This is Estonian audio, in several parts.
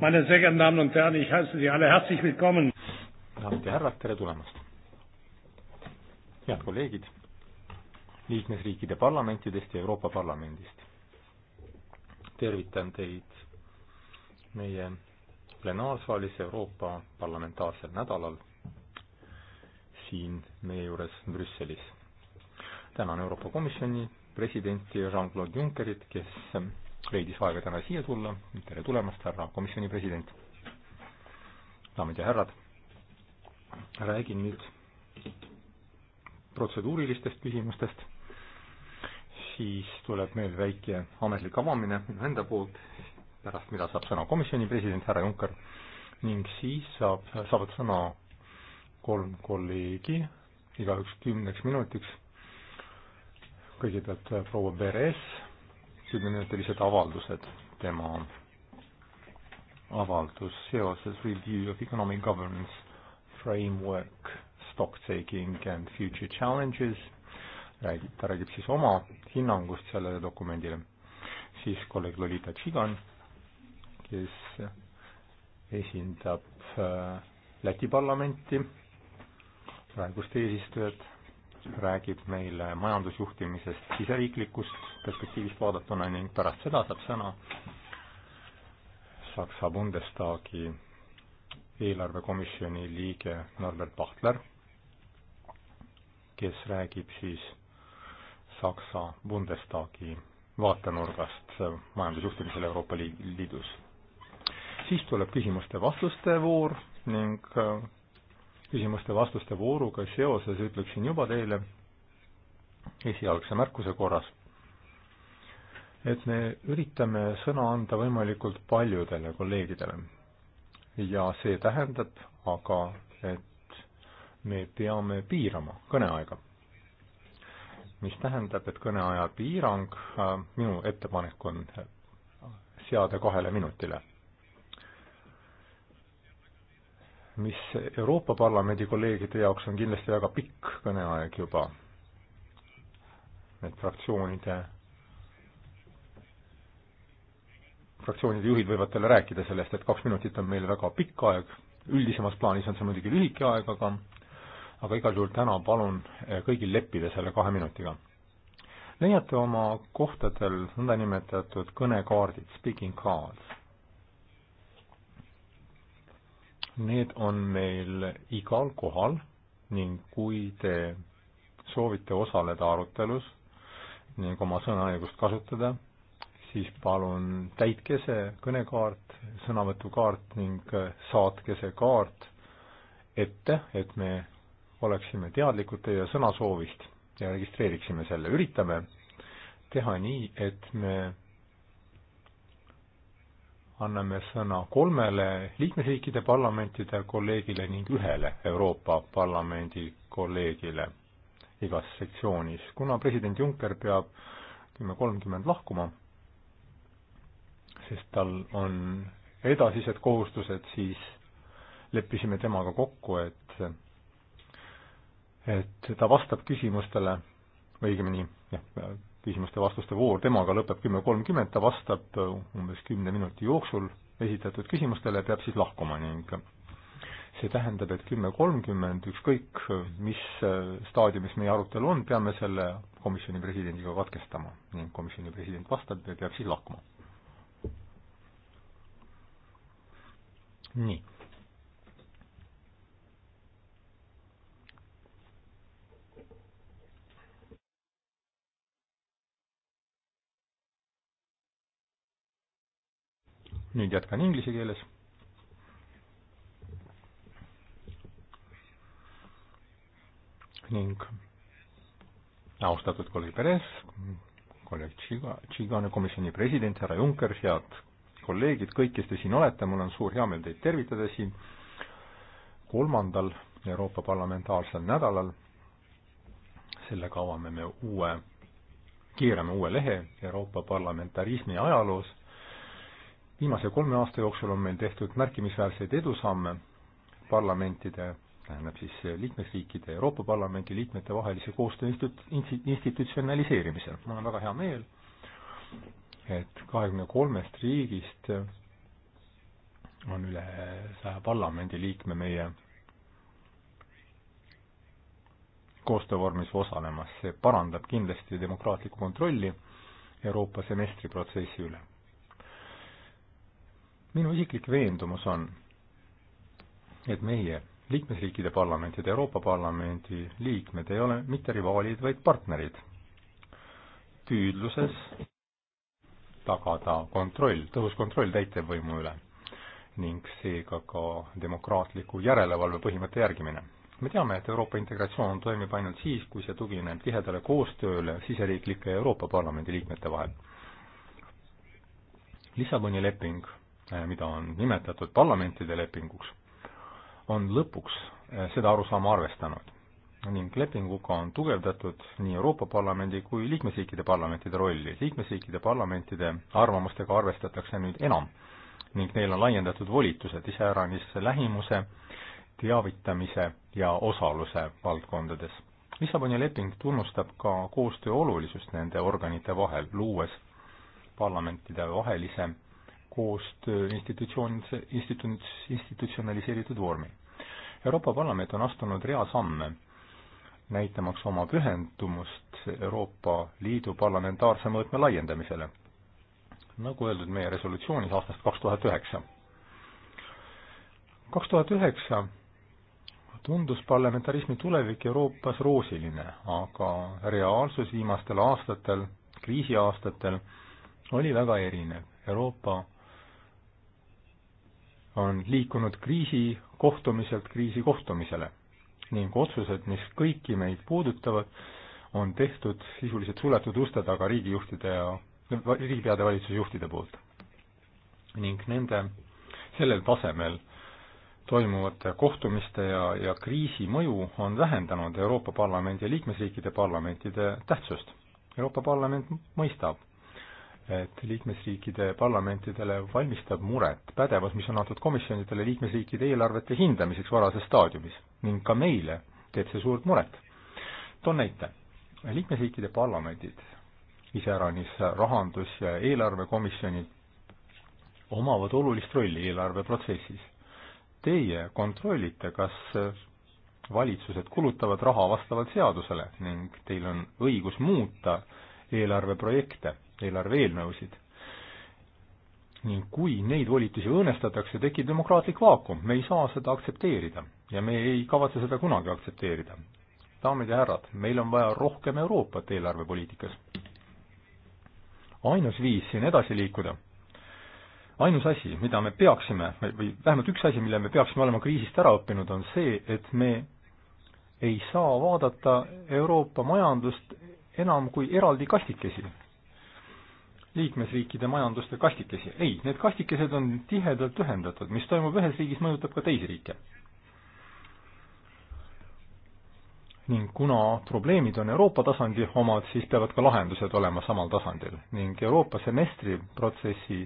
Meine sehr geehrten Damen und Herren, ich heiße Sie alle herzlich willkommen. daamid ja härrad, tere tulemast! head kolleegid liikmesriikide parlamentidest ja Euroopa Parlamendist. tervitan teid meie plenaarsaalis Euroopa parlamentaarsel nädalal siin meie juures Brüsselis. tänan Euroopa Komisjoni presidenti Jean-Claude Junckerit, kes leidis aega täna siia tulla. tere tulemast, härra komisjoni president. daamid ja härrad, räägin nüüd protseduurilistest küsimustest, siis tuleb meil väike ametlik avamine minu enda poolt, pärast mida saab sõna komisjoni president härra Juncker ning siis saab, saavad sõna kolm kolleegi, igaüks kümneks minutiks. kõigepealt proua Beres kümneminutilised avaldused, tema avaldus seoses Review of Economic Governance Framework Stocktaking and Future Challenges, räägib, ta räägib siis oma hinnangust sellele dokumendile. siis kolleeg Lolita Tšigan, kes esindab äh, Läti parlamenti, praegust eesistujat räägib meile majandusjuhtimisest siseriiklikust perspektiivist vaadatuna ning pärast seda saab sõna Saksa Bundestagi eelarvekomisjoni liige Norbert Pahtler, kes räägib siis Saksa Bundestagi vaatenurgast majandusjuhtimisel Euroopa Liidus. siis tuleb küsimuste-vastuste voor ning äh, küsimuste-vastuste vooruga seoses ütleksin juba teile esialgse märkuse korras, et me üritame sõna anda võimalikult paljudele kolleegidele. ja see tähendab aga, et me peame piirama kõneaega. mis tähendab, et kõneaja piirang, äh, minu ettepanek on seada kahele minutile mis Euroopa Parlamendi kolleegide jaoks on kindlasti väga pikk kõneaeg juba, et fraktsioonide fraktsioonide juhid võivad teile rääkida sellest, et kaks minutit on meil väga pikk aeg, üldisemas plaanis on see muidugi lühike aeg, aga aga igal juhul täna palun eh, kõigil leppida selle kahe minutiga. leiate oma kohtadel nõndanimetatud kõnekaardid, speaking cards Need on meil igal kohal ning kui te soovite osaleda arutelus ning oma sõnaõigust kasutada, siis palun täitke see kõnekaart, sõnavõtukaart ning saatke see kaart ette, et me oleksime teadlikud teie sõnasoovist ja registreeriksime selle. üritame teha nii, et me anname sõna kolmele liikmesriikide parlamentide kolleegile ning ühele Euroopa Parlamendi kolleegile igas sektsioonis. kuna president Juncker peab kümme kolmkümmend lahkuma, sest tal on edasised kohustused, siis leppisime temaga kokku, et, et ta vastab küsimustele, õigemini jah, küsimuste-vastuste voor temaga lõpeb kümme kolmkümmend, ta vastab äh, umbes kümne minuti jooksul esitatud küsimustele, peab siis lahkuma ning see tähendab, et kümme kolmkümmend, ükskõik mis äh, staadiumis meie arutelu on, peame selle komisjoni presidendiga katkestama ning komisjoni president vastab ja peab siis lahkuma. nii nüüd jätkan inglise keeles. ning austatud kolleeg Perez, kolleeg Tšiga, Tšigane komisjoni president härra Juncker, head kolleegid, kõik, kes te siin olete, mul on suur heameel teid tervitada siin kolmandal Euroopa parlamentaarsel nädalal. sellega avame me uue, keerame uue lehe Euroopa parlamentarismi ajaloos viimase kolme aasta jooksul on meil tehtud märkimisväärseid edusamme parlamentide, tähendab siis liikmesriikide, Euroopa Parlamendi liikmete vahelise koostöö institu-, institutsionaliseerimisel. mul on väga hea meel, et kahekümne kolmest riigist on üle saja parlamendiliikme meie koostöövormis osalemas, see parandab kindlasti demokraatlikku kontrolli Euroopa semestriprotsessi üle minu isiklik veendumus on, et meie, liikmesriikide parlamentid, Euroopa Parlamendi liikmed ei ole mitte rivaalid, vaid partnerid püüdluses tagada kontroll, tõhus kontroll täitevvõimu üle ning seega ka demokraatliku järelevalve põhimõtte järgimine. me teame, et Euroopa integratsioon toimib ainult siis, kui see tugineb tihedale koostööle siseriiklike Euroopa Parlamendi liikmete vahel. Lissaboni leping Eh, mida on nimetatud parlamentide lepinguks, on lõpuks eh, seda arusaama arvestanud ning lepinguga on tugevdatud nii Euroopa Parlamendi kui liikmesriikide parlamentide rolli. liikmesriikide parlamentide arvamustega arvestatakse nüüd enam ning neil on laiendatud volitused iseäranis lähimuse, teavitamise ja osaluse valdkondades. Lissaboni leping tunnustab ka koostöö olulisust nende organite vahel, luues parlamentide vahelise koostöö institutsioon, institut-, institutsionaliseeritud vormi. Euroopa Parlament on astunud rea samme, näitamaks oma pühendumust Euroopa Liidu parlamentaarse mõõtme laiendamisele, nagu öeldud meie resolutsioonis aastast kaks tuhat üheksa. kaks tuhat üheksa tundus parlamentarismi tulevik Euroopas roosiline, aga reaalsus viimastel aastatel, kriisiaastatel, oli väga erinev. Euroopa on liikunud kriisi kohtumiselt kriisi kohtumisele ning otsused, mis kõiki meid puudutavad, on tehtud sisuliselt suletud uste taga riigijuhtide ja riigipeade valitsusjuhtide poolt. ning nende, sellel tasemel toimuvate kohtumiste ja, ja kriisi mõju on vähendanud Euroopa Parlamendi ja liikmesriikide parlamentide tähtsust. Euroopa Parlament mõistab et liikmesriikide parlamentidele valmistab muret pädevus, mis on antud komisjonidele liikmesriikide eelarvete hindamiseks varases staadiumis ning ka meile teeb see suurt muret. toon näite. liikmesriikide parlamendid, iseäranis rahandus- ja eelarvekomisjonid, omavad olulist rolli eelarveprotsessis. Teie kontrollite, kas valitsused kulutavad raha vastavalt seadusele ning teil on õigus muuta eelarveprojekte eelarve-eelnõusid. ning kui neid volitusi õõnestatakse, tekib demokraatlik vaakum, me ei saa seda aktsepteerida ja me ei kavatse seda kunagi aktsepteerida. daamid ja härrad, meil on vaja rohkem Euroopat eelarvepoliitikas. ainus viis siin edasi liikuda, ainus asi, mida me peaksime, või vähemalt üks asi, mille me peaksime olema kriisist ära õppinud, on see, et me ei saa vaadata Euroopa majandust enam kui eraldi kastikesi, liikmesriikide majanduste kastikesi. ei, need kastikesed on tihedalt ühendatud, mis toimub ühes riigis, mõjutab ka teisi riike. ning kuna probleemid on Euroopa tasandi omad, siis peavad ka lahendused olema samal tasandil ning Euroopa semestri protsessi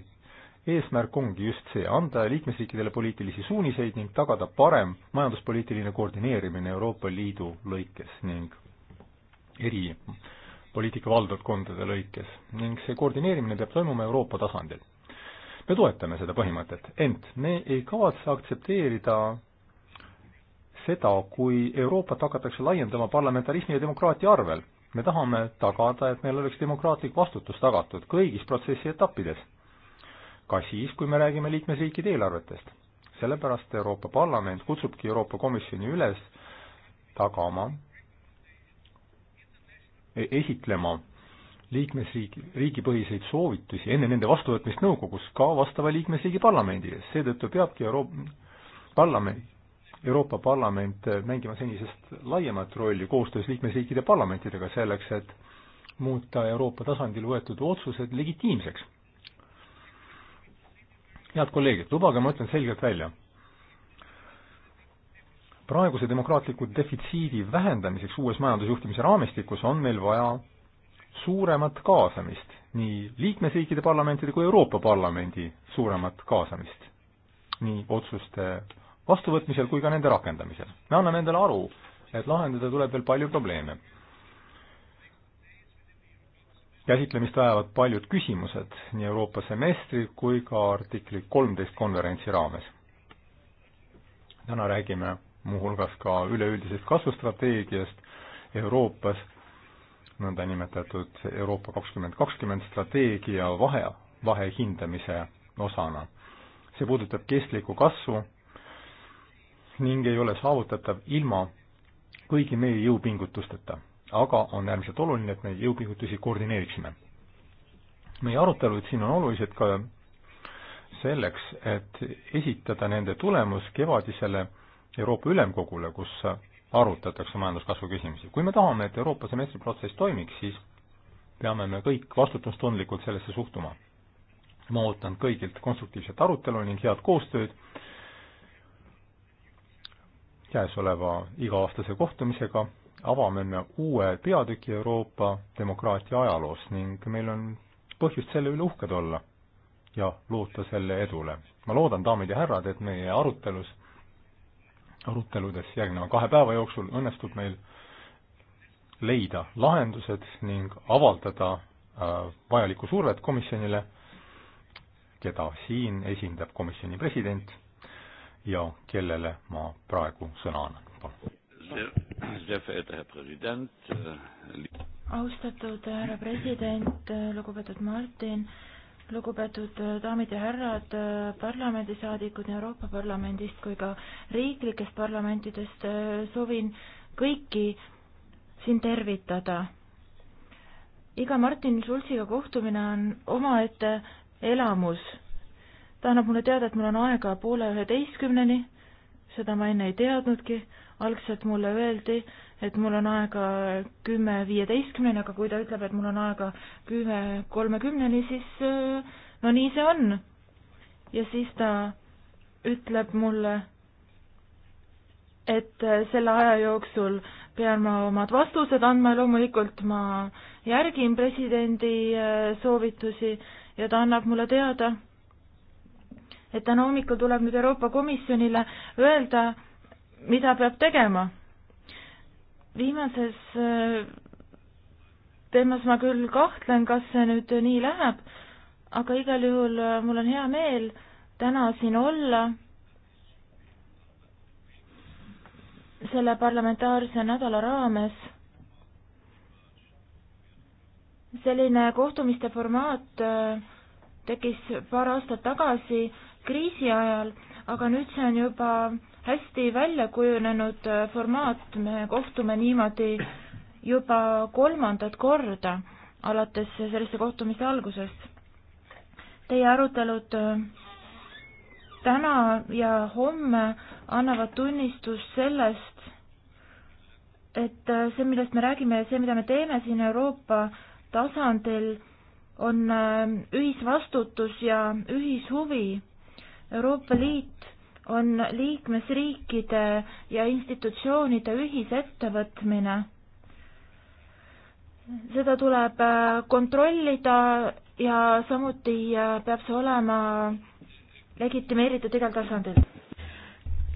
eesmärk ongi just see, anda liikmesriikidele poliitilisi suuniseid ning tagada parem majanduspoliitiline koordineerimine Euroopa Liidu lõikes ning eri poliitika valdkondade lõikes ning see koordineerimine peab toimuma Euroopa tasandil. me toetame seda põhimõtet, ent me ei kavatse aktsepteerida seda, kui Euroopat hakatakse laiendama parlamentarismi ja demokraatia arvel. me tahame tagada, et meil oleks demokraatlik vastutus tagatud kõigis protsessi etappides, ka siis, kui me räägime liikmesriikide eelarvetest. sellepärast Euroopa Parlament kutsubki Euroopa Komisjoni üles tagama E-, esitlema liikmesriigi, riigipõhiseid soovitusi enne nende vastuvõtmist nõukogus ka vastava liikmesriigi parlamendile, seetõttu peabki Euro-, parlament, Euroopa Parlament mängima senisest laiemat rolli koostöös liikmesriikide parlamentidega selleks, et muuta Euroopa tasandil võetud otsused legitiimseks. head kolleegid, lubage, ma ütlen selgelt välja praeguse demokraatliku defitsiidi vähendamiseks uues majandusjuhtimise raamistikus on meil vaja suuremat kaasamist, nii liikmesriikide parlamentide kui Euroopa Parlamendi suuremat kaasamist, nii otsuste vastuvõtmisel kui ka nende rakendamisel. me anname endale aru, et lahendada tuleb veel palju probleeme. käsitlemist vajavad paljud küsimused nii Euroopa semestri kui ka artikli kolmteist konverentsi raames. täna räägime muuhulgas ka üleüldisest kasvustrateegiast Euroopas, nõndanimetatud Euroopa kakskümmend kakskümmend strateegia vahe, vahe hindamise osana. see puudutab kestlikku kasvu ning ei ole saavutatav ilma kõigi meie jõupingutusteta, aga on äärmiselt oluline, et neid jõupingutusi koordineeriksime. meie arutelud siin on olulised ka selleks, et esitada nende tulemus kevadisele Euroopa Ülemkogule, kus arutatakse majanduskasvu küsimusi. kui me tahame, et Euroopa semestriprotsess toimiks, siis peame me kõik vastutustundlikult sellesse suhtuma. ma ootan kõigilt konstruktiivset arutelu ning head koostööd käesoleva iga-aastase kohtumisega avame me uue peatüki Euroopa demokraatia ajaloos ning meil on põhjust selle üle uhked olla ja loota selle edule. ma loodan, daamid ja härrad, et meie arutelus aruteludes järgneva kahe päeva jooksul õnnestub meil leida lahendused ning avaldada äh, vajalikku survet komisjonile, keda siin esindab komisjoni president ja kellele ma praegu sõna annan. palun. austatud härra president, lugupeetud Martin lugupeetud äh, daamid ja härrad, äh, parlamendisaadikud nii Euroopa Parlamendist kui ka riiklikest parlamentidest, äh, soovin kõiki siin tervitada. iga Martin Schulziga kohtumine on omaette elamus. ta annab mulle teada, et mul on aega poole üheteistkümneni, seda ma enne ei teadnudki, algselt mulle öeldi, et mul on aega kümme viieteistkümneni, aga kui ta ütleb, et mul on aega kümme kolmekümneni, siis äh, no nii see on. ja siis ta ütleb mulle, et äh, selle aja jooksul pean ma omad vastused andma ja loomulikult ma järgin presidendi äh, soovitusi ja ta annab mulle teada, et täna hommikul tuleb nüüd Euroopa Komisjonile öelda, mida peab tegema viimases äh, teemas ma küll kahtlen, kas see nüüd nii läheb, aga igal juhul äh, mul on hea meel täna siin olla selle parlamentaarse nädala raames. selline kohtumiste formaat äh, tekkis paar aastat tagasi kriisi ajal, aga nüüd see on juba hästi välja kujunenud äh, formaat, me kohtume niimoodi juba kolmandat korda alates selliste kohtumiste algusest. Teie arutelud äh, täna ja homme annavad tunnistust sellest, et äh, see, millest me räägime ja see, mida me teeme siin Euroopa tasandil, on ühisvastutus ja ühishuvi. Euroopa Liit on liikmesriikide ja institutsioonide ühisettevõtmine. seda tuleb äh, kontrollida ja samuti äh, peab see olema legitimeeritud igal tasandil.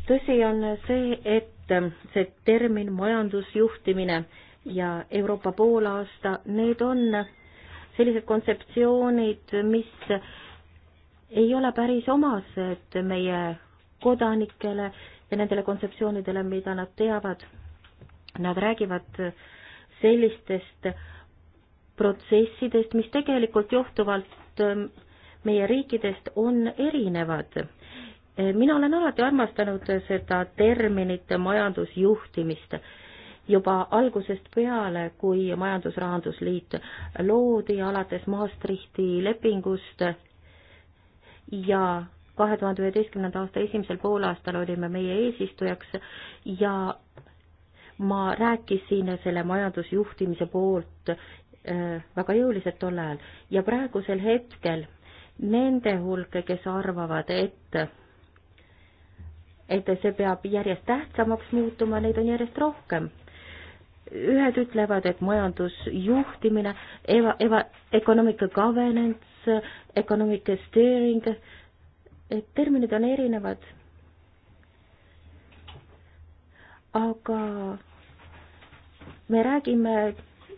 tõsi on see, et äh, see termin majandusjuhtimine ja Euroopa poolaasta, need on sellised kontseptsioonid, mis ei ole päris omased meie kodanikele ja nendele kontseptsioonidele, mida nad teavad. Nad räägivad sellistest protsessidest, mis tegelikult johtuvalt ähm, meie riikidest on erinevad. Äh, mina olen alati armastanud seda terminit majandusjuhtimist juba algusest peale, kui Majandus-Rahandusliit loodi alates Maastrichti lepingust ja kahe tuhande üheteistkümnenda aasta esimesel poolaastal olime meie eesistujaks ja ma rääkisin selle majandusjuhtimise poolt äh, väga jõuliselt tol ajal ja praegusel hetkel nende hulk, kes arvavad, et et see peab järjest tähtsamaks muutuma, neid on järjest rohkem ühed ütlevad, et majandusjuhtimine, eva, eva, economic governance, economic steering, et terminid on erinevad. aga me räägime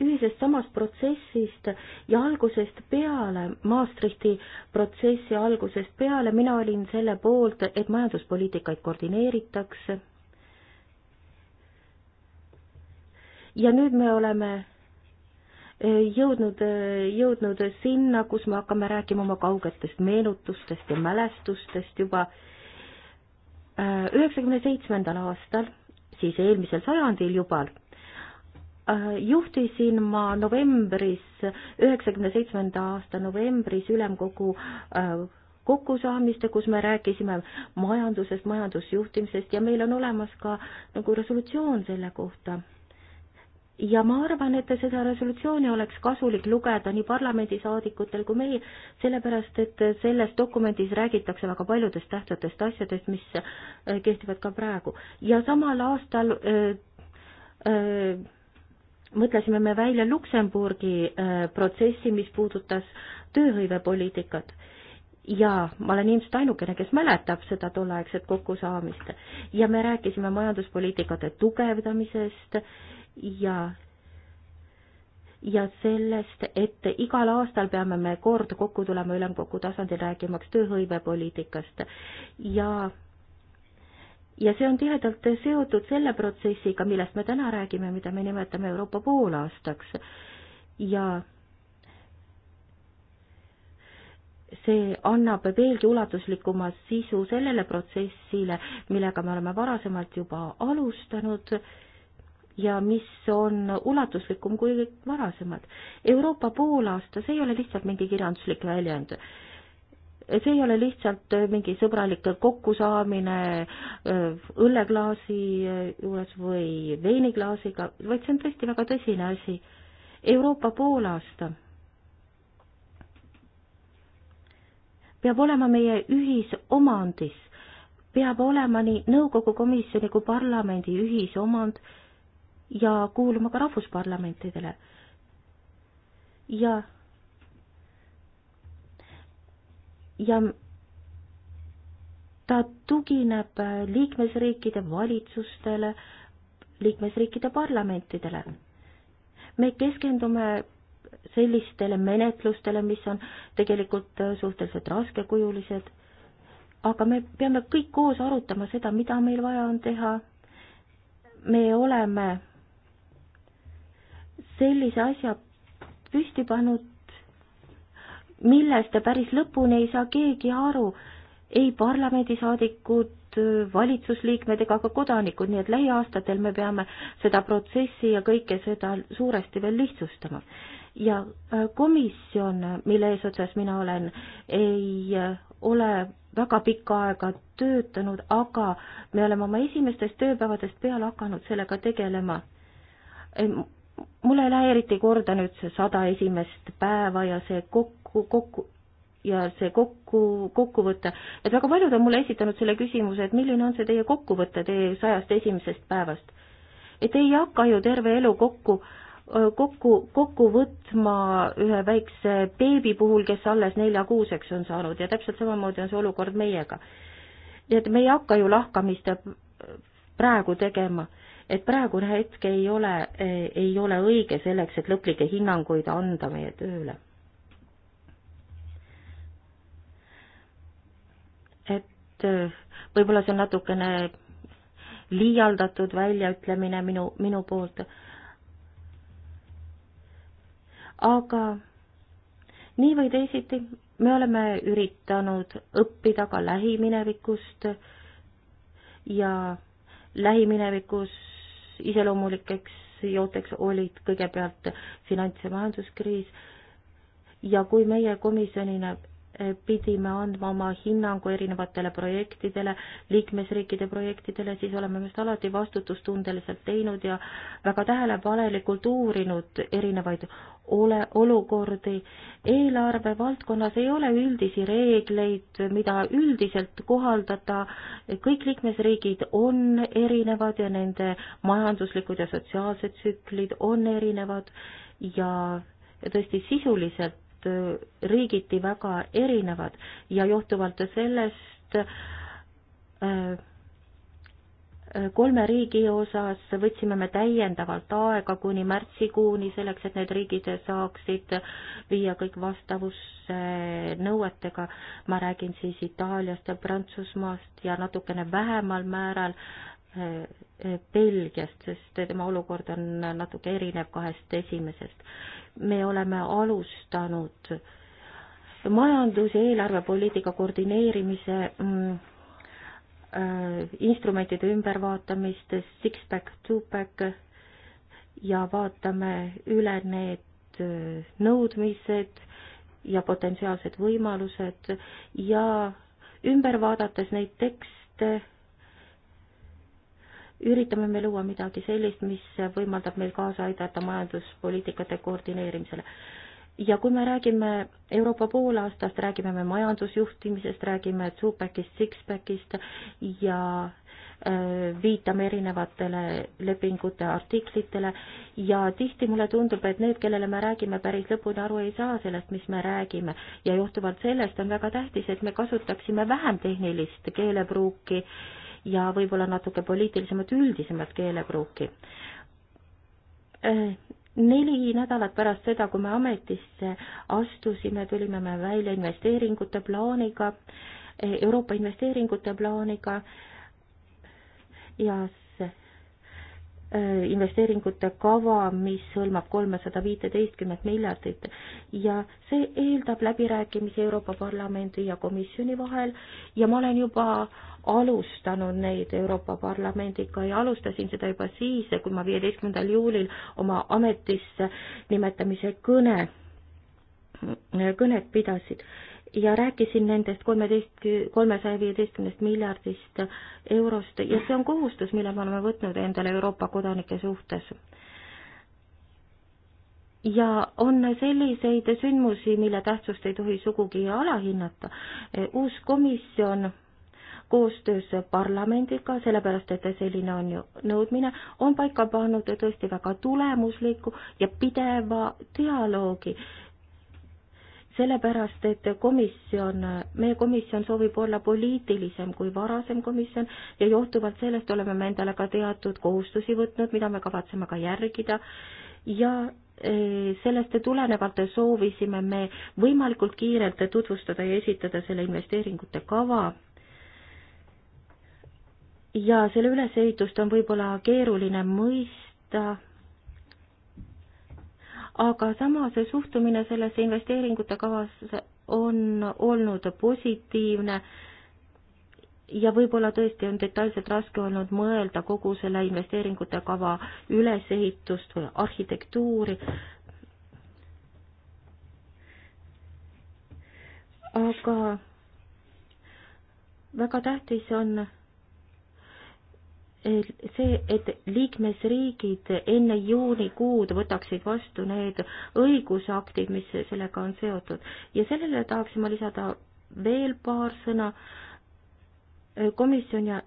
ühisest samast protsessist ja algusest peale, Maastrichti protsessi algusest peale, mina olin selle poolt, et majanduspoliitikaid koordineeritakse. ja nüüd me oleme jõudnud, jõudnud sinna, kus me hakkame rääkima oma kaugetest meenutustest ja mälestustest juba äh, üheksakümne seitsmendal aastal, siis eelmisel sajandil juba, äh, juhtisin ma novembris, üheksakümne seitsmenda aasta novembris ülemkogu äh, kokkusaamiste, kus me rääkisime majandusest, majandusjuhtimisest ja meil on olemas ka nagu resolutsioon selle kohta ja ma arvan, et seda resolutsiooni oleks kasulik lugeda nii parlamendisaadikutel kui meil, sellepärast et selles dokumendis räägitakse väga paljudest tähtsatest asjadest, mis äh, kehtivad ka praegu. ja samal aastal öö, äh, öö, äh, mõtlesime me välja Luksemburgi öö, protsessi, mis puudutas tööhõivepoliitikat jaa, ma olen ilmselt ainukene, kes mäletab seda tolleaegset kokkusaamist ja me rääkisime majanduspoliitikate tugevdamisest äh, ja ja sellest, et igal aastal peame me kord kokku tulema ülemkogu tasandil rääkimaks tööhõivepoliitikast ja ja see on tihedalt seotud selle protsessiga, millest me täna räägime, mida me nimetame Euroopa poolaastaks ja see annab veelgi ulatuslikuma sisu sellele protsessile, millega me oleme varasemalt juba alustanud ja mis on ulatuslikum kui varasemad. Euroopa poolaasta, see ei ole lihtsalt mingi kirjanduslik väljend. see ei ole lihtsalt mingi sõbralik kokkusaamine äh, õlleklaasi äh, juures või veiniklaasiga, vaid see on tõesti väga tõsine asi. Euroopa poolaasta peab olema meie ühisomandis, peab olema nii nõukogu komisjoni kui parlamendi ühisomand ja kuuluma ka rahvusparlamentidele. ja, ja ta tugineb liikmesriikide valitsustele, liikmesriikide parlamentidele. me keskendume sellistele menetlustele, mis on tegelikult suhteliselt raskekujulised, aga me peame kõik koos arutama seda, mida meil vaja on teha. me oleme sellise asja püsti pannud, millest päris lõpuni ei saa keegi aru, ei parlamendisaadikud, valitsusliikmed ega ka kodanikud, nii et lähiaastatel me peame seda protsessi ja kõike seda suuresti veel lihtsustama. ja äh, komisjon, mille eesotsas mina olen, ei äh, ole väga pikka aega töötanud, aga me oleme oma esimestest tööpäevadest peale hakanud sellega tegelema mulle ei lähe eriti korda nüüd see sada esimest päeva ja see kokku, kokku ja see kokku, kokkuvõte, et väga paljud on mulle esitanud selle küsimuse, et milline on see teie kokkuvõte teie sajast esimesest päevast. et ei hakka ju terve elu kokku, kokku, kokku võtma ühe väikse beebi puhul, kes alles neljakuuseks on saanud ja täpselt samamoodi on see olukord meiega. nii et me ei hakka ju lahkamist äh, praegu tegema et praegune hetk ei ole, eh, ei ole õige selleks, et lõplikke hinnanguid anda meie tööle. et eh, võib-olla see on natukene liialdatud väljaütlemine minu, minu poolt, aga nii või teisiti me oleme üritanud õppida ka lähiminevikust ja lähiminevikus iseloomulikeks jooteks olid kõigepealt finants- ja majanduskriis ja kui meie komisjonina pidime andma oma hinnangu erinevatele projektidele, liikmesriikide projektidele, siis oleme vist alati vastutustundeliselt teinud ja väga tähelepanelikult uurinud erinevaid ole, olukordi. eelarve valdkonnas ei ole üldisi reegleid, mida üldiselt kohaldada. kõik liikmesriigid on erinevad ja nende majanduslikud ja sotsiaalsed tsüklid on erinevad ja ja tõesti sisuliselt Äh, riigiti väga erinevad ja johtuvalt sellest äh, äh, kolme riigi osas võtsime me täiendavalt aega kuni märtsikuuni selleks, et need riigid saaksid viia kõik vastavusse nõuetega. ma räägin siis Itaaliast ja Prantsusmaast ja natukene vähemal määral äh, Äh, Belgiast, sest tema olukord on natuke erinev kahest esimesest. me oleme alustanud majandus- ja eelarvepoliitika koordineerimise mm, äh, instrumentide ümbervaatamist, six-pack, two-pack ja vaatame üle need äh, nõudmised ja potentsiaalsed võimalused ja ümber vaadates neid tekste üritame me luua midagi sellist, mis võimaldab meil kaasa aidata majanduspoliitikate koordineerimisele. ja kui me räägime Euroopa poolaastast, räägime me majandusjuhtimisest, räägime two-pack'ist, six-pack'ist ja äh, viitame erinevatele lepingute artiklitele ja tihti mulle tundub, et need, kellele me räägime, päris lõpuni aru ei saa sellest, mis me räägime ja johtuvalt sellest on väga tähtis, et me kasutaksime vähem tehnilist keelepruuki äh, ja võib-olla natuke poliitilisemat, üldisemat keelepruuki. Äh, neli nädalat pärast seda, kui me ametisse astusime, tulime me välja investeeringute plaaniga, äh, Euroopa investeeringute plaaniga ja äh, investeeringute kava, mis hõlmab kolmesada viiteistkümmet miljardit ja see eeldab läbirääkimisi Euroopa Parlamendi ja komisjoni vahel ja ma olen juba äh, alustanud neid Euroopa Parlamendiga ja alustasin seda juba siis, kui ma viieteistkümnendal juulil oma ametisse nimetamise kõne, kõnet pidasin ja rääkisin nendest kolmeteist, kolmesaja viieteistkümnest miljardist eurost ja see on kohustus, mille me oleme võtnud endale Euroopa kodanike suhtes ja on selliseid sündmusi, mille tähtsust ei tohi sugugi alahinnata. uus komisjon koostöös parlamendiga, sellepärast et selline on ju nõudmine, on paika pannud tõesti väga tulemusliku ja pideva dialoogi sellepärast, et komisjon, meie komisjon soovib olla poliitilisem kui varasem komisjon ja johtuvalt sellest oleme me endale ka teatud kohustusi võtnud, mida me kavatseme ka järgida ja e, sellest tulenevalt soovisime me võimalikult kiirelt tutvustada ja esitada selle investeeringute kava ja selle ülesehitust on võib-olla keeruline mõista, aga samas suhtumine sellesse investeeringute kavasse on olnud positiivne ja võib-olla tõesti on detailselt raske olnud mõelda kogu selle investeeringute kava ülesehitust või arhitektuuri. aga väga tähtis on see, et liikmesriigid enne juunikuud võtaksid vastu need õigusaktid, mis sellega on seotud. ja sellele tahaksin ma lisada veel paar sõna. komisjon ja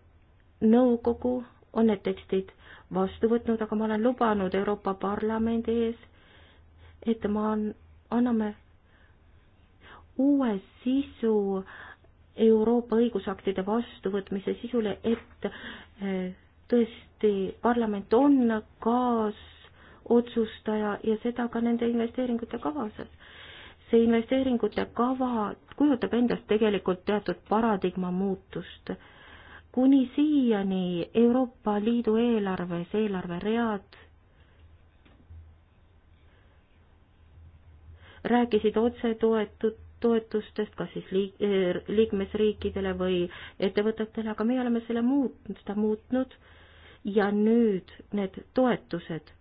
nõukogu on need tekstid vastu võtnud, aga ma olen lubanud Euroopa Parlamendi ees, et ma anname uue sisu Euroopa õigusaktide vastuvõtmise sisule, et eh, tõesti, parlament on kaasotsustaja ja seda ka nende investeeringute kavas. see investeeringute kava kujutab endast tegelikult teatud paradigma muutust. kuni siiani Euroopa Liidu eelarves eelarveread rääkisid otsetoetud toetustest, kas siis liik-, eh, liikmesriikidele või ettevõtetele, aga meie oleme selle muutnud, seda muutnud ja nüüd need toetused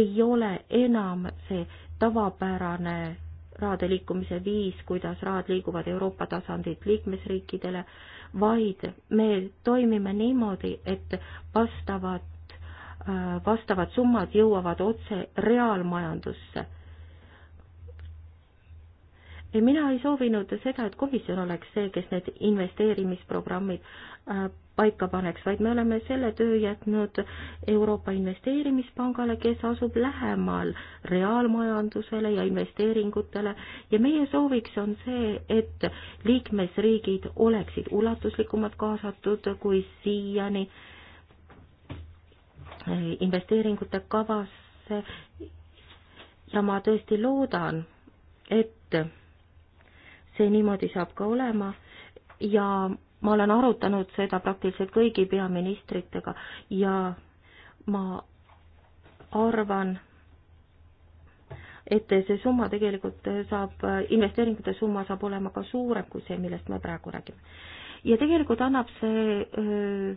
ei ole enam see tavapärane rahade liikumise viis, kuidas rahad liiguvad Euroopa tasandilt liikmesriikidele, vaid me toimime niimoodi, et vastavad, äh, vastavad summad jõuavad otse reaalmajandusse mina ei soovinud seda, et komisjon oleks see, kes need investeerimisprogrammid äh, paika paneks, vaid me oleme selle töö jätnud Euroopa Investeerimispangale, kes asub lähemal reaalmajandusele ja investeeringutele ja meie sooviks on see, et liikmesriigid oleksid ulatuslikumalt kaasatud kui siiani äh, investeeringute kavasse ja ma tõesti loodan, et see niimoodi saab ka olema ja ma olen arutanud seda praktiliselt kõigi peaministritega ja ma arvan, et see summa tegelikult saab, investeeringute summa saab olema ka suurem kui see, millest me praegu räägime. ja tegelikult annab see öö,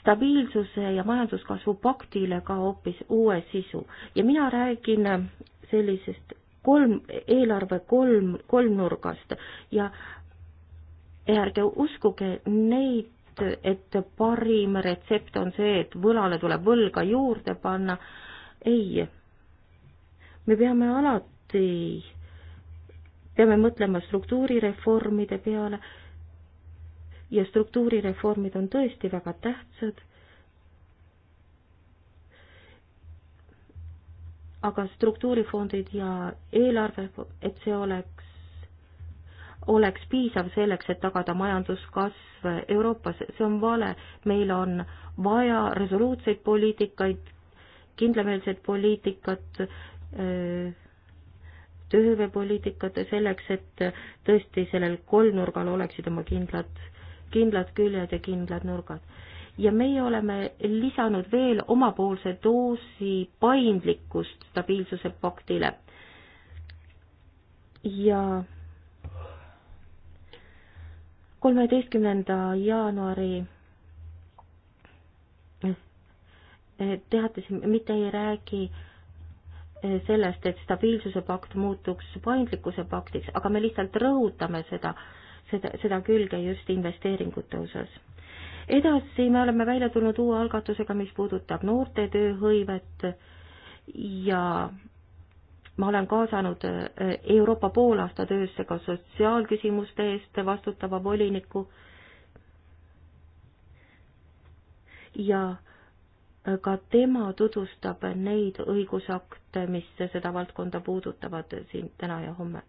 stabiilsuse ja majanduskasvu paktile ka hoopis uue sisu ja mina räägin sellisest kolm, eelarve kolm, kolmnurgast ja ärge uskuge neid, et parim retsept on see, et võlale tuleb võlga juurde panna. ei, me peame alati, peame mõtlema struktuurireformide peale ja struktuurireformid on tõesti väga tähtsad aga struktuurifondid ja eelarve, et see oleks, oleks piisav selleks, et tagada majanduskasv Euroopas, see on vale. meil on vaja resoluutseid poliitikaid, kindlameelset poliitikat, äh, tööhõivepoliitikat selleks, et tõesti sellel kolmnurgal oleksid oma kindlad, kindlad küljed ja kindlad nurgad ja meie oleme lisanud veel omapoolse doosi paindlikkust stabiilsuse paktile. ja kolmeteistkümnenda jaanuari eh, teates mitte ei räägi eh, sellest, et stabiilsuse pakt muutuks paindlikkuse paktiks, aga me lihtsalt rõhutame seda, seda, seda külge just investeeringute osas edasi me oleme välja tulnud uue algatusega, mis puudutab noorte tööhõivet ja ma olen kaasanud eh, Euroopa poolaasta töösse ka sotsiaalküsimuste eest vastutava voliniku ja eh, ka tema tutvustab neid õigusakte, mis seda valdkonda puudutavad siin täna ja homme.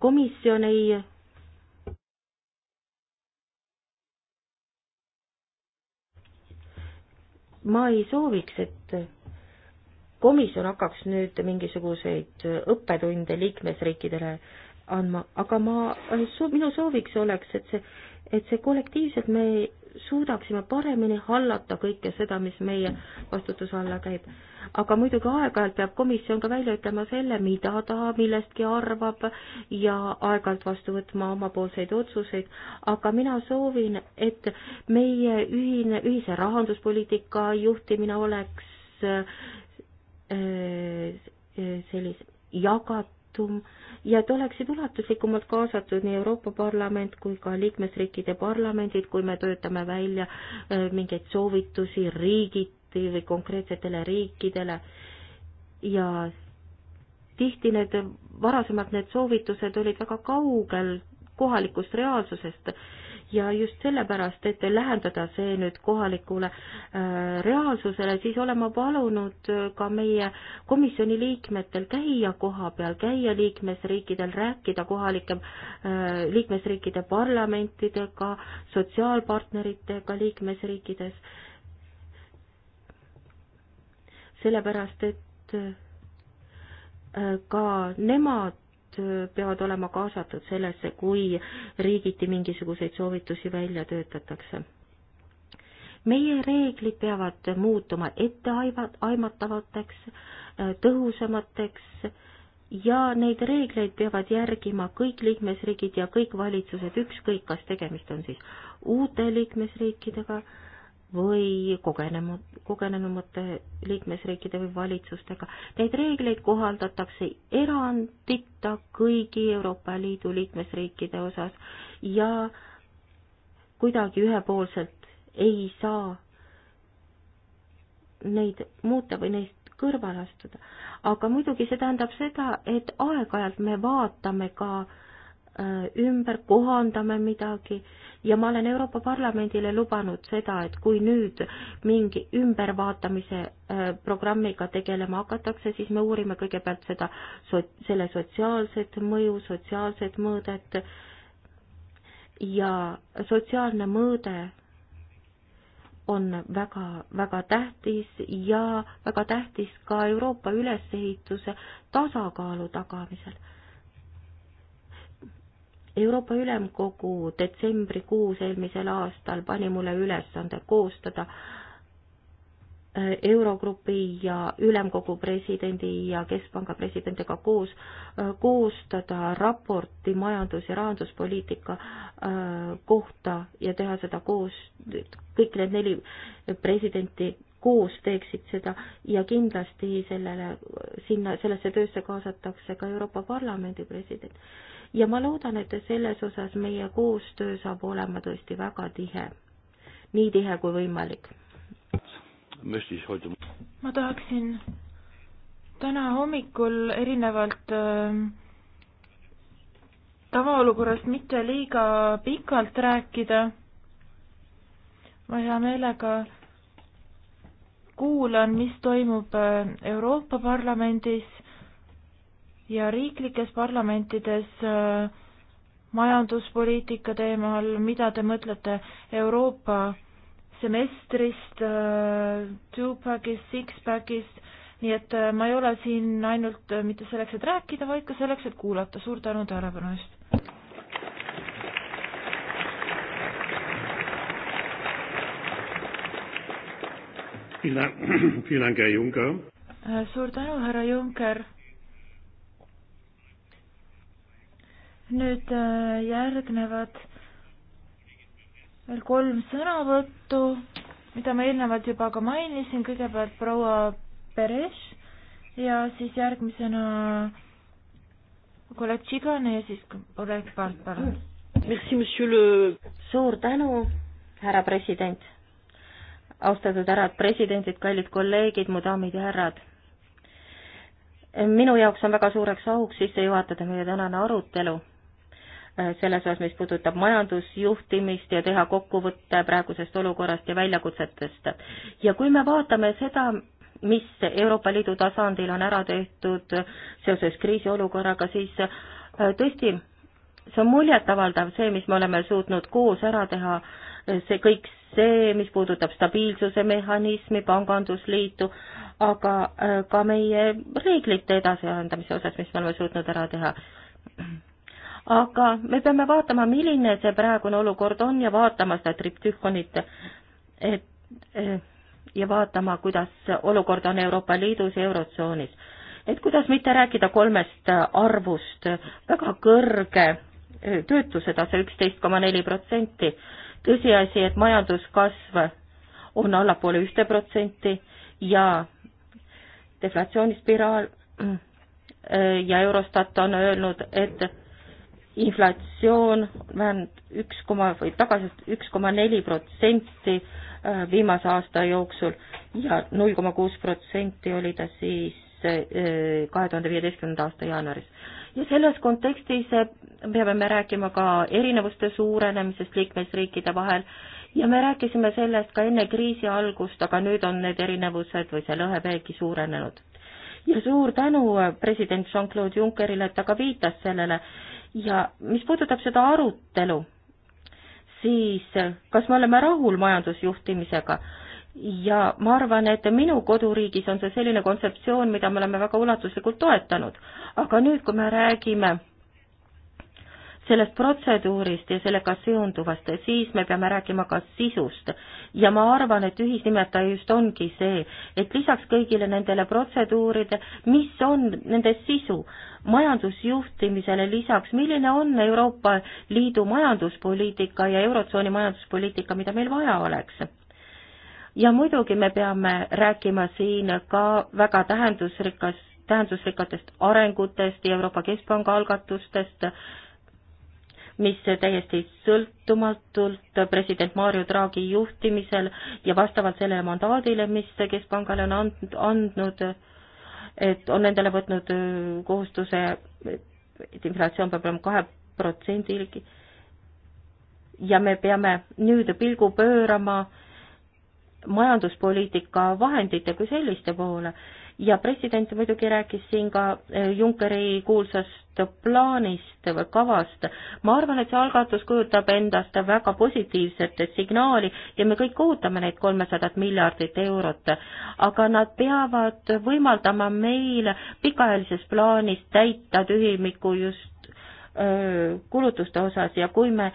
komisjon ei ma ei sooviks, et komisjon hakkaks nüüd mingisuguseid õppetunde liikmesriikidele andma, aga ma, minu sooviks oleks, et see, et see kollektiivselt me suudaksime paremini hallata kõike seda, mis meie vastutuse alla käib aga muidugi aeg-ajalt peab komisjon ka välja ütlema selle, mida ta millestki arvab ja aeg-ajalt vastu võtma omapoolseid otsuseid, aga mina soovin, et meie ühine, ühise rahanduspoliitika juhtimine oleks äh, äh, sellise jagatum ja et oleksid ulatuslikumalt kaasatud nii Euroopa Parlament kui ka liikmesriikide parlamendid, kui me töötame välja äh, mingeid soovitusi riigiti või konkreetsetele riikidele ja tihti need, varasemalt need soovitused olid väga kaugel kohalikust reaalsusest ja just sellepärast, et lähendada see nüüd kohalikule äh, reaalsusele, siis olen ma palunud äh, ka meie komisjoni liikmetel käia koha peal, käia liikmesriikidel, rääkida kohalike, äh, liikmesriikide parlamentidega, sotsiaalpartneritega liikmesriikides sellepärast et äh, ka nemad peavad olema kaasatud sellesse, kui riigiti mingisuguseid soovitusi välja töötatakse. meie reeglid peavad muutuma etteaimatavateks, äh, tõhusamateks ja neid reegleid peavad järgima kõik liikmesriigid ja kõik valitsused, ükskõik kas tegemist on siis uute liikmesriikidega äh, või kogenemad, kogenenumate liikmesriikide või valitsustega. Neid reegleid kohaldatakse erandita kõigi Euroopa Liidu liikmesriikide osas ja kuidagi ühepoolselt ei saa neid muuta või neist kõrvale astuda. aga muidugi see tähendab seda, et aeg-ajalt me vaatame ka äh, Äh, ümber, kohandame midagi ja ma olen Euroopa Parlamendile lubanud seda, et kui nüüd mingi ümbervaatamise äh, programmiga tegelema hakatakse, siis me uurime kõigepealt seda, selle sotsiaalset mõju, sotsiaalset mõõdet ja sotsiaalne mõõde on väga, väga tähtis ja väga tähtis ka Euroopa ülesehituse tasakaalu tagamisel Euroopa Ülemkogu detsembrikuus eelmisel aastal pani mulle ülesande koostada äh, Eurogrupi ja Ülemkogu presidendi ja Keskpanga presidendiga koos äh, koostada raporti majandus- ja rahanduspoliitika äh, kohta ja teha seda koos, kõik need neli presidenti koos teeksid seda ja kindlasti sellele, sinna, sellesse töösse kaasatakse ka Euroopa Parlamendi president ja ma loodan, et selles osas meie koostöö saab olema tõesti väga tihe, nii tihe kui võimalik. ma tahaksin täna hommikul erinevalt äh, tavaolukorrast mitte liiga pikalt rääkida. ma hea meelega kuulan, mis toimub äh, Euroopa Parlamendis ja riiklikes parlamentides äh, majanduspoliitika teemal, mida te mõtlete Euroopa semestrist, äh, two-pack'ist, six-pack'ist, nii et äh, ma ei ole siin ainult mitte selleks, et rääkida, vaid ka selleks, et kuulata, suur tänu tähelepanu eest! suur tänu, härra Juncker! nüüd äh, järgnevad veel kolm sõnavõttu, mida ma eelnevalt juba ka mainisin, kõigepealt proua Peres ja siis järgmisena kolleeg Tšigane ja siis kolleeg Part, palun. suur tänu, härra president. austatud härrad presidendid, kallid kolleegid, mu daamid ja härrad minu jaoks on väga suureks auks sisse juhatada meie tänane arutelu. Äh, selles osas, mis puudutab majandusjuhtimist ja teha kokkuvõtte praegusest olukorrast ja väljakutsetest. ja kui me vaatame seda, mis Euroopa Liidu tasandil on ära tehtud seoses kriisiolukorraga, siis äh, tõesti, see on muljetavaldav, see, mis me oleme suutnud koos ära teha, see kõik see, mis puudutab stabiilsuse mehhanismi, pangandusliitu, aga äh, ka meie reeglite edasiarendamise osas, mis me oleme suutnud ära teha aga me peame vaatama, milline see praegune olukord on ja vaatama seda triptühhonit, et eh, ja vaatama, kuidas olukord on Euroopa Liidus ja Eurotsoonis. et kuidas mitte rääkida kolmest arvust, väga kõrge eh, töötuse tase, üksteist koma neli protsenti, tõsiasi, et majanduskasv on allapoole ühte protsenti ja deflatsioonispiraal eh, ja Eurostat on öelnud, et inflatsioon vähemalt üks koma või tagasiast üks koma neli protsenti äh, viimase aasta jooksul ja null koma kuus protsenti oli ta siis äh, kahe tuhande viieteistkümnenda aasta jaanuaris. ja selles kontekstis äh, peame me rääkima ka erinevuste suurenemisest liikmesriikide vahel ja me rääkisime sellest ka enne kriisi algust, aga nüüd on need erinevused või see lõhe veelgi suurenenud. ja suur tänu president Jean-Claude Junckerile, et ta ka viitas sellele, ja mis puudutab seda arutelu, siis kas me oleme rahul majandusjuhtimisega ja ma arvan, et minu koduriigis on see selline kontseptsioon, mida me oleme väga ulatuslikult toetanud, aga nüüd, kui me räägime sellest protseduurist ja sellega seonduvast, siis me peame rääkima ka sisust. ja ma arvan, et ühisnimetaja just ongi see, et lisaks kõigile nendele protseduuride, mis on nende sisu, majandusjuhtimisele lisaks, milline on Euroopa Liidu majanduspoliitika ja Eurotsooni majanduspoliitika, mida meil vaja oleks ja muidugi me peame rääkima siin ka väga tähendusrikas, tähendusrikatest arengutest ja Euroopa Keskpanga algatustest, mis täiesti sõltumatult president Mario Draghi juhtimisel ja vastavalt sellele mandaadile, mis Keskpangale on and-, andnud, et on endale võtnud kohustuse, et inflatsioon peab olema kahe protsendilgi ja me peame nüüd pilgu pöörama majanduspoliitika vahendite kui selliste poole ja president muidugi rääkis siin ka eh, Junckeri kuulsast plaanist või kavast. ma arvan, et see algatus kujutab endast väga positiivset signaali ja me kõik ootame neid kolmesadat miljardit eurot, aga nad peavad võimaldama meil pikaajalises plaanis täita tühimikku just kulutuste osas ja kui me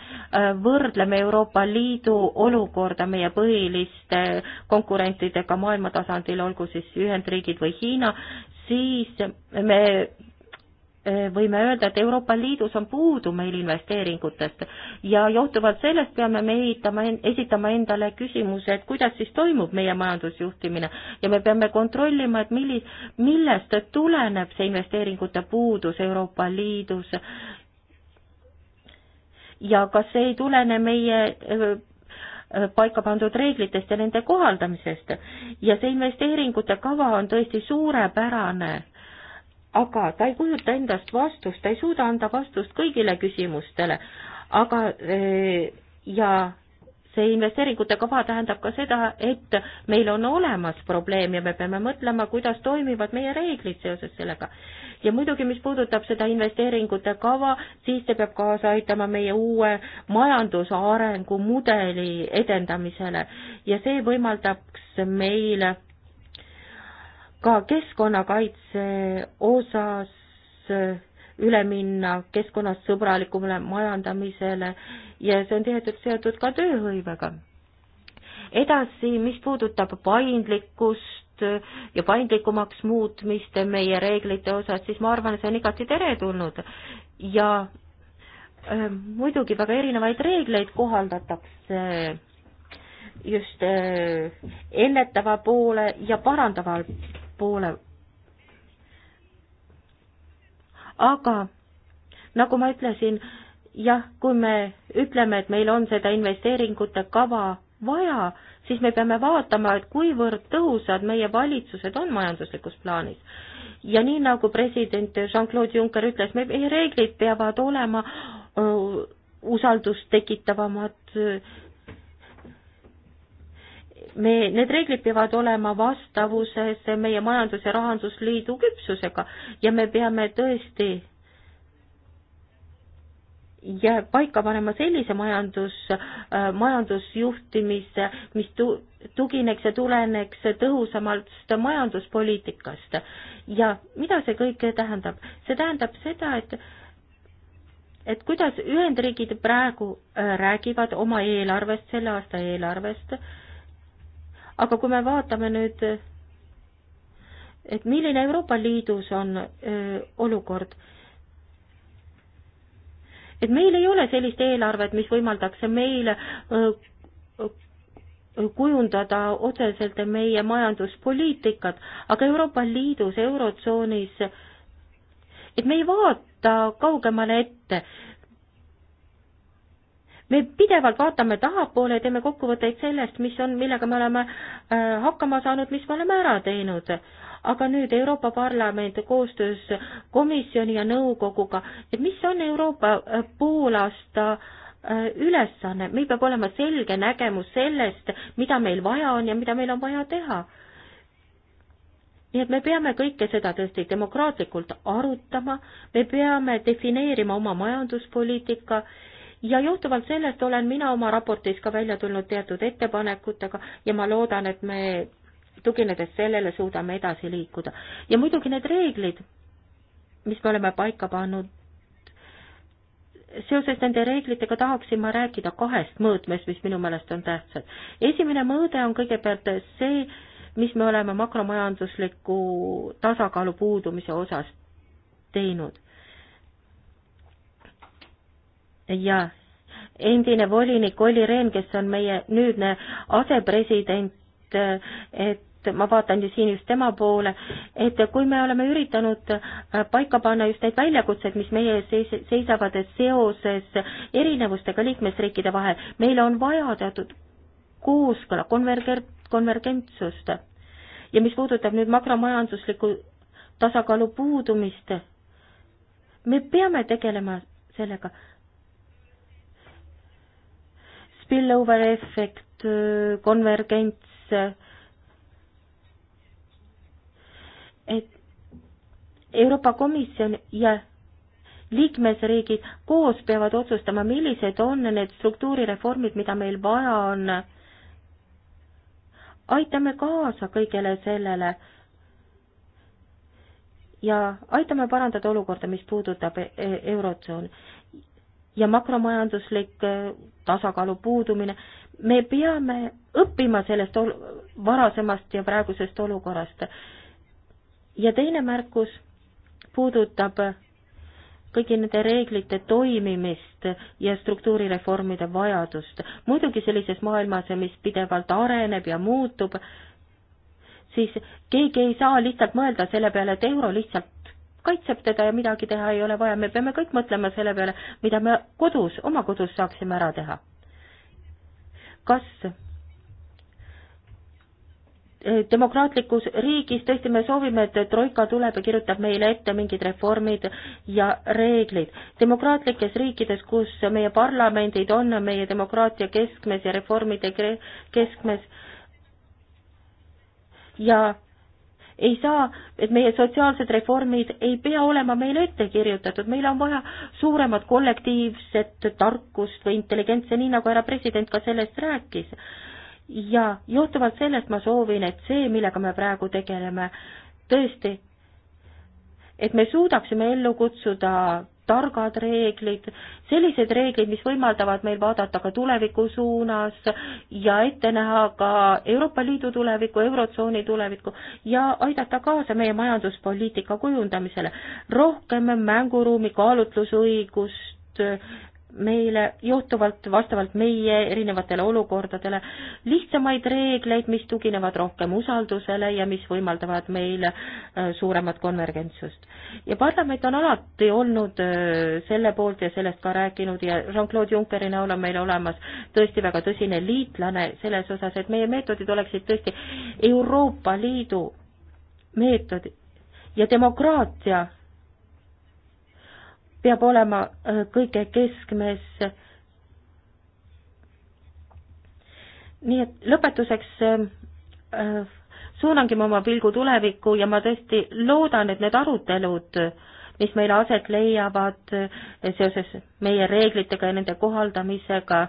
võrdleme Euroopa Liidu olukorda meie põhiliste konkurentidega maailma tasandil, olgu siis Ühendriigid või Hiina, siis me võime öelda, et Euroopa Liidus on puudu meil investeeringutest ja johtuvalt sellest peame me ehitama, esitama endale küsimuse, et kuidas siis toimub meie majandusjuhtimine ja me peame kontrollima, et millis-, millest tuleneb see investeeringute puudus Euroopa Liidus ja kas see ei tulene meie paika pandud reeglitest ja nende kohaldamisest. ja see investeeringute kava on tõesti suurepärane, aga ta ei kujuta endast vastust, ta ei suuda anda vastust kõigile küsimustele, aga ja see investeeringute kava tähendab ka seda, et meil on olemas probleem ja me peame mõtlema, kuidas toimivad meie reeglid seoses sellega ja muidugi, mis puudutab seda investeeringute kava, siis see peab kaasa aitama meie uue majandusarengu mudeli edendamisele ja see võimaldaks meil ka keskkonnakaitse osas üle minna keskkonnasõbralikumale majandamisele ja see on tihedalt seotud ka tööhõivega edasi, mis puudutab paindlikkust, ja paindlikumaks muutmist meie reeglite osas, siis ma arvan, see on igati teretulnud. ja äh, muidugi väga erinevaid reegleid kohaldatakse äh, just äh, ennetava poole ja parandava poole. aga nagu ma ütlesin, jah, kui me ütleme, et meil on seda investeeringute kava vaja, siis me peame vaatama, et kuivõrd tõhusad meie valitsused on majanduslikus plaanis. ja nii, nagu president Jean-Claude Juncker ütles, meie reeglid peavad olema öö, usaldust tekitavamad, me, need reeglid peavad olema vastavuses meie majandus- ja rahandusliidu küpsusega ja me peame tõesti jääb paika panema sellise majandus, äh, majandusjuhtimise, mis tu-, tugineks ja tuleneks tõhusamalt majanduspoliitikast. ja mida see kõik tähendab? see tähendab seda, et et kuidas Ühendriigid praegu äh, räägivad oma eelarvest, selle aasta eelarvest, aga kui me vaatame nüüd, et milline Euroopa Liidus on öö, äh, olukord, et meil ei ole sellist eelarvet, mis võimaldaks meil kujundada otseselt meie majanduspoliitikat, aga Euroopa Liidus, Eurotsoonis, et me ei vaata kaugemale ette, me pidevalt vaatame tahapoole ja teeme kokkuvõtteid sellest, mis on, millega me oleme äh, hakkama saanud, mis me oleme ära teinud. aga nüüd Euroopa Parlament koostöös komisjoni ja nõukoguga, et mis on Euroopa äh, poolaasta äh, ülesanne, meil peab olema selge nägemus sellest, mida meil vaja on ja mida meil on vaja teha nii et me peame kõike seda tõesti demokraatlikult arutama, me peame defineerima oma majanduspoliitika ja johtuvalt sellest olen mina oma raportis ka välja tulnud teatud ettepanekutega ja ma loodan, et me tuginedes sellele suudame edasi liikuda. ja muidugi need reeglid, mis me oleme paika pannud, seoses nende reeglitega tahaksin ma rääkida kahest mõõtmest, mis minu meelest on tähtsad. esimene mõõde on kõigepealt see, mis me oleme makromajandusliku tasakaalu puudumise osas teinud ja endine volinik Olli Rehn, kes on meie nüüdne asepresident, et ma vaatan ju siin just tema poole, et kui me oleme üritanud äh, paika panna just neid väljakutseid, mis meie ees seisavad seoses erinevustega liikmesriikide vahel, meil on vaja teatud kooskõla, konverger-, konvergentsust. ja mis puudutab nüüd makromajanduslikku tasakaalu puudumist, me peame tegelema sellega, spillover efekt, konvergents, et Euroopa Komisjon ja liikmesriigid koos peavad otsustama, millised on need struktuurireformid, mida meil vaja on. aitame kaasa kõigele sellele ja aitame parandada olukorda, mis puudutab e-, eurotsooni ja makromajanduslik äh, tasakaalu puudumine, me peame õppima sellest ol-, varasemast ja praegusest olukorrast. ja teine märkus puudutab kõigi nende reeglite toimimist ja struktuurireformide vajadust. muidugi sellises maailmas, mis pidevalt areneb ja muutub, siis keegi ei saa lihtsalt mõelda selle peale, et euro lihtsalt kaitseb teda ja midagi teha ei ole vaja, me peame kõik mõtlema selle peale, mida me kodus, oma kodus saaksime ära teha. kas eh, demokraatlikus riigis tõesti me soovime, et Troika tuleb ja kirjutab meile ette mingid reformid ja reeglid. demokraatlikes riikides, kus meie parlamendid on meie demokraatia keskmes ja reformide keskmes ja ei saa, et meie sotsiaalsed reformid ei pea olema meile ette kirjutatud, meil on vaja suuremat kollektiivset tarkust või intelligentsi, nii nagu härra president ka sellest rääkis. ja johtuvalt sellest ma soovin, et see, millega me praegu tegeleme, tõesti, et me suudaksime ellu kutsuda targad reeglid, sellised reeglid, mis võimaldavad meil vaadata ka tuleviku suunas ja ette näha ka Euroopa Liidu tulevikku, Eurotsooni tulevikku ja aidata kaasa meie majanduspoliitika kujundamisele. rohkem mänguruumi, kaalutlusõigust, meile johtuvalt vastavalt meie erinevatele olukordadele lihtsamaid reegleid, mis tuginevad rohkem usaldusele ja mis võimaldavad meil äh, suuremat konvergentsust. ja parlament on alati olnud äh, selle poolt ja sellest ka rääkinud ja Jean-Claude Junckeri näol on meil olemas tõesti väga tõsine liitlane selles osas, et meie meetodid oleksid tõesti Euroopa Liidu meetodid ja demokraatia peab olema äh, kõige keskmes. nii et lõpetuseks äh, äh, suunangi ma oma pilgu tulevikku ja ma tõesti loodan, et need arutelud, mis meil aset leiavad seoses meie reeglitega ja nende kohaldamisega,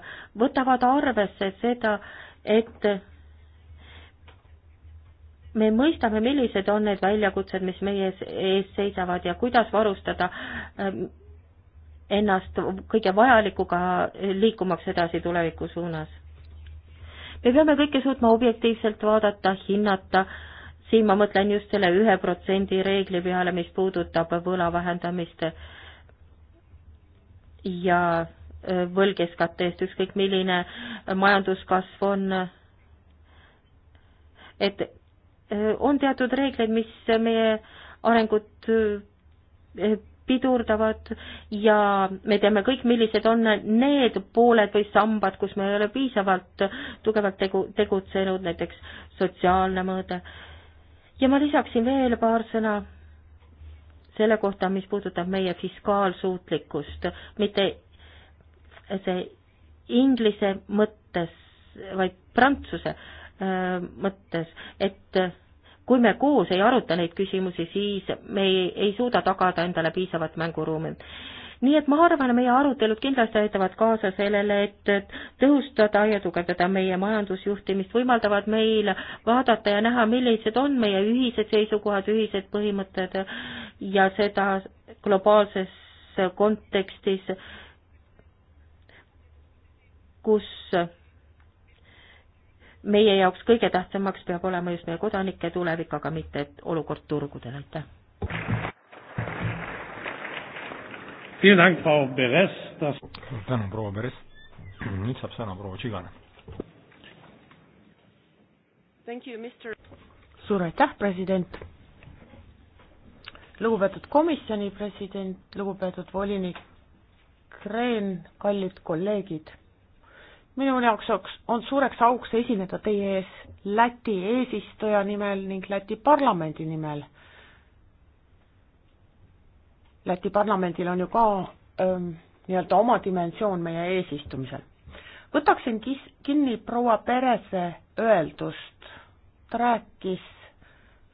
võtavad arvesse seda, et me mõistame, millised on need väljakutsed, mis meie ees seisavad ja kuidas varustada ennast kõige vajalikuga liikumaks edasi tuleviku suunas. me peame kõike suutma objektiivselt vaadata, hinnata, siin ma mõtlen just selle ühe protsendi reegli peale, mis puudutab võla vähendamist ja e, võlg SKT-st, ükskõik milline majanduskasv on, et e, on teatud reegleid, mis meie arengut e, pidurdavad ja me teame kõik, millised on need pooled või sambad, kus me ei ole piisavalt tugevalt tegu, tegutsenud, näiteks sotsiaalne mõõde. ja ma lisaksin veel paar sõna selle kohta, mis puudutab meie fiskaalsuutlikkust, mitte see inglise mõttes, vaid prantsuse äh, mõttes, et kui me koos ei aruta neid küsimusi, siis me ei, ei suuda tagada endale piisavat mänguruumi. nii et ma arvan, meie arutelud kindlasti aitavad kaasa sellele, et tõhustada ja tugevdada meie majandusjuhtimist, võimaldavad meil vaadata ja näha, millised on meie ühised seisukohad, ühised põhimõtted ja seda globaalses kontekstis, kus meie jaoks kõige tähtsamaks peab olema just meie kodanike tulevik, aga mitte olukord turgudel, aitäh. suur tänu, proua Peres. nüüd saab sõna proua Tšigane. suur aitäh, president. lugupeetud komisjoni president, lugupeetud volinik Kreen, kallid kolleegid minu jaoks on suureks auks esineda teie ees Läti eesistuja nimel ning Läti parlamendi nimel. Läti parlamendil on ju ka ähm, nii-öelda oma dimensioon meie eesistumisel. võtaksin kis-, kinni proua Perese öeldust, ta rääkis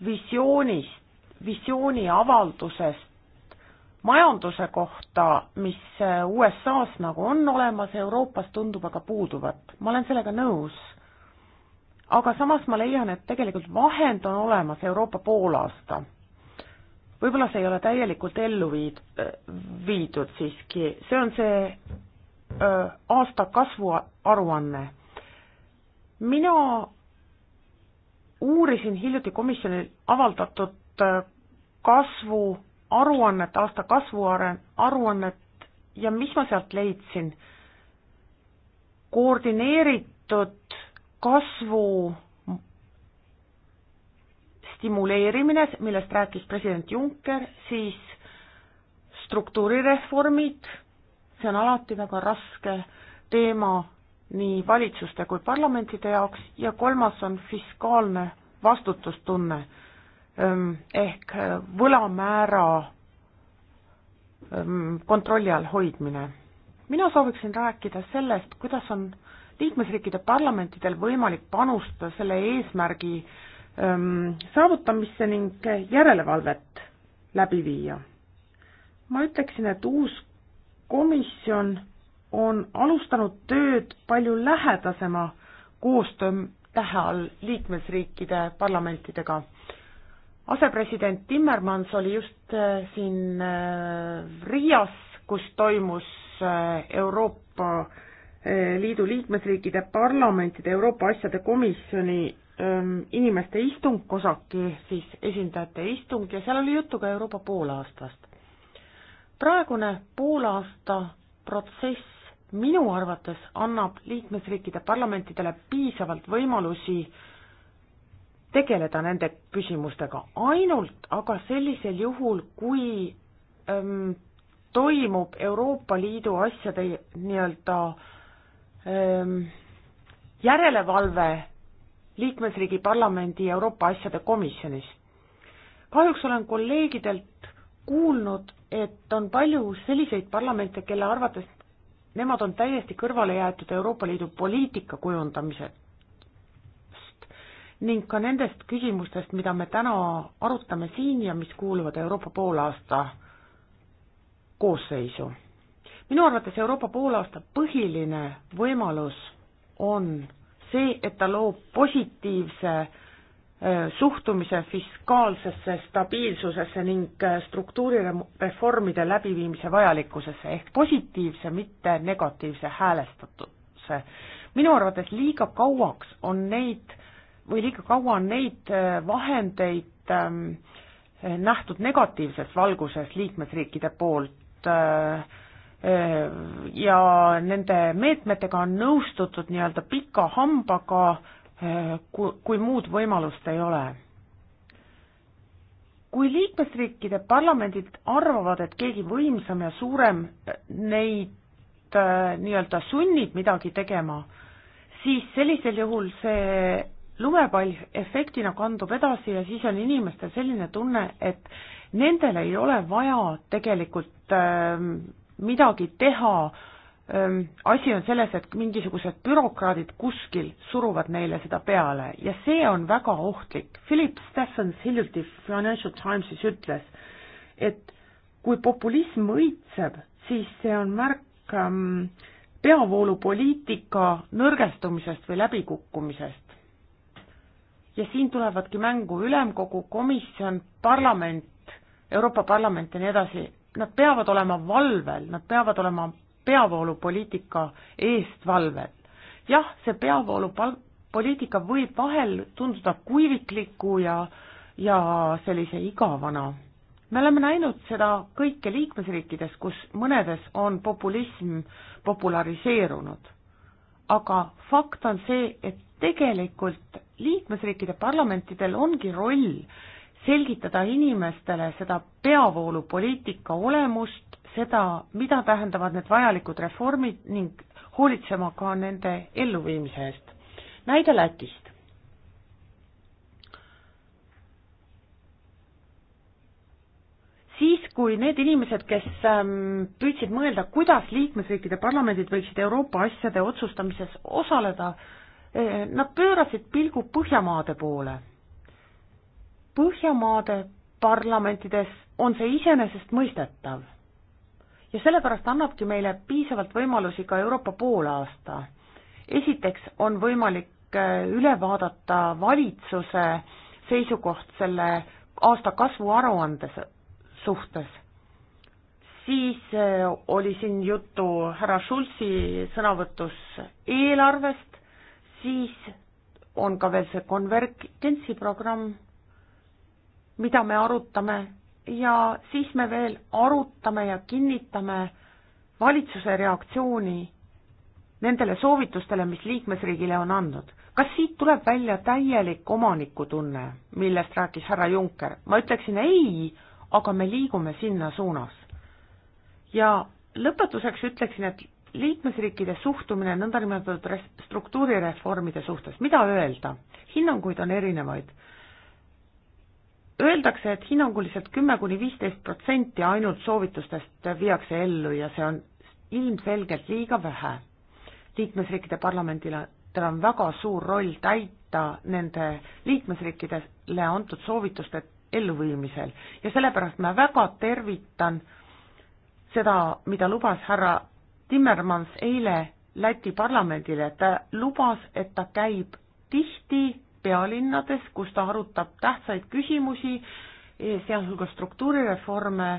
visioonist, visiooni avaldusest, majanduse kohta, mis USA-s nagu on olemas, Euroopas tundub aga puuduvat. ma olen sellega nõus. aga samas ma leian, et tegelikult vahend on olemas Euroopa poolaasta. võib-olla see ei ole täielikult ellu viid-, viidud siiski, see on see öö, aasta kasvuaruanne. mina uurisin hiljuti komisjonil avaldatud kasvu aruannet, aasta kasvuaren aruannet ja mis ma sealt leidsin? koordineeritud kasvu stimuleerimine, millest rääkis president Juncker, siis struktuurireformid, see on alati väga raske teema nii valitsuste kui parlamentide jaoks ja kolmas on fiskaalne vastutustunne ehk veamäära ähm, kontrolli all hoidmine. mina sooviksin rääkida sellest, kuidas on liikmesriikide parlamentidel võimalik panustada selle eesmärgi ähm, saavutamisse ning järelevalvet läbi viia. ma ütleksin, et uus komisjon on alustanud tööd palju lähedasema koostöö tähe all liikmesriikide parlamentidega asepresident Timmermans oli just äh, siin äh, Riias, kus toimus äh, Euroopa Liidu liikmesriikide parlamentide Euroopa asjade komisjoni ähm, inimeste istung, COSAC-i siis esindajate istung ja seal oli juttu ka Euroopa poolaastast. praegune poolaasta protsess minu arvates annab liikmesriikide parlamentidele piisavalt võimalusi äh, tegeleda nende küsimustega, ainult aga sellisel juhul, kui ähm, toimub Euroopa Liidu asjade nii-öelda ähm, järelevalve liikmesriigi parlamendi Euroopa asjade komisjonis. kahjuks olen kolleegidelt kuulnud, et on palju selliseid parlamente, kelle arvates nemad on täiesti kõrvale jäetud Euroopa Liidu poliitika kujundamisest ning ka nendest küsimustest, mida me täna arutame siin ja mis kuuluvad Euroopa poolaasta koosseisu. minu arvates Euroopa poolaasta põhiline võimalus on see, et ta loob positiivse äh, suhtumise fiskaalsesse stabiilsusesse ning äh, struktuurireformide läbiviimise vajalikkusesse ehk positiivse, mitte negatiivse häälestatuse. minu arvates liiga kauaks on neid või liiga kaua on neid äh, vahendeid ähm, äh, nähtud negatiivses valguses liikmesriikide poolt äh, ja nende meetmetega on nõustutud nii-öelda pika hambaga, kui muud võimalust ei ole. kui liikmesriikide parlamendid arvavad, et keegi võimsam ja suurem neid nii-öelda sunnib midagi tegema, siis sellisel juhul see lumepall efektina kandub edasi ja siis on inimestel selline tunne, et nendel ei ole vaja tegelikult ähm, midagi teha ähm,, asi on selles, et mingisugused bürokraadid kuskil suruvad neile seda peale ja see on väga ohtlik. Philip Stephens hiljuti Financial Timesis ütles, et kui populism õitseb, siis see on märk ähm, peavoolupoliitika nõrgestumisest või läbikukkumisest ja siin tulevadki mängu ülemkogu, komisjon, parlament, Euroopa Parlament ja nii edasi, nad peavad olema valvel, nad peavad olema peavoolupoliitika eest valvel. jah, see peavoolupoliitika võib vahel tunduda kuivikliku ja, ja sellise igavana. me oleme näinud seda kõike liikmesriikides, kus mõnedes on populism populariseerunud. aga fakt on see, et tegelikult liikmesriikide parlamentidel ongi roll selgitada inimestele seda peavoolupoliitika olemust, seda, mida tähendavad need vajalikud reformid ning hoolitsema ka nende elluviimise eest. näide Lätist. siis, kui need inimesed, kes ähm, püüdsid mõelda, kuidas liikmesriikide parlamendid võiksid Euroopa asjade otsustamises osaleda, Nad pöörasid pilgu Põhjamaade poole. Põhjamaade parlamentides on see iseenesestmõistetav ja sellepärast annabki meile piisavalt võimalusi ka Euroopa poolaasta. esiteks on võimalik äh, üle vaadata valitsuse seisukoht selle aasta kasvuaruande suhtes. siis äh, oli siin juttu härra Schulzi sõnavõtus eelarvest, siis on ka veel see konvergentsiprogramm, mida me arutame ja siis me veel arutame ja kinnitame valitsuse reaktsiooni nendele soovitustele, mis liikmesriigile on andnud. kas siit tuleb välja täielik omanikutunne, millest rääkis härra Juncker? ma ütleksin ei, aga me liigume sinna suunas. ja lõpetuseks ütleksin, et liikmesriikide suhtumine nõndanimetatud struktuurireformide suhtes, mida öelda? hinnanguid on erinevaid. Öeldakse, et hinnanguliselt kümme kuni viisteist protsenti ainult soovitustest viiakse ellu ja see on ilmselgelt liiga vähe. liikmesriikide parlamendile tal on väga suur roll täita nende liikmesriikidele antud soovituste elluviimisel ja sellepärast ma väga tervitan seda, mida lubas härra Timmermans eile Läti parlamendile, ta lubas, et ta käib tihti pealinnades, kus ta arutab tähtsaid küsimusi, eh, sealhulgas struktuurireforme,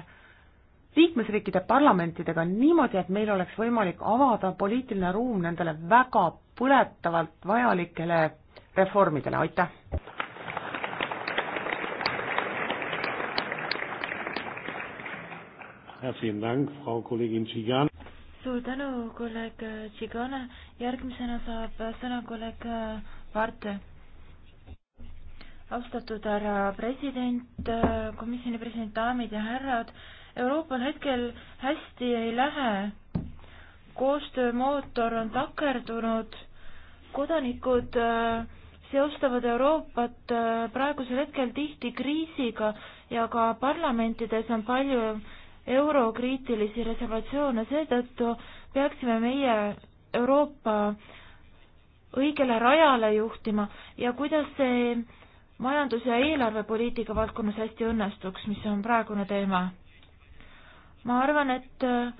liikmesriikide parlamentidega niimoodi, et meil oleks võimalik avada poliitiline ruum nendele väga põletavalt vajalikele reformidele, aitäh! Herzlichen Dank, Frau Kollegin Tšigan suur tänu, kolleeg Tšigana. järgmisena saab sõna kolleeg Varte. austatud härra president, komisjoni president, daamid ja härrad. Euroopal hetkel hästi ei lähe. koostöömootor on takerdunud. kodanikud äh, seostavad Euroopat äh, praegusel hetkel tihti kriisiga ja ka parlamentides on palju eurokriitilisi reservatsioone, seetõttu peaksime meie Euroopa õigele rajale juhtima ja kuidas see majandus- ja eelarvepoliitika valdkonnas hästi õnnestuks, mis on praegune teema? ma arvan, et äh,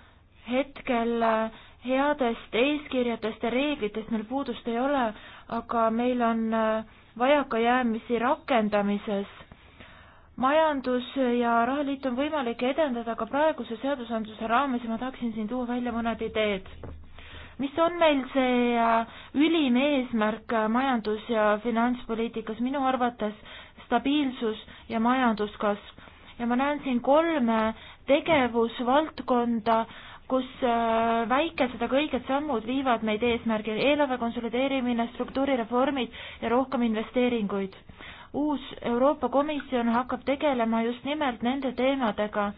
hetkel äh, headest eeskirjadest ja reeglitest meil puudust ei ole, aga meil on äh, vajakajäämisi rakendamises majandus- ja rahaliit on võimalik edendada ka praeguse seadusandluse raames ja ma tahaksin siin tuua välja mõned ideed. mis on meil see äh, ülim eesmärk äh, majandus- ja finantspoliitikas, minu arvates stabiilsus ja majanduskasv ja ma näen siin kolme tegevusvaldkonda, kus äh, väikesed, aga õiged sammud viivad meid eesmärgil eelarve konsolideerimine, struktuurireformid ja rohkem investeeringuid uus Euroopa Komisjon hakkab tegelema just nimelt nende teemadega.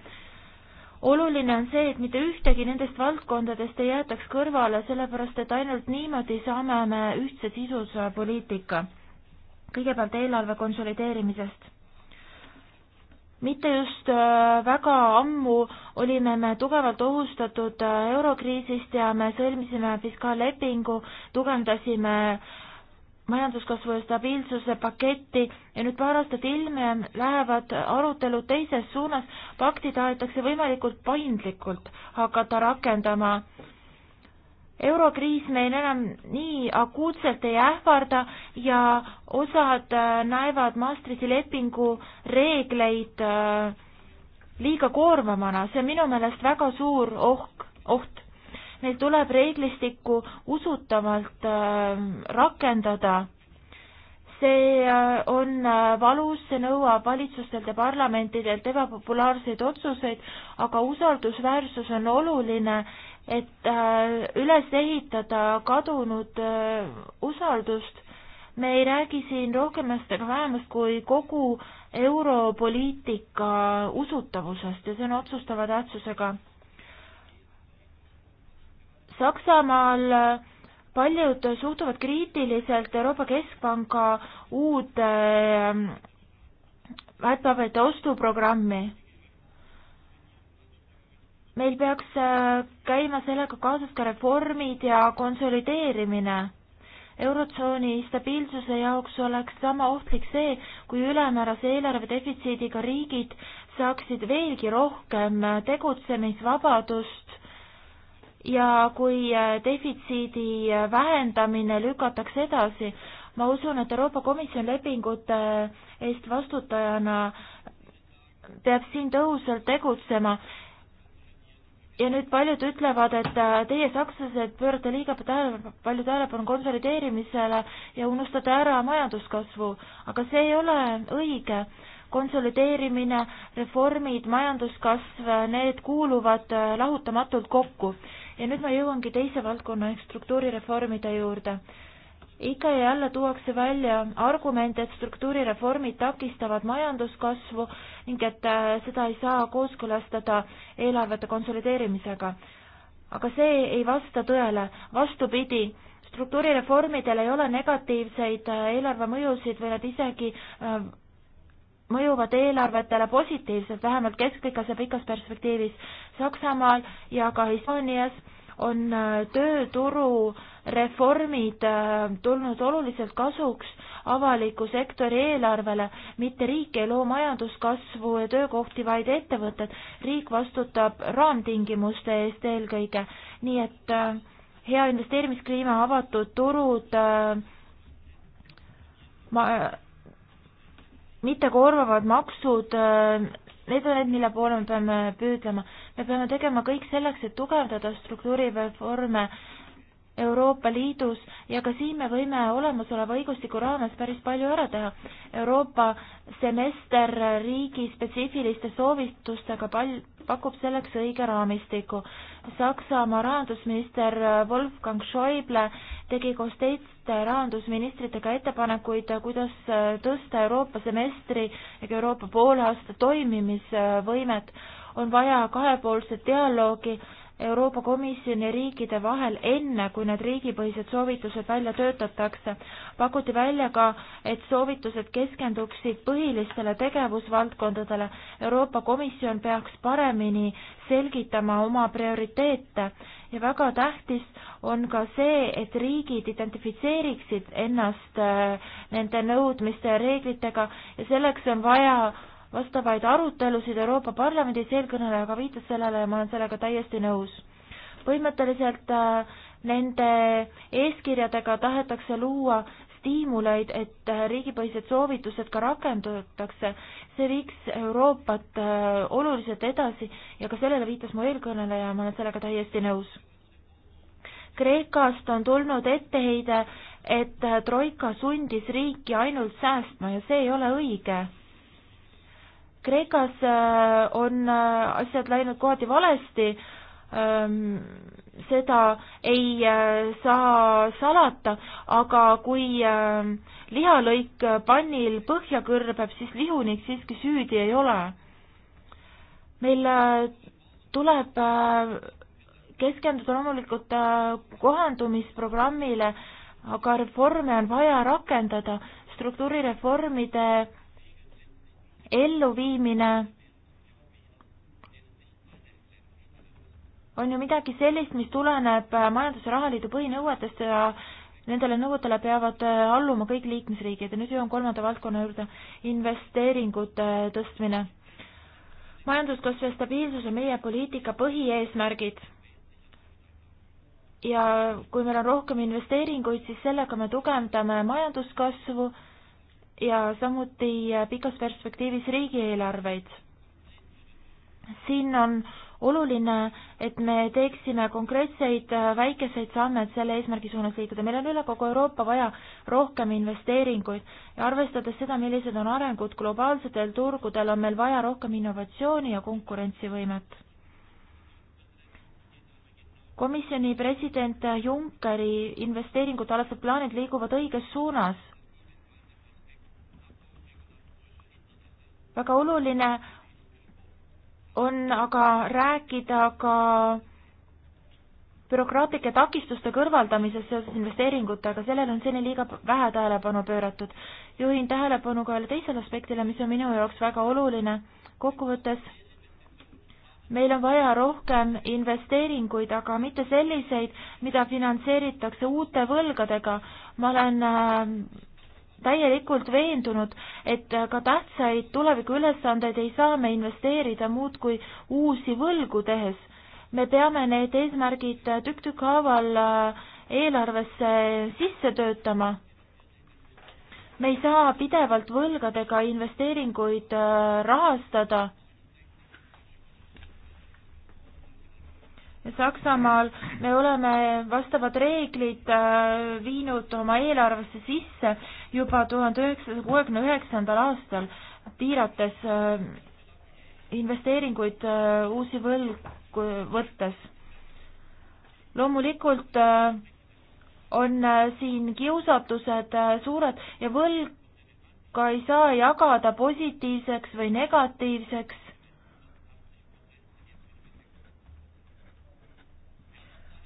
oluline on see, et mitte ühtegi nendest valdkondadest ei jäetaks kõrvale, sellepärast et ainult niimoodi saame me ühtse sisuse poliitika. kõigepealt eelarve konsolideerimisest mitte just äh, väga ammu olime me tugevalt ohustatud äh, eurokriisist ja me sõlmisime fiskaallepingu, tugevdasime majanduskasvu ja stabiilsuse paketti ja nüüd paar aastat hiljem lähevad arutelud teises suunas, pakti tahetakse võimalikult paindlikult hakata rakendama. eurokriis meil enam nii akuutselt ei ähvarda ja osad äh, näevad Maastrichti lepingu reegleid äh, liiga koormavana, see on minu meelest väga suur ohk, oht meil tuleb reeglistikku usutavalt äh, rakendada. see äh, on äh, valus, see nõuab valitsustelt ja parlamentidelt ebapopulaarseid otsuseid, aga usaldusväärsus on oluline, et üles ehitada kadunud usaldust. me ei räägi siin rohkemast ega vähemast kui kogu europoliitika usutavusest ja see on otsustava tähtsusega Saksamaal paljud suhtuvad kriitiliselt Euroopa Keskpanga uude ähm, väärtpaberite ostuprogrammi. meil peaks äh, käima sellega kaasas ka reformid ja konsolideerimine. eurotsooni stabiilsuse jaoks oleks sama ohtlik see, kui ülemäärase eelarve defitsiidiga riigid saaksid veelgi rohkem tegutsemisvabadust ja kui äh, defitsiidi äh, vähendamine lükatakse edasi, ma usun, et Euroopa Komisjon lepingute äh, eest vastutajana peab siin tõhusalt tegutsema. ja nüüd paljud ütlevad, et teie, sakslased, pöörate liiga tähelepanu, palju tähelepanu konsolideerimisele ja unustate ära majanduskasvu, aga see ei ole õige konsolideerimine, reformid, majanduskasv, need kuuluvad lahutamatult kokku ja nüüd ma jõuangi teise valdkonna ehk struktuurireformide juurde. ikka ja jälle tuuakse välja argument, et struktuurireformid takistavad majanduskasvu ning et äh, seda ei saa kooskõlastada eelarvete konsolideerimisega. aga see ei vasta tõele, vastupidi struktuurireformidel ei ole negatiivseid äh, eelarvemõjusid või nad isegi äh, mõjuvad eelarvetele positiivselt, vähemalt keskpikas ja pikas perspektiivis. Saksamaal ja ka Hispaanias on äh, tööturu reformid äh, tulnud oluliselt kasuks avaliku sektori eelarvele. mitte riik ei loo majanduskasvu ja töökohti, vaid ettevõtted. riik vastutab raamtingimuste eest eelkõige, nii et äh, hea investeerimiskliima, avatud turud, ma-, mittekorvavad maksud, äh, need on need, mille poole me peame püüdlema. me peame tegema kõik selleks, et tugevdada struktuurireforme Euroopa Liidus ja ka siin me võime olemasoleva õigustiku raames päris palju ära teha. Euroopa semester riigi spetsiifiliste soovitustega pal-, pakub selleks õige raamistiku. Saksamaa rahandusminister äh, Wolfgang Schäuble tegi koos teiste rahandusministritega ettepanekuid, äh, kuidas äh, tõsta Euroopa semestri ega Euroopa poolaasta toimimisvõimet. on vaja kahepoolset dialoogi Euroopa Komisjoni riikide vahel enne, kui need riigipõhised soovitused välja töötatakse. pakuti välja ka, et soovitused keskenduksid põhilistele tegevusvaldkondadele. Euroopa Komisjon peaks paremini selgitama oma prioriteete ja väga tähtis on ka see, et riigid identifitseeriksid ennast äh, nende nõudmiste ja reeglitega ja selleks on vaja vastavaid arutelusid Euroopa Parlamendis, eelkõneleja ka viitas sellele ja ma olen sellega täiesti nõus. põhimõtteliselt äh, nende eeskirjadega tahetakse luua stiimuleid, et äh, riigipõhised soovitused ka rakendatakse, see viiks Euroopat äh, oluliselt edasi ja ka sellele viitas mu eelkõneleja, ma olen sellega täiesti nõus. Kreekast on tulnud etteheide, et Troika sundis riiki ainult säästma ja see ei ole õige Kreekas äh, on äh, asjad läinud kohati valesti, ähm, seda ei äh, saa salata, aga kui ähm, lihalõik pannil põhja kõrbeb, siis lihunik siiski süüdi ei ole. meil tuleb keskenduda loomulikult kohandumisprogrammile, aga reforme on vaja rakendada, struktuurireformide elluviimine on ju midagi sellist, mis tuleneb Majandus- ja Rahaliidu põhinõuetest ja nendele nõuetele peavad alluma kõik liikmesriigid ja nüüd jõuan kolmanda valdkonna juurde, investeeringute tõstmine. majanduskasv ja stabiilsus on meie poliitika põhieesmärgid. ja kui meil on rohkem investeeringuid, siis sellega me tugevdame majanduskasvu ja samuti pikas perspektiivis riigieelarveid. siin on oluline, et me teeksime konkreetseid väikeseid samme, et selle eesmärgi suunas liikuda. meil on üle kogu Euroopa vaja rohkem investeeringuid ja arvestades seda, millised on arengud globaalsetel turgudel, on meil vaja rohkem innovatsiooni ja konkurentsivõimet. komisjoni president Junckeri investeeringute alased plaanid liiguvad õiges suunas väga oluline on aga rääkida ka bürokraatlike takistuste kõrvaldamises seoses investeeringutega, sellele on seni liiga vähe tähelepanu pööratud. juhin tähelepanu ka ühele teisele aspektile, mis on minu jaoks väga oluline. kokkuvõttes meil on vaja rohkem investeeringuid, aga mitte selliseid, mida finantseeritakse uute võlgadega. ma olen äh, täielikult veendunud, et ka tähtsaid tulevikuülesandeid ei saa me investeerida muud kui uusi võlgu tehes. me peame need eesmärgid tükk-tükk haaval äh, eelarvesse sisse töötama. me ei saa pidevalt võlgadega investeeringuid äh, rahastada Saksamaal me oleme vastavad reeglid äh, viinud oma eelarvesse sisse juba tuhande üheksasaja kuuekümne üheksandal aastal, piirates äh, investeeringuid äh, uusi võlgu võttes. loomulikult on siin kiusatused suured ja võlg ka ei saa jagada positiivseks või negatiivseks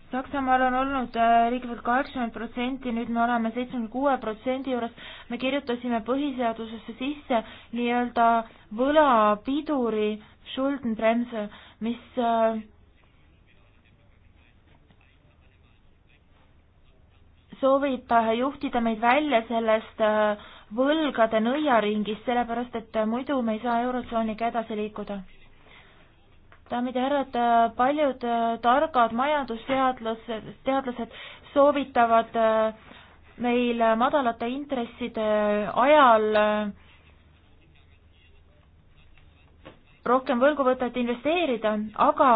Saksamaal on olnud ligikaudu äh, kaheksakümmend protsenti, nüüd me oleme seitsmekümne kuue protsendi juures. me kirjutasime põhiseadusesse sisse nii-öelda võlapiduri, mis äh, soovib äh, juhtida meid välja sellest võlgade nõiaringist, sellepärast et muidu me ei saa Eurotsooniga edasi liikuda daamid ja härrad, paljud äh, targad majandusteadlased, teadlased soovitavad äh, meil madalate intresside äh, ajal rohkem võlguvõtet investeerida, aga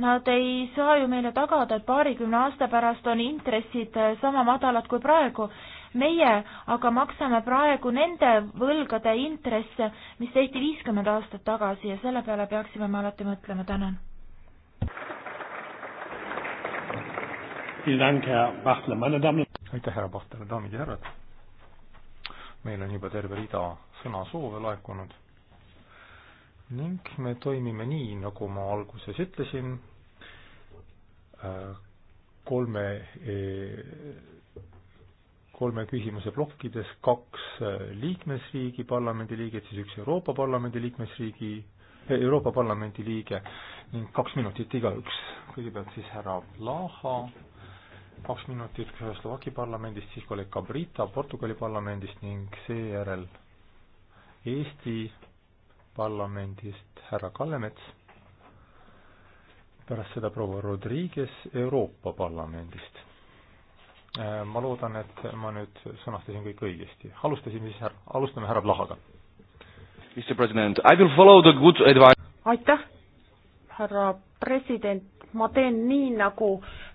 nad ei saa ju meile tagada, et paarikümne aasta pärast on intressid sama madalad kui praegu meie aga maksame praegu nende võlgade intresse, mis tehti viiskümmend aastat tagasi ja selle peale peaksime me alati mõtlema, tänan. aitäh, härra Pahtele, daamid ja härrad. meil on juba terve rida sõnasoove laekunud ning me toimime nii, nagu ma alguses ütlesin, kolme eh, kolme küsimuse plokkides kaks liikmesriigi parlamendi liiget, siis üks Euroopa Parlamendi liikmesriigi, Euroopa Parlamendi liige ning kaks minutit igaüks. kõigepealt siis härra Vlaha, kaks minutit Slovaki parlamendist, siis kolleeg Cabrita Portugali parlamendist ning seejärel Eesti parlamendist härra Kallemets, pärast seda proua Rodriguez Euroopa Parlamendist Äh, ma loodan, et ma nüüd sõnastasin kõik õigesti. alustasime siis, alustame härra Plahaga. Mr President, I will follow the good advice. aitäh, härra president, ma teen nii, nagu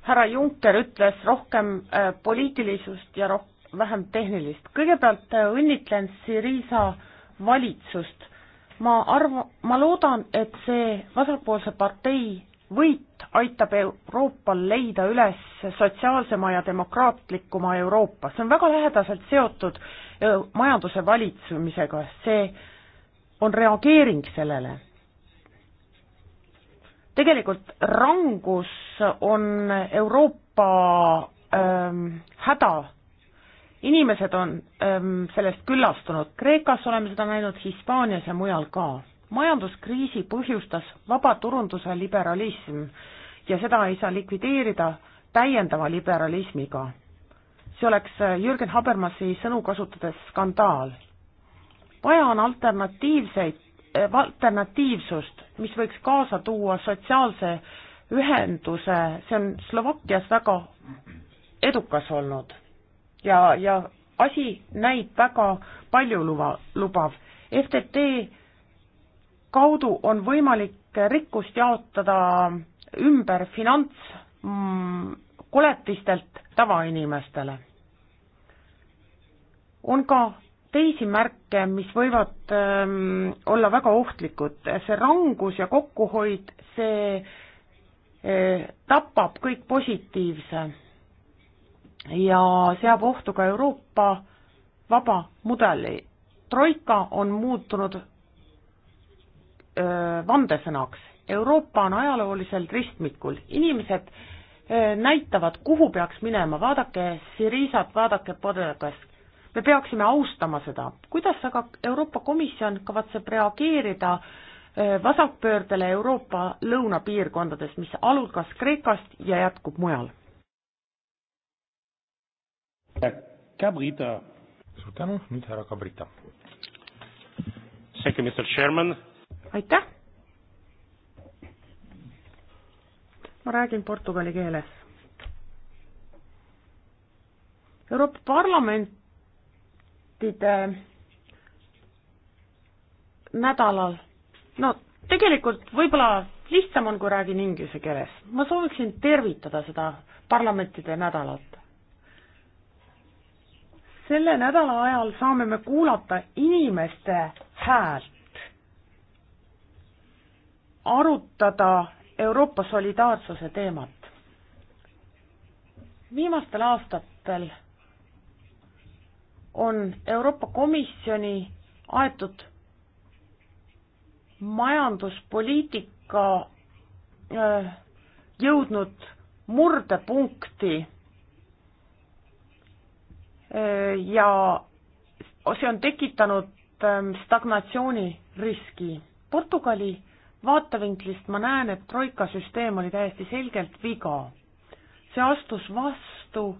härra Juncker ütles, rohkem äh, poliitilisust ja roh-, vähem tehnilist. kõigepealt äh, õnnitlen Syriza valitsust. ma arva-, ma loodan, et see vasakpoolse partei võit aitab Euroopal leida üles sotsiaalsema ja demokraatlikuma Euroopa, see on väga lähedaselt seotud äh, majanduse valitsemisega, see on reageering sellele. tegelikult rangus on Euroopa ähm, häda, inimesed on ähm, sellest küllastunud, Kreekas oleme seda näinud, Hispaanias ja mujal ka majanduskriisi põhjustas vabaturunduse liberalism ja seda ei saa likvideerida täiendava liberalismiga. see oleks äh, Jürgen Habermasi sõnu kasutades skandaal. vaja on alternatiivseid, äh, alternatiivsust, mis võiks kaasa tuua sotsiaalse ühenduse, see on Slovakkias väga edukas olnud ja, ja asi näib väga paljuluba, lubav. FTT kaudu on võimalik rikkust jaotada ümber finantskoletistelt mm, tavainimestele. on ka teisi märke, mis võivad ähm, olla väga ohtlikud, see rangus ja kokkuhoid, see äh, tapab kõik positiivse ja seab ohtu ka Euroopa vaba mudeli. troika on muutunud Äh, vandesõnaks. Euroopa on ajalooliselt ristmikul, inimesed äh, näitavad, kuhu peaks minema, vaadake Sirisat, vaadake Podegast. me peaksime austama seda, kuidas aga Euroopa Komisjon kavatseb reageerida äh, vasakpöördele Euroopa lõunapiirkondades, mis algas Kreekast ja jätkub mujal? Cabrita. suur tänu, nüüd härra Cabrita. Thank you, Mr Chairman aitäh. ma räägin portugali keeles. Euroopa Parlamentide nädalal, no tegelikult võib-olla lihtsam on, kui räägin inglise keeles. ma sooviksin tervitada seda parlamentide nädalat. selle nädala ajal saame me kuulata inimeste häält arutada Euroopa solidaarsuse teemat. viimastel aastatel on Euroopa Komisjoni aetud majanduspoliitika äh, jõudnud murdepunkti äh, ja see on tekitanud ähm, stagnatsiooni riski. Portugali vaatevinklist ma näen, et troika süsteem oli täiesti selgelt viga. see astus vastu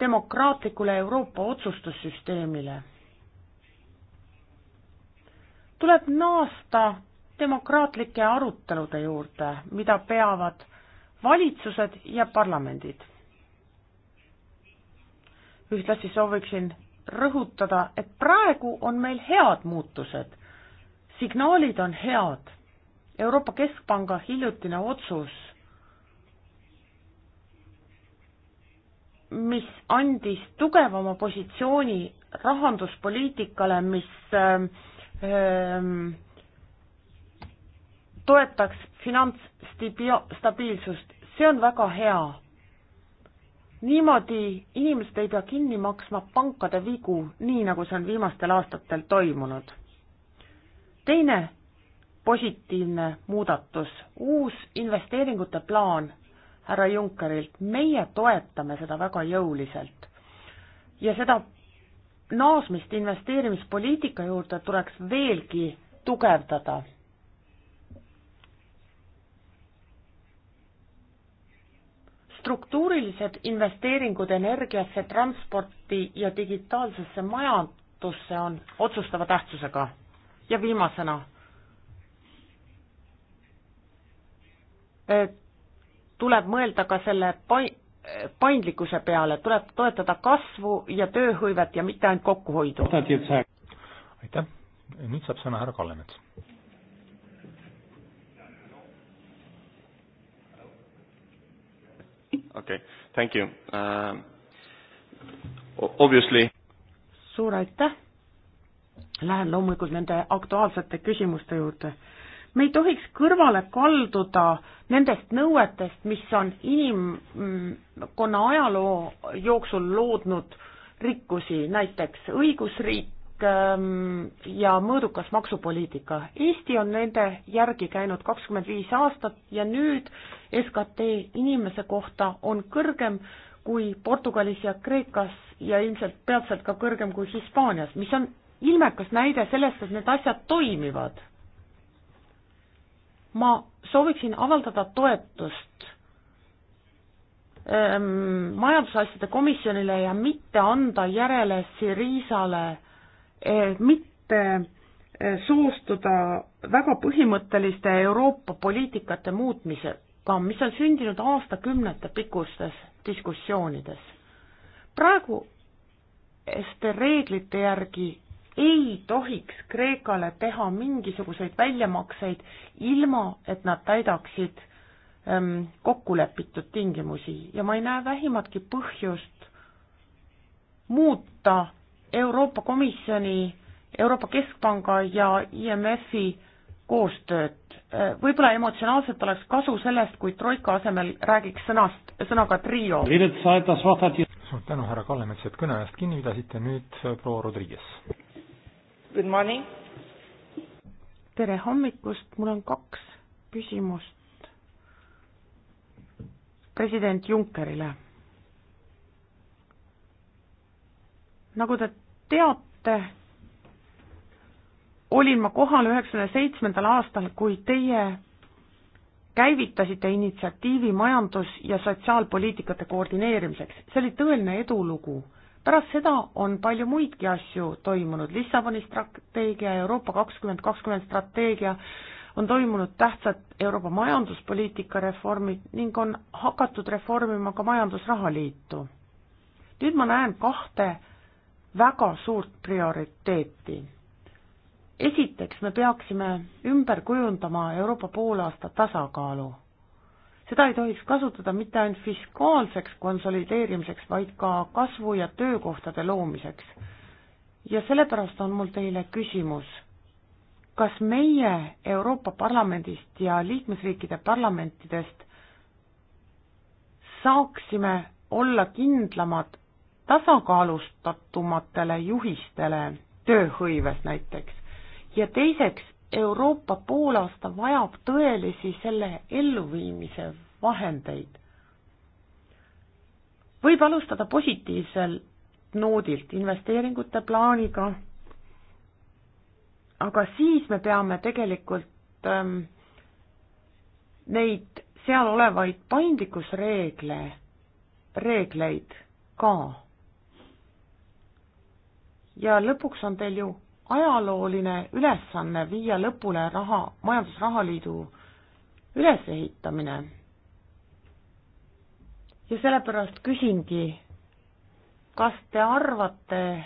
demokraatlikule Euroopa otsustussüsteemile. tuleb naasta demokraatlike arutelude juurde, mida peavad valitsused ja parlamendid. ühtlasi sooviksin rõhutada, et praegu on meil head muutused, signaalid on head Euroopa Keskpanga hiljutine otsus, mis andis tugevama positsiooni rahanduspoliitikale, mis äh, äh, toetaks finantsstabiilsust, see on väga hea. niimoodi inimesed ei pea kinni maksma pankade vigu, nii nagu see on viimastel aastatel toimunud. teine positiivne muudatus, uus investeeringute plaan härra Junckerilt, meie toetame seda väga jõuliselt. ja seda naasmist investeerimispoliitika juurde tuleks veelgi tugevdada. struktuurilised investeeringud energiasse, transporti ja digitaalsesse majandusse on otsustava tähtsusega. ja viimasena tuleb mõelda ka selle paindlikkuse peale, tuleb toetada kasvu ja tööhõivet ja mitte ainult kokkuhoidu. aitäh, nüüd saab sõna härra Kallemets. okei okay., thank you uh,. Obviously. suur aitäh. Lähen loomulikult nende aktuaalsete küsimuste juurde me ei tohiks kõrvale kalduda nendest nõuetest, mis on inimkonna ajaloo jooksul loodnud rikkusi, näiteks õigusriik ähm, ja mõõdukas maksupoliitika. Eesti on nende järgi käinud kakskümmend viis aastat ja nüüd SKT inimese kohta on kõrgem kui Portugalis ja Kreekas ja ilmselt peatselt ka kõrgem kui Hispaanias, mis on ilmekas näide sellest, et need asjad toimivad ma sooviksin avaldada toetust ähm, majandusasjade komisjonile ja mitte anda järele Sirisale eh,, mitte eh, soostuda väga põhimõtteliste Euroopa poliitikate muutmisega, mis on sündinud aastakümnete pikkustes diskussioonides. praeguste äh, reeglite järgi ei tohiks Kreekale teha mingisuguseid väljamakseid, ilma et nad täidaksid ähm, kokkulepitud tingimusi ja ma ei näe vähimatki põhjust muuta Euroopa Komisjoni, Euroopa Keskpanga ja IMF-i koostööd. Äh, võib-olla emotsionaalselt oleks kasu sellest, kui troika asemel räägiks sõnast, sõnaga trio. suur tänu, härra Kallemets, et kõne eest kinni pidasite, nüüd äh, proua Rodriguez. Good morning. tere hommikust, mul on kaks küsimust president Junckerile. nagu te teate, olin ma kohal üheksakümne seitsmendal aastal, kui teie käivitasite initsiatiivi majandus- ja sotsiaalpoliitikate koordineerimiseks, see oli tõeline edulugu pärast seda on palju muidki asju toimunud, Lissaboni strateegia, Euroopa kakskümmend kakskümmend strateegia, on toimunud tähtsad Euroopa majanduspoliitika reformid ning on hakatud reformima ka majandusrahaliitu. nüüd ma näen kahte väga suurt prioriteeti. esiteks me peaksime ümber kujundama Euroopa poolaasta tasakaalu seda ei tohiks kasutada mitte ainult fiskaalseks konsolideerimiseks, vaid ka kasvu ja töökohtade loomiseks. ja sellepärast on mul teile küsimus, kas meie Euroopa Parlamendist ja liikmesriikide parlamentidest saaksime olla kindlamad tasakaalustatumatele juhistele tööhõives näiteks ja teiseks, Euroopa poolaasta vajab tõelisi selle elluviimise vahendeid. võib alustada positiivsel noodilt, investeeringute plaaniga, aga siis me peame tegelikult ähm, neid seal olevaid paindlikkusreegle, reegleid ka. ja lõpuks on teil ju ajalooline ülesanne viia lõpule raha, majandusrahaliidu ülesehitamine. ja sellepärast küsingi, kas te arvate,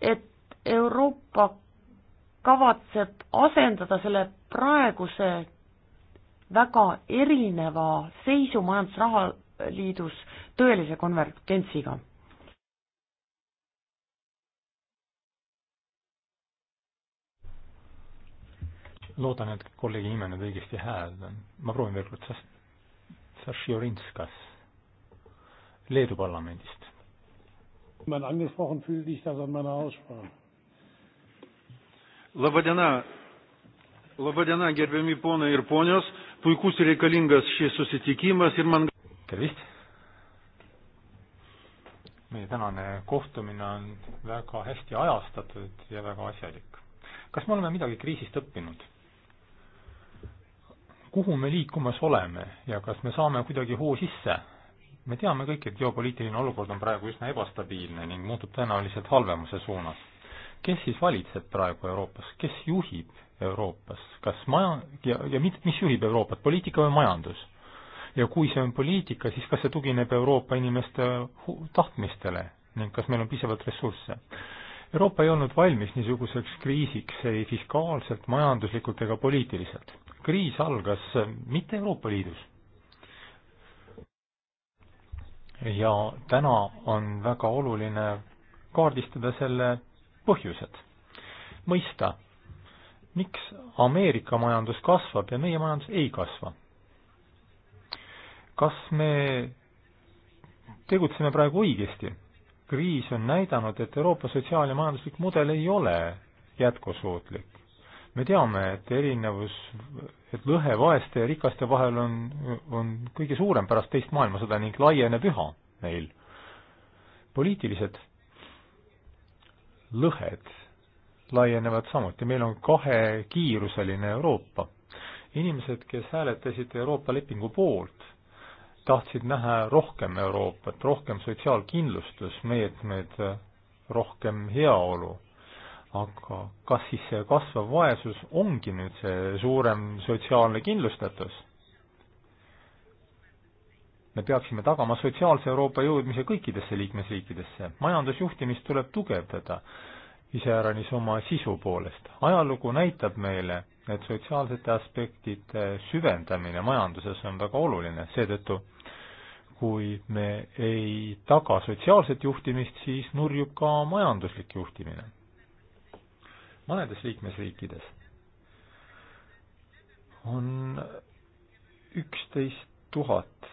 et Euroopa kavatseb asendada selle praeguse väga erineva seisu majandusrahaliidus tõelise konvergentsiga? loodan, et kolleegi nime nüüd õigesti hääldan. ma proovin veel kord, Sašjorinskas Leedu parlamendist. Labadiena, labadiena, gerbiami ponai ir ponios, puikus ir reikalingas šis susitikimas ir man. tervist! meie tänane kohtumine on väga hästi ajastatud ja väga asjalik. kas me oleme midagi kriisist õppinud? kuhu me liikumas oleme ja kas me saame kuidagi hoo sisse. me teame kõik, et geopoliitiline olukord on praegu üsna ebastabiilne ning muutub tõenäoliselt halvemuse suunas. kes siis valitseb praegu Euroopas, kes juhib Euroopas, kas maja- ja, ja mit, mis juhib Euroopat, poliitika või majandus? ja kui see on poliitika, siis kas see tugineb Euroopa inimeste tahtmistele ning kas meil on piisavalt ressursse? Euroopa ei olnud valmis niisuguseks kriisiks ei fiskaalselt, majanduslikult ega poliitiliselt kriis algas eh, mitte Euroopa Liidus. ja täna on väga oluline kaardistada selle põhjused, mõista, miks Ameerika majandus kasvab ja meie majandus ei kasva. kas me tegutseme praegu õigesti? kriis on näidanud, et Euroopa sotsiaal- ja majanduslik mudel ei ole jätkusuutlik me teame, et erinevus, et lõhe vaeste ja rikaste vahel on, on kõige suurem pärast teist maailmasõda ning laieneb üha meil. poliitilised lõhed laienevad samuti, meil on kahekiiruseline Euroopa. inimesed, kes hääletasid Euroopa lepingu poolt, tahtsid näha rohkem Euroopat, rohkem sotsiaalkindlustusmeetmeid, rohkem heaolu aga kas siis see kasvav vaesus ongi nüüd see suurem sotsiaalne kindlustatus? me peaksime tagama sotsiaalse Euroopa jõudmise kõikidesse liikmesriikidesse, majandusjuhtimist tuleb tugevdada, iseäranis oma sisu poolest. ajalugu näitab meile, et sotsiaalsete aspektide süvendamine majanduses on väga oluline, seetõttu kui me ei taga sotsiaalset juhtimist, siis nurjub ka majanduslik juhtimine mõnedes liikmesriikides on üksteist tuhat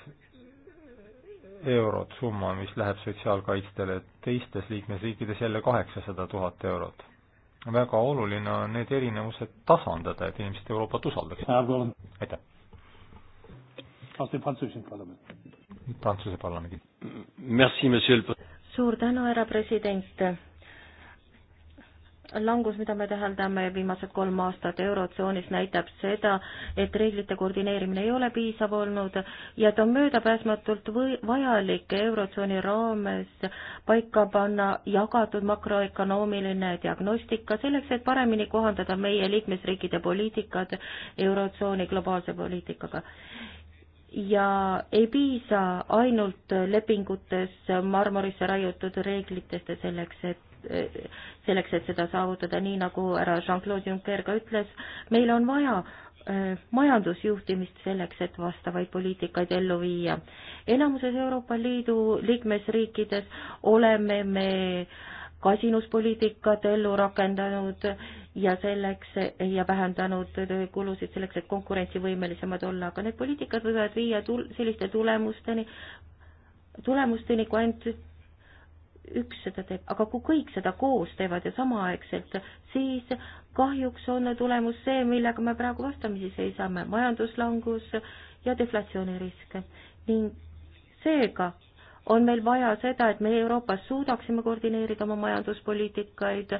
eurot summa, mis läheb sotsiaalkaitstele, teistes liikmesriikides jälle kaheksasada tuhat eurot. väga oluline on need erinevused tasandada, et inimesed Euroopat usaldaksid. aitäh! Prantsuse parlamendi. suur tänu, härra president! langus, mida me täheldame viimased kolm aastat Eurotsoonis, näitab seda, et reeglite koordineerimine ei ole piisav olnud ja et on möödapääsmatult või vajalik Eurotsooni raames paika panna jagatud makroökonoomiline diagnostika selleks, et paremini kohandada meie liikmesriikide poliitikad Eurotsooni globaalse poliitikaga ja ei piisa ainult lepingutes marmorisse raiutud reeglitest ja selleks, et selleks, et seda saavutada, nii nagu härra Jean-Claude Juncker ka ütles, meil on vaja äh, majandusjuhtimist selleks, et vastavaid poliitikaid ellu viia. enamuses Euroopa Liidu liikmesriikides oleme me kasinuspoliitikat ellu rakendanud ja selleks ja vähendanud kulusid selleks, et konkurentsivõimelisemad olla, aga need poliitikad võivad viia tul-, selliste tulemusteni, tulemusteni, kui ainult üks seda teeb, aga kui kõik seda koos teevad ja samaaegselt, siis kahjuks on tulemus see, millega me praegu vastamisi seisame, majanduslangus ja deflatsioonirisk. ning seega on meil vaja seda, et me Euroopas suudaksime koordineerida oma majanduspoliitikaid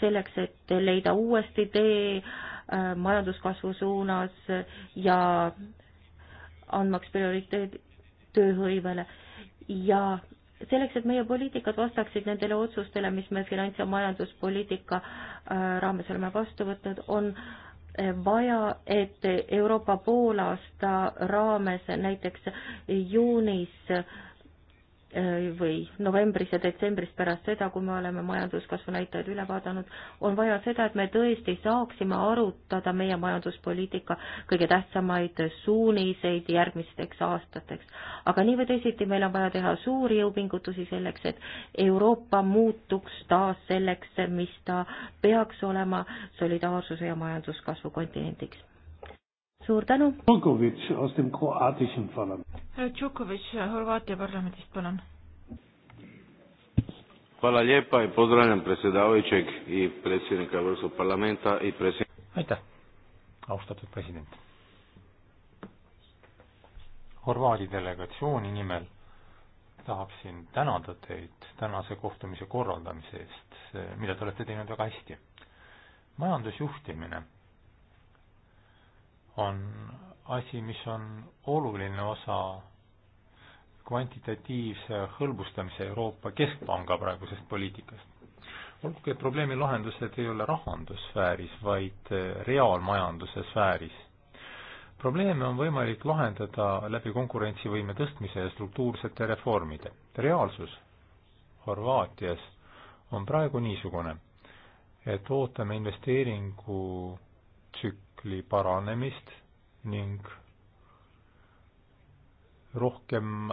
selleks, et leida uuesti tee äh, majanduskasvu suunas ja andmaks prioriteedi tööhõivele ja selleks, et meie poliitikad vastaksid nendele otsustele, mis me finants- ja majanduspoliitika äh, raames oleme vastu võtnud, on äh, vaja, et Euroopa poolaasta raames näiteks juunis Äh, või novembris ja detsembris pärast seda, kui me oleme majanduskasvu näitajad üle vaadanud, on vaja seda, et me tõesti saaksime arutada meie majanduspoliitika kõige tähtsamaid suuniseid järgmisteks aastateks. aga nii või teisiti, meil on vaja teha suuri jõupingutusi selleks, et Euroopa muutuks taas selleks, mis ta peaks olema solidaarsuse ja majanduskasvu kontinendiks suur tänu. Tšukovitš, Ostim Kroaatiasin parlament. härra Tšukovitš, Horvaatia parlamendist, palun. Hvala lijepa i pozdravljam predsjedavajućeg i predsjednika Evropskog parlamenta i predsjednika. aitäh, austatud president. Horvaadi delegatsiooni nimel tahaksin tänada teid tänase kohtumise korraldamise eest, mida te olete teinud väga hästi. majandusjuhtimine on asi, mis on oluline osa kvantitatiivse hõlbustamise Euroopa Keskpanga praegusest poliitikast. olgugi, et probleemi lahendused ei ole rahandussfääris, vaid reaalmajanduse sfääris. probleeme on võimalik lahendada läbi konkurentsivõime tõstmise ja struktuursete reformide. reaalsus Horvaatias on praegu niisugune, et ootame investeeringu tsük-, tsükli paranemist ning rohkem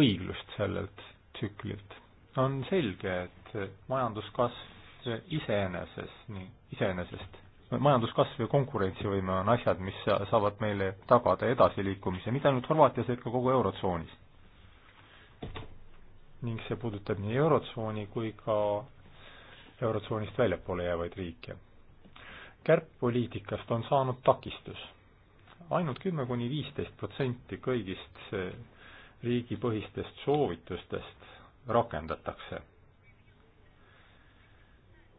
õiglust sellelt tsüklilt. on selge, et majanduskasv iseenesest, nii, iseenesest, majanduskasv ja konkurentsivõime on asjad, mis saavad meile tagada edasiliikumise, mitte ainult Horvaatias, vaid ka kogu Eurotsoonis. ning see puudutab nii Eurotsooni kui ka Eurotsoonist väljapoole jäävaid riike kärppoliitikast on saanud takistus. ainult kümme kuni viisteist protsenti kõigist riigipõhistest soovitustest rakendatakse.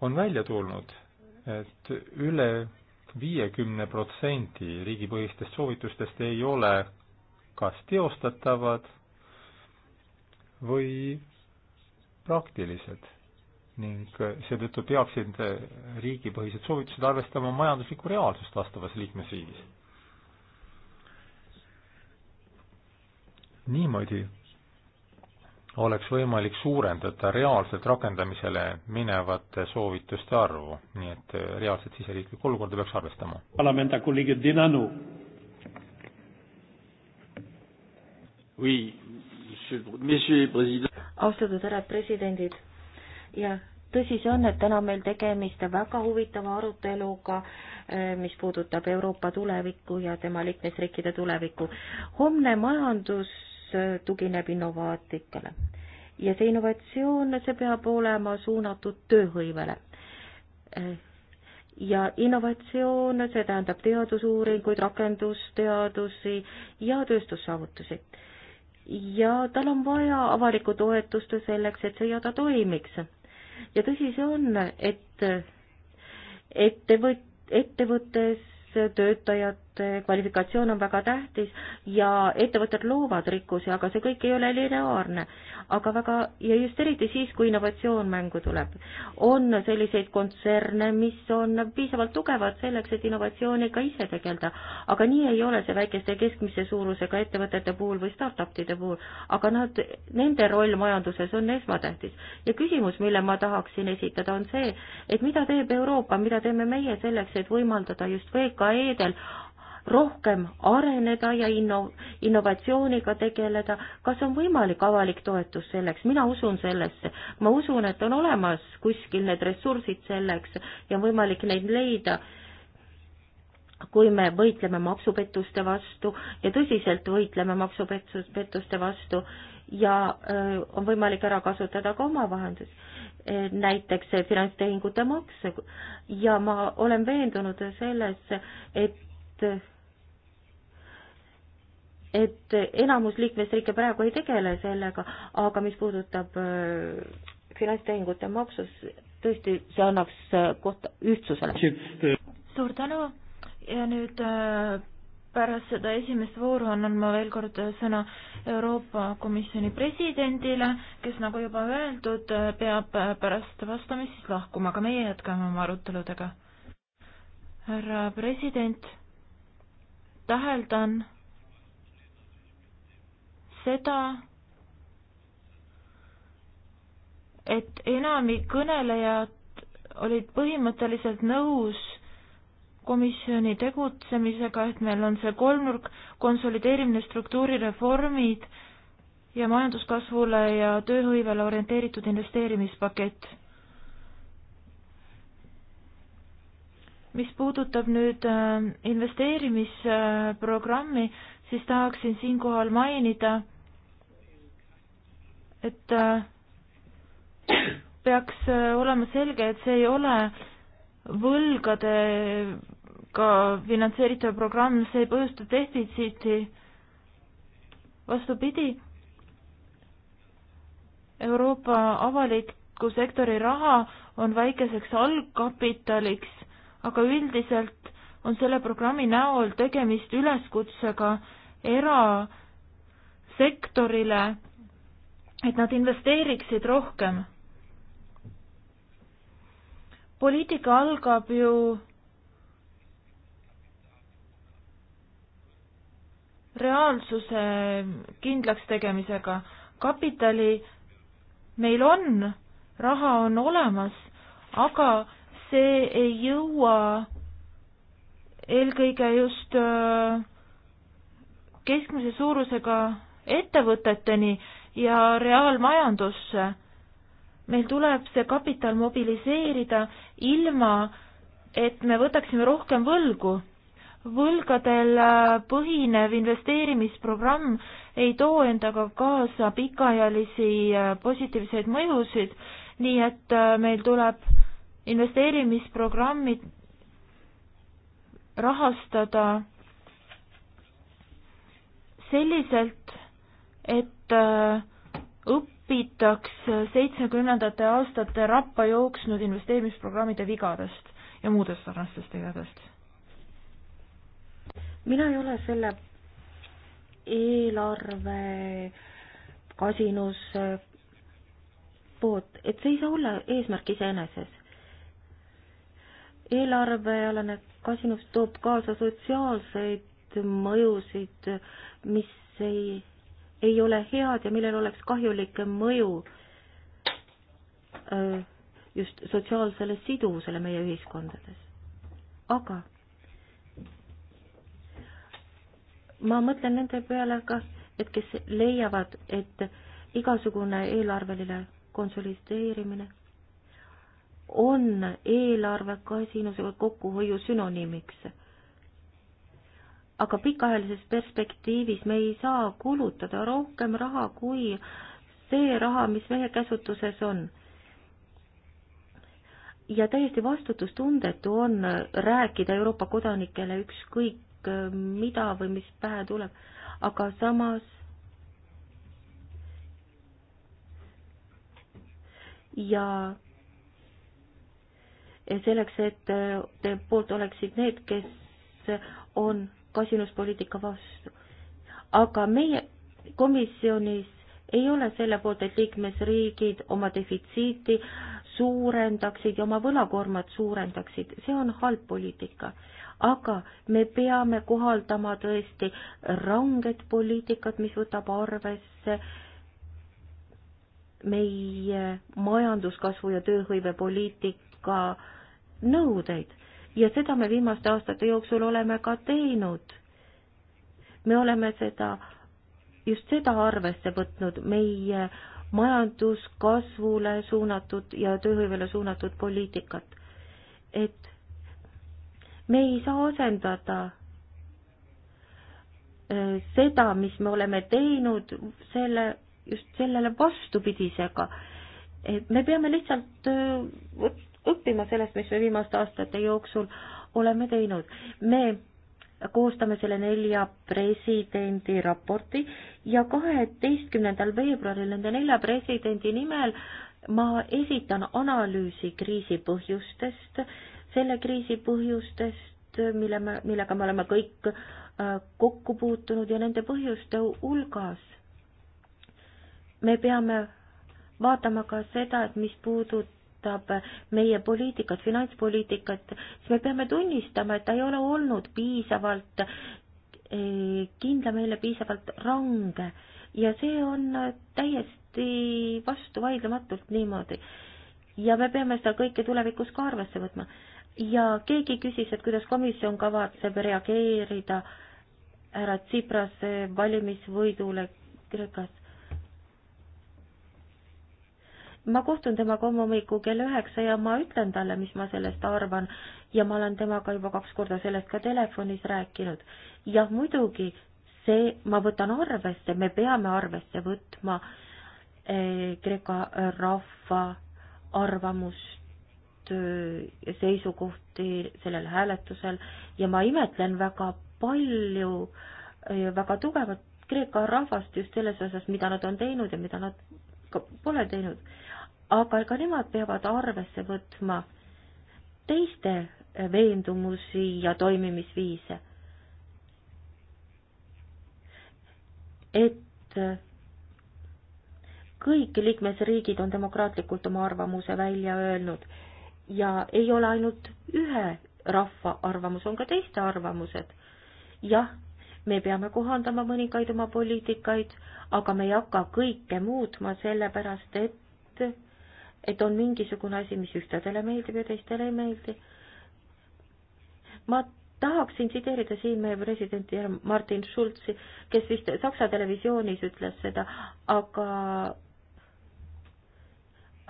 on välja tulnud, et üle viiekümne protsendi riigipõhistest soovitustest ei ole kas teostatavad või praktilised ning seetõttu peaksid riigipõhised soovitused arvestama majanduslikku reaalsust vastavas liikmesriigis. niimoodi oleks võimalik suurendada reaalselt rakendamisele minevate soovituste arvu, nii et reaalset siseriiklikku olukorda peaks arvestama. austatud härra presidendid, jah, tõsi see on, et täna meil tegemist väga huvitava aruteluga, eh, mis puudutab Euroopa tulevikku ja tema liikmesriikide tulevikku. homne majandus eh, tugineb innovaatikale ja see innovatsioon, see peab olema suunatud tööhõivele. Eh, ja innovatsioon, see tähendab teadusuuringuid, rakendusteadusi ja tööstussaavutusi. ja tal on vaja avalikku toetust selleks, et see jada toimiks ja tõsi see on, et ettevõt-, ettevõttes töötajad kvalifikatsioon on väga tähtis ja ettevõtted loovad rikkusi, aga see kõik ei ole lineaarne. aga väga, ja just eriti siis, kui innovatsioon mängu tuleb. on selliseid kontserne, mis on piisavalt tugevad selleks, et innovatsiooniga ise tegeleda, aga nii ei ole see väikeste ja keskmise suurusega ettevõtete puhul või startup'ide puhul, aga nad, nende roll majanduses on esmatähtis. ja küsimus, mille ma tahaksin esitada, on see, et mida teeb Euroopa, mida teeme meie selleks, et võimaldada just VKE-del rohkem areneda ja inno-, innovatsiooniga tegeleda, kas on võimalik avalik toetus selleks, mina usun sellesse. ma usun, et on olemas kuskil need ressursid selleks ja on võimalik neid leida, kui me võitleme maksupettuste vastu ja tõsiselt võitleme maksupettuste vastu ja öö, äh, on võimalik ära kasutada ka omavahendus äh, näiteks finantstehingute maks ja ma olen veendunud selles, et äh, et enamus liikmesriike praegu ei tegele sellega, aga mis puudutab äh, finantstehingute maksus, tõesti, see annaks äh, kohta ühtsusele. suur tänu ja nüüd äh, pärast seda esimest vooru annan ma veel kord sõna Euroopa Komisjoni presidendile, kes nagu juba öeldud, peab pärast vastamist siis lahkuma, aga meie jätkame oma aruteludega. härra president, täheldan seda, et enamik kõnelejad olid põhimõtteliselt nõus komisjoni tegutsemisega, et meil on see kolmnurk, konsolideerimine, struktuurireformid ja majanduskasvule ja tööhõivele orienteeritud investeerimispakett. mis puudutab nüüd äh, investeerimisprogrammi, siis tahaksin siinkohal mainida, et äh, peaks äh, olema selge, et see ei ole võlgadega finantseeritav programm, see ei põhjusta defitsiiti. vastupidi, Euroopa avaliku sektori raha on väikeseks algkapitaliks, aga üldiselt on selle programmi näol tegemist üleskutsega erasektorile, et nad investeeriksid rohkem. poliitika algab ju reaalsuse kindlaks tegemisega. kapitali meil on, raha on olemas, aga see ei jõua eelkõige just äh, keskmise suurusega ettevõteteni ja reaalmajandusse. meil tuleb see kapital mobiliseerida ilma, et me võtaksime rohkem võlgu. võlgadel äh, põhinev investeerimisprogramm ei too endaga kaasa pikaajalisi äh, positiivseid mõjusid, nii et äh, meil tuleb investeerimisprogrammid rahastada selliselt, et äh, õpitaks seitsmekümnendate aastate rappa jooksnud investeerimisprogrammide vigadest ja muudest sarnastest vigadest? mina ei ole selle eelarve kasinus äh, poolt, et see ei saa olla eesmärk iseeneses. eelarvealane kasinus toob kaasa sotsiaalseid negatiivseid mõjusid, mis ei, ei ole head ja millel oleks kahjulik mõju just sotsiaalsele siduvusele meie ühiskondades. aga ma mõtlen nende peale ka, et kes leiavad, et igasugune eelarveline konsolideerimine on eelarve kasiinusega kokkuhoiu sünonüümiks aga pikaajalises perspektiivis me ei saa kulutada rohkem raha kui see raha, mis meie käsutuses on. ja täiesti vastutustundetu on rääkida Euroopa kodanikele ükskõik äh, mida või mis pähe tuleb, aga samas ja selleks, et teie poolt oleksid need, kes on kasinuspoliitika vastu. aga meie komisjonis ei ole selle poolt, et liikmesriigid oma defitsiiti suurendaksid ja oma võlakoormat suurendaksid, see on halb poliitika. aga me peame kohaldama tõesti ranged poliitikat, mis võtab arvesse meie majanduskasvu ja tööhõivepoliitika nõudeid ja seda me viimaste aastate jooksul oleme ka teinud. me oleme seda, just seda arvesse võtnud meie majanduskasvule suunatud ja tööhõivele suunatud poliitikat. et me ei saa asendada äh, seda, mis me oleme teinud, selle, just sellele vastupidisega. et me peame lihtsalt äh, õppima sellest, mis me viimaste aastate jooksul oleme teinud. me koostame selle nelja presidendi raporti ja kaheteistkümnendal veebruaril nende nelja presidendi nimel ma esitan analüüsi kriisi põhjustest, selle kriisi põhjustest, mille me, millega me oleme kõik äh, kokku puutunud ja nende põhjuste hulgas me peame vaatama ka seda, et mis puudutab puudutab meie poliitikat, finantspoliitikat, siis me peame tunnistama, et ta ei ole olnud piisavalt eh, kindlameelne, piisavalt range ja see on täiesti vastuvaidlematult niimoodi. ja me peame seda kõike tulevikus ka arvesse võtma. ja keegi küsis, et kuidas komisjon kavatseb reageerida härra Tsipras valimisvõidule Kreekas ma kohtun temaga homme hommikul kell üheksa ja ma ütlen talle, mis ma sellest arvan ja ma olen temaga juba kaks korda sellest ka telefonis rääkinud. jah, muidugi see, ma võtan arvesse, me peame arvesse võtma eh, Kreeka rahva arvamust ja eh, seisukohti sellel hääletusel ja ma imetlen väga palju eh,, väga tugevat Kreeka rahvast just selles osas, mida nad on teinud ja mida nad ka pole teinud aga ka nemad peavad arvesse võtma teiste veendumusi ja toimimisviise. et kõik liikmesriigid on demokraatlikult oma arvamuse välja öelnud ja ei ole ainult ühe rahva arvamus, on ka teiste arvamused. jah, me peame kohandama mõningaid oma poliitikaid, aga me ei hakka kõike muutma, sellepärast et et on mingisugune asi, mis ühtedele meeldib ja teistele ei meeldi. ma tahaksin tsiteerida siin meie presidenti Martin Schulzi, kes vist Saksa televisioonis ütles seda, aga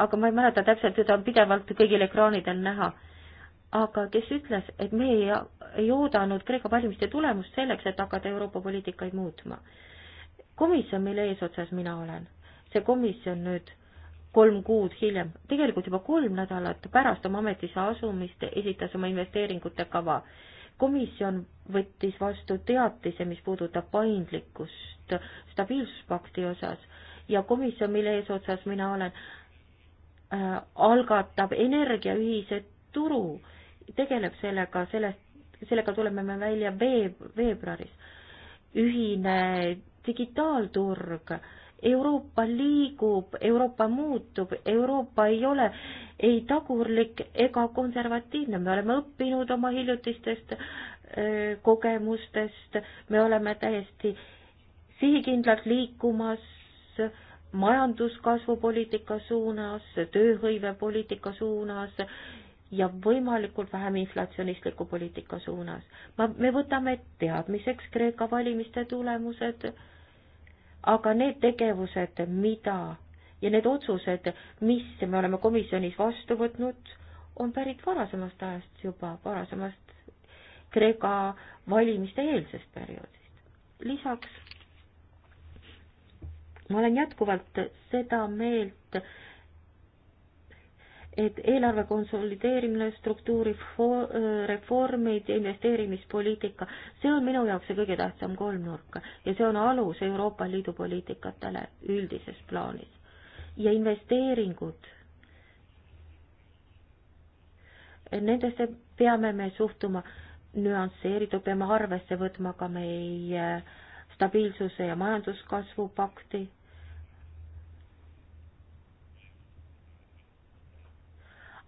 aga ma ei mäleta täpselt, teda on pidevalt kõigil ekraanidel näha. aga kes ütles, et me ei, ei oodanud Kreeka valimiste tulemust selleks, et hakata Euroopa poliitikaid muutma. komisjon, mille eesotsas mina olen, see komisjon nüüd kolm kuud hiljem, tegelikult juba kolm nädalat pärast oma ametisse asumist esitas oma investeeringute kava. komisjon võttis vastu teatise, mis puudutab paindlikkust stabiilsuspakti osas ja komisjon, mille eesotsas mina olen äh,, algatab energiaühise turu, tegeleb sellega, sellest, sellega tuleme me välja veeb-, veebruaris. ühine digitaalturg äh, Euroopa liigub, Euroopa muutub, Euroopa ei ole ei tagurlik ega konservatiivne, me oleme õppinud oma hiljutistest öö, kogemustest, me oleme täiesti sihikindlalt liikumas majanduskasvupoliitika suunas, tööhõivepoliitika suunas ja võimalikult vähem inflatsionistliku poliitika suunas. ma, me võtame teadmiseks Kreeka valimiste tulemused aga need tegevused, mida ja need otsused, mis me oleme komisjonis vastu võtnud, on pärit varasemast ajast juba, varasemast Kreeka valimiste eelsest perioodist. lisaks ma olen jätkuvalt seda meelt, et eelarve konsolideerimine, struktuurireformid, investeerimispoliitika, see on minu jaoks see kõige tähtsam kolmnurk ja see on alus Euroopa Liidu poliitikatele üldises plaanis. ja investeeringud, nendesse peame me suhtuma nüansseeritud, peame arvesse võtma ka meie stabiilsuse ja majanduskasvu pakti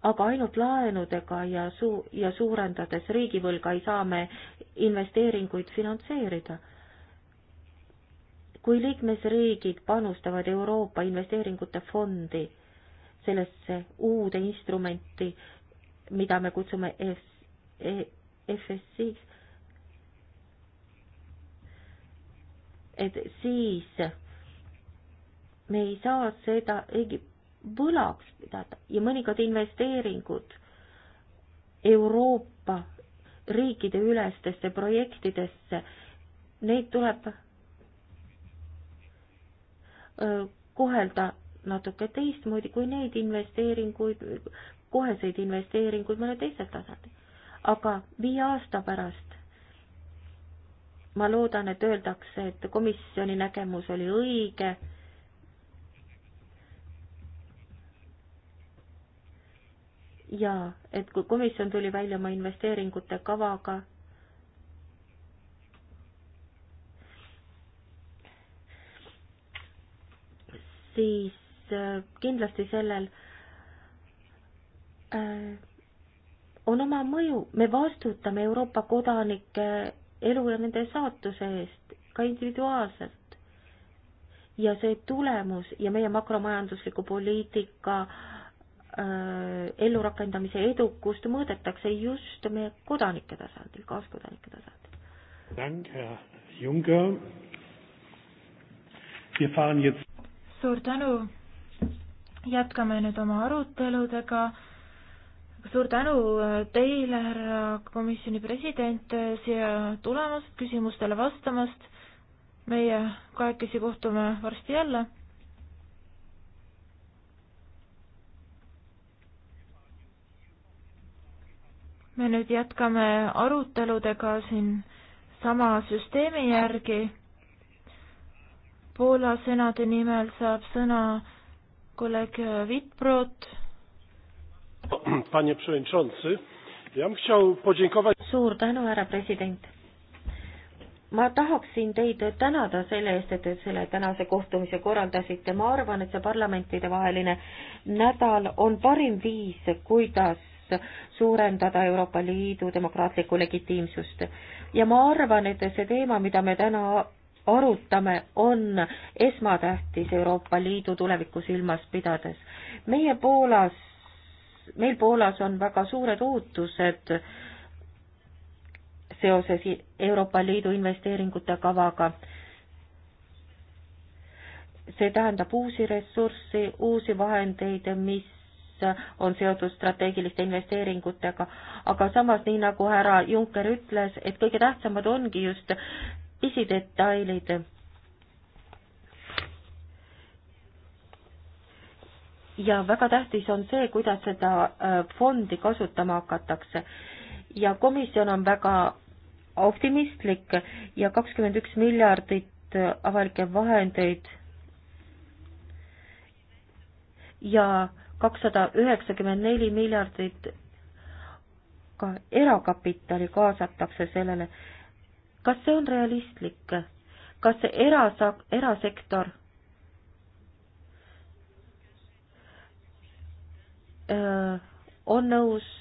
aga ainult laenudega ja suu-, ja suurendades riigivõlga ei saa me investeeringuid finantseerida. kui liikmesriigid panustavad Euroopa investeeringute fondi, sellesse uude instrumenti, mida me kutsume F-, e, FSI-ks, et siis me ei saa seda Egip-, võlaks pidada ja mõningad investeeringud Euroopa riikide ülestesse projektidesse, neid tuleb kohelda natuke teistmoodi kui neid investeeringuid, koheseid investeeringuid mõnel teisel tasandil. aga viie aasta pärast ma loodan, et öeldakse, et komisjoni nägemus oli õige jaa, et kui komisjon tuli välja oma investeeringute kavaga, siis äh, kindlasti sellel äh, on oma mõju, me vastutame Euroopa kodanike elu ja nende saatuse eest ka individuaalselt. ja see tulemus ja meie makromajandusliku poliitika äh, Äh, ellurakendamise edukust mõõdetakse just meie kodanike tasandil, kaaskodanike tasandil. Dank, härra Juncker. Wir fahren jetzt. Suur tänu. jätkame nüüd oma aruteludega. suur tänu äh, teile, härra komisjoni president, äh, siia tulemast, küsimustele vastamast. meie kahekesi kohtume varsti jälle me nüüd jätkame aruteludega siin sama süsteemi järgi. Poola senati nimel saab sõna kolleeg Vitbrod. suur tänu, härra president. ma tahaksin teid tänada selle eest, et te selle tänase kohtumise korraldasite, ma arvan, et see parlamentidevaheline nädal on parim viis, kuidas võimalust suurendada Euroopa Liidu demokraatlikku legitiimsust. ja ma arvan, et see teema, mida me täna arutame, on esmatähtis Euroopa Liidu tulevikku silmas pidades. meie Poolas, meil Poolas on väga suured ootused seoses Euroopa Liidu investeeringute kavaga see tähendab uusi ressurssi, uusi vahendeid, mis Äh, on seotud strateegiliste investeeringutega. aga samas, nii nagu härra Juncker ütles, et kõige tähtsamad ongi just pisidetailid. ja väga tähtis on see, kuidas seda äh, fondi kasutama hakatakse. ja komisjon on väga optimistlik ja kakskümmend üks miljardit äh, avalikke vahendeid ja kakssada üheksakümmend neli miljardit ka erakapitali kaasatakse sellele. kas see on realistlik? kas see erasa-, erasektor öö, on nõus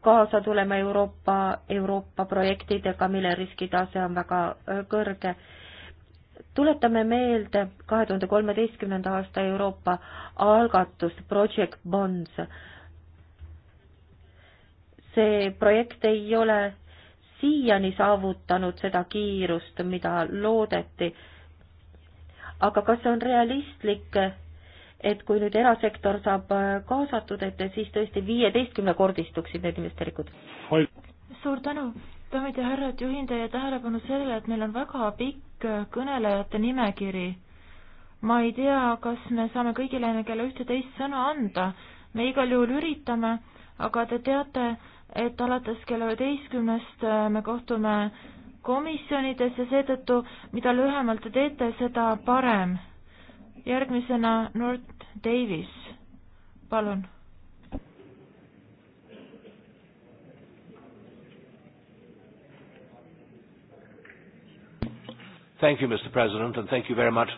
kaasa tulema Euroopa, Euroopa projektidega, mille riskitase on väga kõrge tuletame meelde kahe tuhande kolmeteistkümnenda aasta Euroopa algatust Project Bonds. see projekt ei ole siiani saavutanud seda kiirust, mida loodeti. aga kas see on realistlik, et kui nüüd erasektor saab kaasatud, et siis tõesti viieteistkümnekordistuksid need investeeringud? suur tänu, daamid ja härrad, juhin teie tähelepanu sellele, et meil on väga pikk pikk äh, kõnelejate nimekiri. ma ei tea, kas me saame kõigile kella ühte-teist sõna anda, me igal juhul üritame, aga te teate, et alates kella üheteistkümnest äh, me kohtume komisjonides ja seetõttu, mida lühemalt te teete, seda parem. järgmisena Nord Davis, palun Thank you, Mr President and thank you very much.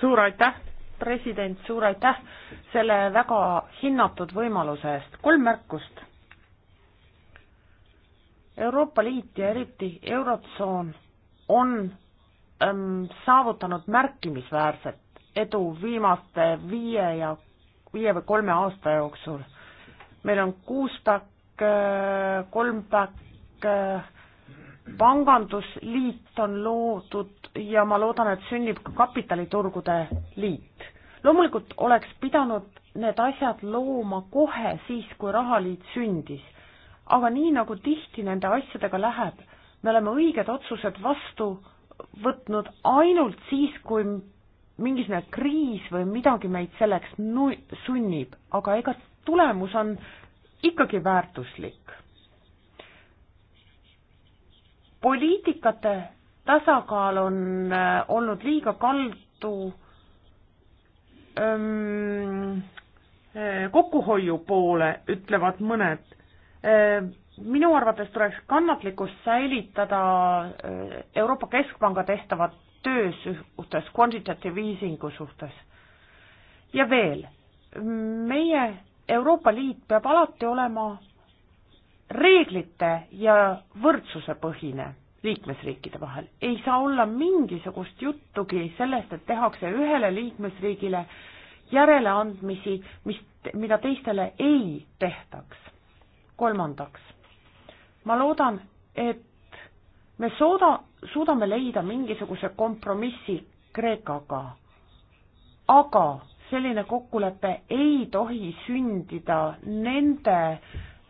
suur aitäh, president, suur aitäh selle väga hinnatud võimaluse eest. kolm märkust. Euroopa Liit ja eriti Eurotsoon on ähm, saavutanud märkimisväärset edu viimaste viie ja, viie või kolme aasta jooksul. meil on kuus päkk, äh, kolm päkk, äh, pangandusliit on loodud ja ma loodan, et sünnib ka kapitaliturgude liit. loomulikult oleks pidanud need asjad looma kohe siis, kui rahaliit sündis. aga nii nagu tihti nende asjadega läheb, me oleme õiged otsused vastu võtnud ainult siis, kui mingisugune kriis või midagi meid selleks nu-, sunnib, aga ega tulemus on ikkagi väärtuslik poliitikate tasakaal on äh, olnud liiga kaldu öm, ähm, äh, kokkuhoiu poole, ütlevad mõned. Äh, minu arvates tuleks kannatlikkust säilitada Euroopa Keskpanga tehtava töö suhtes, quantitative easing'u suhtes. ja veel, meie Euroopa Liit peab alati olema reeglite ja võrdsuse põhine liikmesriikide vahel. ei saa olla mingisugust juttugi sellest, et tehakse ühele liikmesriigile järeleandmisi, mis, mida teistele ei tehtaks. kolmandaks, ma loodan, et me sooda, suudame leida mingisuguse kompromissi Kreekaga, aga selline kokkulepe ei tohi sündida nende äh,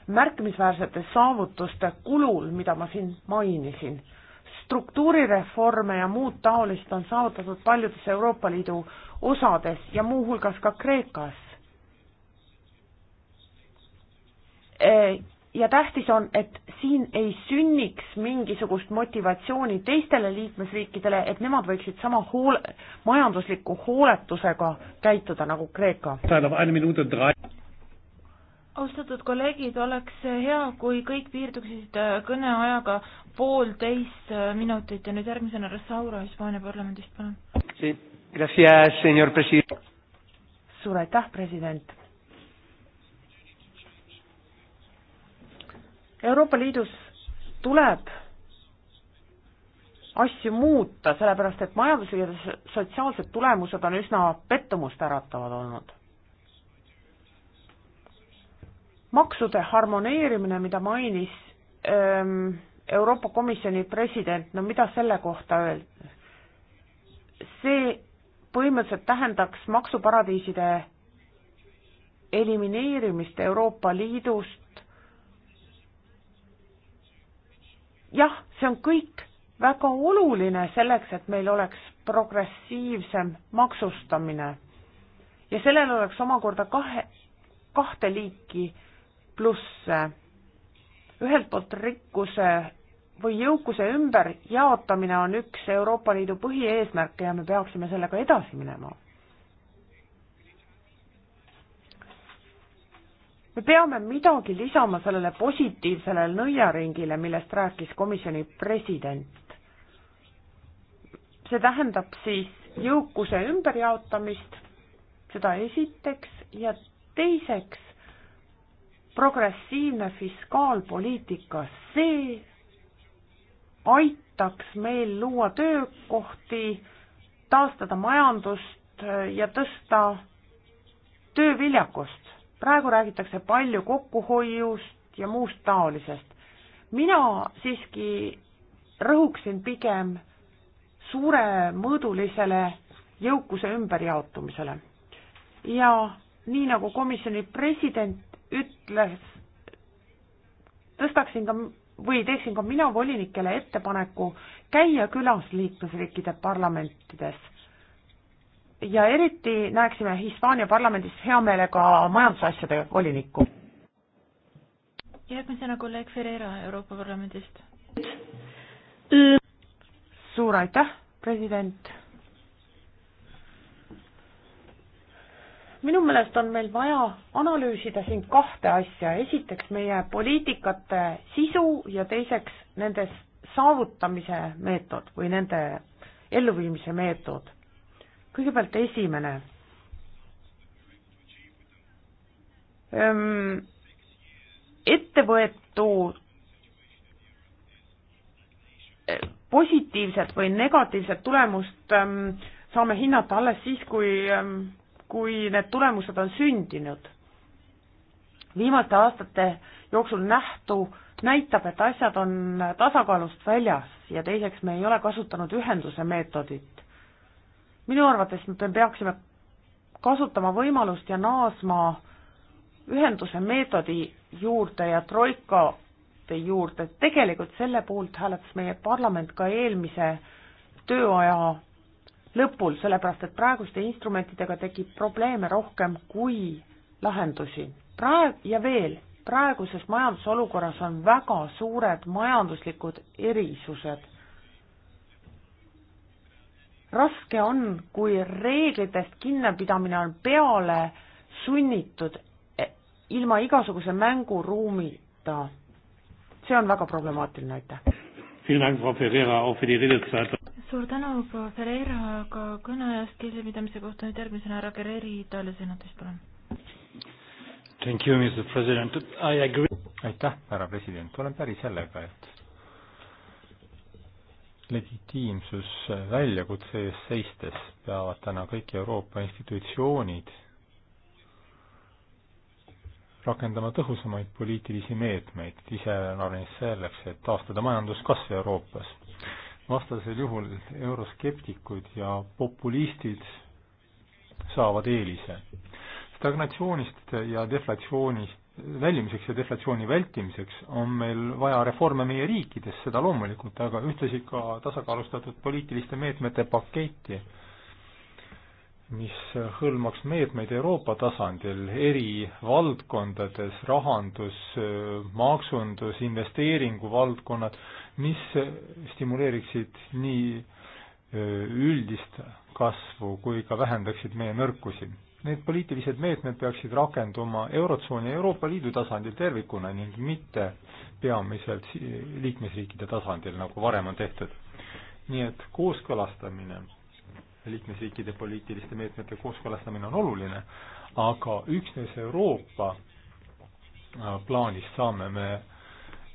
märkimisväärsete saavutuste kulul, mida ma siin mainisin. struktuurireforme ja muud taolist on saavutatud paljudes Euroopa Liidu osades ja muuhulgas ka Kreekas. ja tähtis on, et siin ei sünniks mingisugust motivatsiooni teistele liikmesriikidele, et nemad võiksid sama hoole, majandusliku hooletusega käituda nagu Kreeka austatud kolleegid, oleks hea, kui kõik piirduksid äh, kõneajaga poolteist äh, minutit ja nüüd järgmisena Ressauro Hispaania parlamendist, palun sí.. suur aitäh, president. Euroopa Liidus tuleb asju muuta, sellepärast et majanduslikud ja sotsiaalsed tulemused on üsna pettumust äratavad olnud maksude harmoneerimine, mida mainis ähm, Euroopa Komisjoni president, no mida selle kohta öelda? see põhimõtteliselt tähendaks maksuparadiiside elimineerimist Euroopa Liidust. jah, see on kõik väga oluline selleks, et meil oleks progressiivsem maksustamine ja sellel oleks omakorda kahe, kahte liiki äh, plusse. ühelt poolt rikkuse või jõukuse ümberjaotamine on üks Euroopa Liidu põhieesmärke ja me peaksime sellega edasi minema. me peame midagi lisama sellele positiivsele nõiaringile, millest rääkis komisjoni president. see tähendab siis jõukuse ümberjaotamist, seda esiteks, ja teiseks progressiivne fiskaalpoliitika, see aitaks meil luua töökohti, taastada majandust ja tõsta tööviljakust. praegu räägitakse palju kokkuhoiust ja muust taolisest. mina siiski rõhuksin pigem suuremõõdulisele jõukuse ümberjaotumisele. ja nii, nagu komisjoni president ütles, tõstaksin ka või teeksin ka mina volinikele ettepaneku käia külas liikmesriikide parlamentides. ja eriti näeksime Hispaania parlamendis hea meelega majandusasjade volinikku. järgmisena kolleeg Ferreira Euroopa Parlamendist. suur aitäh, president minu meelest on meil vaja analüüsida siin kahte asja, esiteks meie poliitikate sisu ja teiseks nende saavutamise meetod või nende elluviimise meetod. kõigepealt esimene. ettevõetu eh, positiivset või negatiivset tulemust saame hinnata alles siis, kui kui need tulemused on sündinud. viimaste aastate jooksul nähtu näitab, et asjad on tasakaalust väljas ja teiseks me ei ole kasutanud ühenduse meetodit. minu arvates me peaksime kasutama võimalust ja naasma ühenduse meetodi juurde ja troika mõtete juurde, tegelikult selle poolt hääletas meie parlament ka eelmise tööaja lõpul, sellepärast et praeguste instrumentidega tekib probleeme rohkem kui lahendusi. praegu ja veel, praeguses majandusolukorras on väga suured majanduslikud erisused. raske on, kui reeglitest kinnipidamine on peale sunnitud e-, ilma igasuguse mänguruumita. see on väga problemaatiline, aitäh suur tänu, proua Ferreira, aga kõneajast kinnipidamise kohta nüüd järgmisena härra Guerreri Itaalia senatist, palun. Thank you, Mr President, I agree. aitäh, härra president, olen päri sellega, et legitiimsus väljakutse ees seistes peavad täna kõik Euroopa institutsioonid rakendama tõhusamaid poliitilisi meetmeid iseäranis selleks, et taastada majanduskasv Euroopas vastasel juhul euroskeptikud ja populistid saavad eelise. stagnatsioonist ja deflatsioonist väljumiseks ja deflatsiooni vältimiseks on meil vaja reforme meie riikides, seda loomulikult, aga ühtlasi ka tasakaalustatud poliitiliste meetmete paketti, mis hõlmaks meetmeid Euroopa tasandil eri valdkondades, rahandus, maksundus, investeeringuvaldkonnad mis eh, stimuleeriksid nii eh, üldist kasvu kui ka vähendaksid meie nõrkusi. Need poliitilised meetmed peaksid rakenduma Eurotsooni ja Euroopa Liidu tasandil tervikuna ning mitte peamiselt liikmesriikide tasandil, nagu varem on tehtud. nii et kooskõlastamine, liikmesriikide poliitiliste meetmete kooskõlastamine on oluline, aga üksnes Euroopa äh, plaanis saame me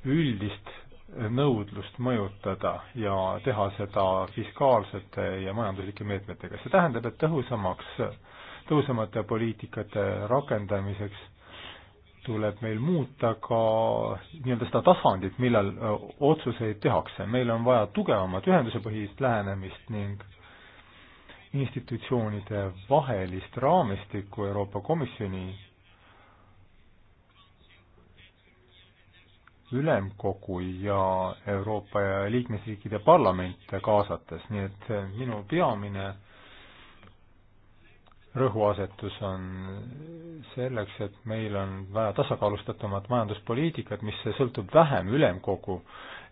üldist nõudlust mõjutada ja teha seda fiskaalsete ja majanduslike meetmetega. see tähendab, et tõhusamaks, tõhusamate poliitikate rakendamiseks tuleb meil muuta ka nii-öelda seda tasandit, millal otsuseid tehakse. meil on vaja tugevamat ühendusepõhist lähenemist ning institutsioonide vahelist raamistikku Euroopa Komisjoni ülemkogu ja Euroopa ja liikmesriikide parlamente kaasates, nii et minu peamine rõhuasetus on selleks, et meil on vaja tasakaalustatumat majanduspoliitikat, mis sõltub vähem ülemkogu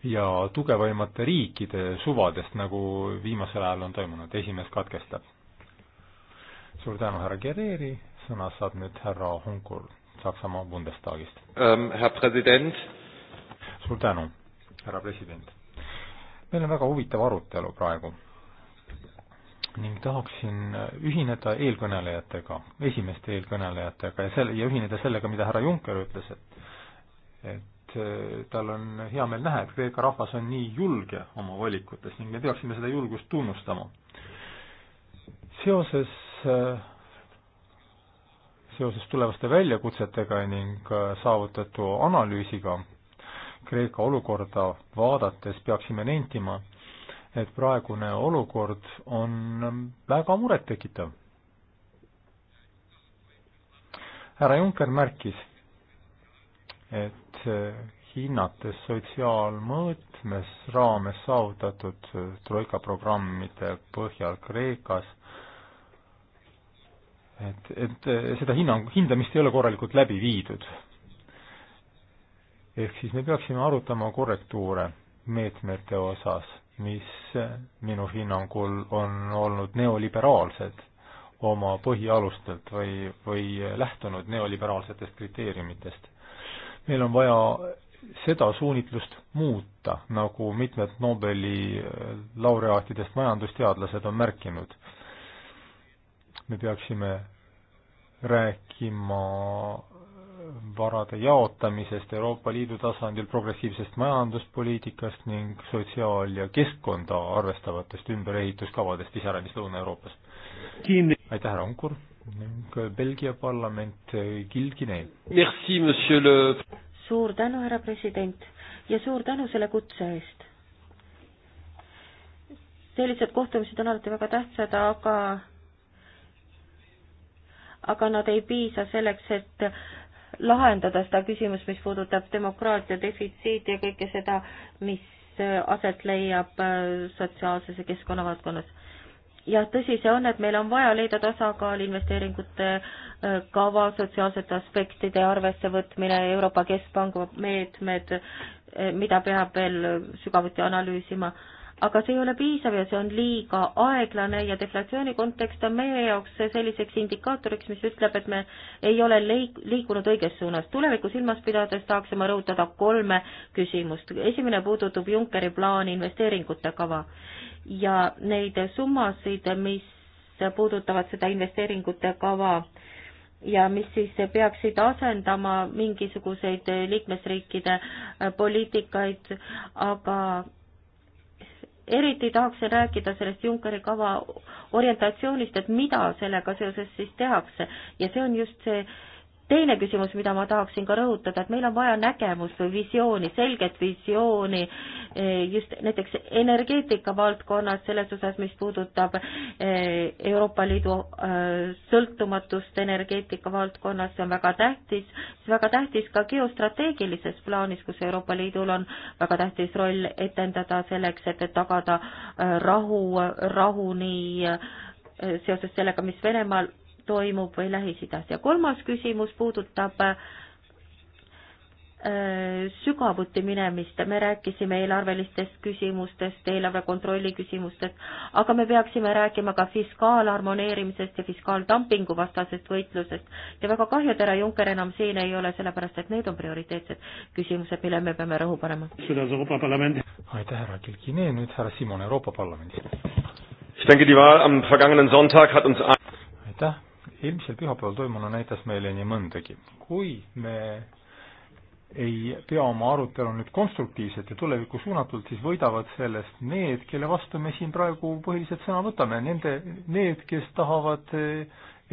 ja tugevaimate riikide suvadest, nagu viimasel ajal on toimunud, esimees katkestab. suur tänu, härra Gereri, sõna saab nüüd härra Hunkur Saksamaa Bundestagist ähm,. Herr president suur tänu, härra president. meil on väga huvitav arutelu praegu ning tahaksin ühineda eelkõnelejatega, esimeste eelkõnelejatega ja selle, ja ühineda sellega, mida härra Juncker ütles, et et äh, tal on hea meel näha, et Kreeka rahvas on nii julge oma valikutes ning me peaksime seda julgust tunnustama. seoses äh, seoses tulevaste väljakutsetega ning äh, saavutatu analüüsiga Kreeka olukorda vaadates peaksime nentima, et praegune olukord on väga murettekitav. härra Juncker märkis, et hinnates sotsiaalmõõtmes raames saavutatud troika programmide põhjal Kreekas, et, et seda hinnang, hindamist ei ole korralikult läbi viidud ehk siis me peaksime arutama korrektuure meetmete osas, mis minu hinnangul on olnud neoliberaalsed oma põhialustelt või, või lähtunud neoliberaalsetest kriteeriumitest. meil on vaja seda suunitlust muuta, nagu mitmed Nobeli äh, laureaatidest majandusteadlased on märkinud. me peaksime rääkima varade jaotamisest Euroopa Liidu tasandil, progressiivsest majanduspoliitikast ning sotsiaal- ja keskkonda arvestavatest ümberehituskavadest iseäranis Lõuna-Euroopas. aitäh, härra Onkur ning Belgia parlament Kilginei. Le... suur tänu, härra president ja suur tänu selle kutse eest. sellised kohtumised on alati väga tähtsad, aga aga nad ei piisa selleks, et lahendada seda küsimust, mis puudutab demokraatia defitsiiti ja kõike seda, mis äh, aset leiab äh, sotsiaalses ja keskkonnavaldkonnas. jah, tõsi see on, et meil on vaja leida tasakaal investeeringute äh, kava, sotsiaalsete aspektide arvessevõtmine, Euroopa Keskpanga meetmed, mida peab veel sügavuti analüüsima aga see ei ole piisav ja see on liiga aeglane ja deflatsiooni kontekst on meie jaoks selliseks indikaatoriks, mis ütleb, et me ei ole leik-, liikunud õiges suunas. tulevikku silmas pidades tahaksime rõhutada kolme küsimust. esimene puudutab Junckeri plaani investeeringute kava ja neid summasid, mis puudutavad seda investeeringute kava ja mis siis peaksid asendama mingisuguseid liikmesriikide poliitikaid, aga eriti tahaksin rääkida sellest Junckeri kava orientatsioonist, et mida sellega seoses siis tehakse ja see on just see teine küsimus, mida ma tahaksin ka rõhutada, et meil on vaja nägemust või visiooni, selget visiooni eh, just näiteks energeetika valdkonnas, selles osas, mis puudutab eh, Euroopa Liidu eh, sõltumatust energeetika valdkonnas, see on väga tähtis, see on väga tähtis ka geostrateegilises plaanis, kus Euroopa Liidul on väga tähtis roll etendada selleks, et tagada rahu, rahu nii seoses sellega, mis Venemaal toimub või Lähis-Idas. ja kolmas küsimus puudutab äh, sügavuti minemist, me rääkisime eelarvelistest küsimustest, eelarve kontrolli küsimustest, aga me peaksime rääkima ka fiskaalharmoneerimisest ja fiskaaldumpingu vastasest võitlusest ja väga kahju, et härra Juncker enam siin ei ole, sellepärast et need on prioriteetsed küsimused, mille me peame rõhu panema. aitäh, härra Kilkine, nüüd härra Simon Euroopa Parlamendist. aitäh, eelmisel pühapäeval toimunu näitas meile nii mõndagi. kui me ei pea oma arutelu nüüd konstruktiivselt ja tulevikku suunatult, siis võidavad sellest need, kelle vastu me siin praegu põhiliselt sõna võtame, nende, need, kes tahavad